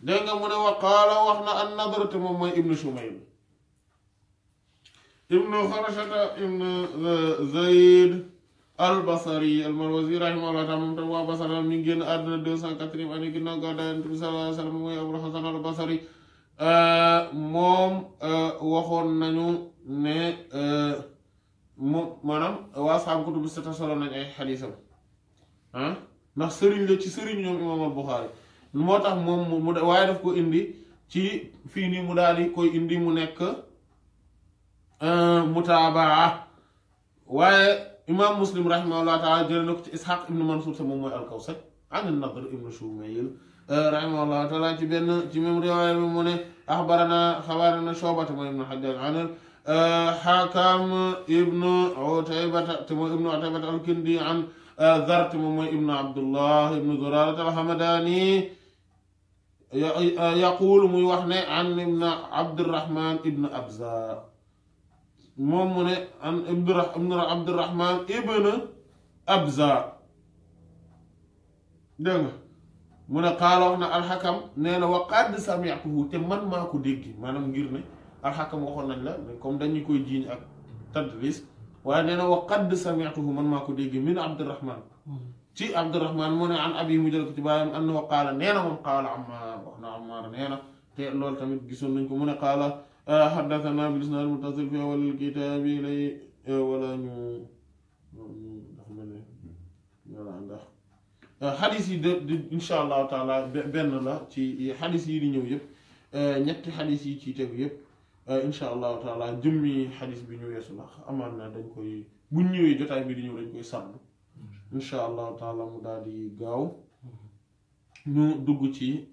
de nga mu ne wa qala wax na an nadrate mom moy ibn Shumayl ibn Xarashata ibn Zayd al-Basri al-Marwazi rahimahullah taala moom tam waa Basra mi ngi génn àdduna deux cent quatrième année ginnaaw gàddaay Yonent sallallahu alayhi wa sallam mooy Abul Hasan al-Basri Euh, moom euh, waxoon nañu ne euh, moom maanaam waa saam kutubu sitta solo nañ ay xadiisam ah, ndax sëriñ la ci sëriñ ñoom imaam al moo tax moom mu waaye daf ko indi ci fii nii mu daal di koy indi mu nekk mutaabaa waaye imaam muslim rahimahullah taala jëlee na ko ci Isxaaq ibnu Mansuur te moom mooy al Kawsaj an Nadr ibnu Shumayl rahimahullahu taala ci benn ci même riwaaya bi mu ne axbarana xabarana shobata mooy ibnu xajjaj an xakam ibnu otaybata te mooy ibnu otaybata alkindi an zar te moom mooy ibnu abdullah ibnu zurarata alhamadani yaqulu muy wax ne an ibn abdirahman ibn abza moom mu ne an ibn abdirahman ibn abza dégg nga من قال أن الحكم نال وقعد سمعته تمن ما كديك ما نمجر نه الحكم وخلنا لا كم دني كوي جين تدريس وأنا وقعد سمعته من ماكو كديك من عبد الرحمن تي عبد الرحمن من عن أبي مجر كتبان أنه وقال نال من قال عمار وحنا عمار نال تقول تمت جسون منكم من قال حدثنا بلسنا المتصل في أول الكتاب لي ولا نو xadis euh, yi de incha allahu taala benn la ci xadis yi di ñëw yëpp euh, ñetti xadis yi ci tegu yëpp euh, incha allahu taala jëmmi xadis bi ñu weesu la amaan na dañ koy bu ñëwee jotaay bi di ñëw dañ koy sàmm incha allahu taala mu daal di gaaw ñu dugg ci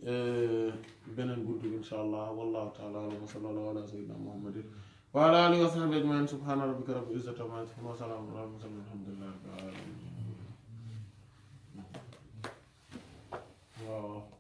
beneen gunt bi incha allah wallahu taala alam wa sallallahu ala sayyidina muhammadin wa ala alihi wa sahbihi ajmain subhana rabbika rabbil izzati amma yasifun wa salamun ala al mursalin alhamdulillah Oh.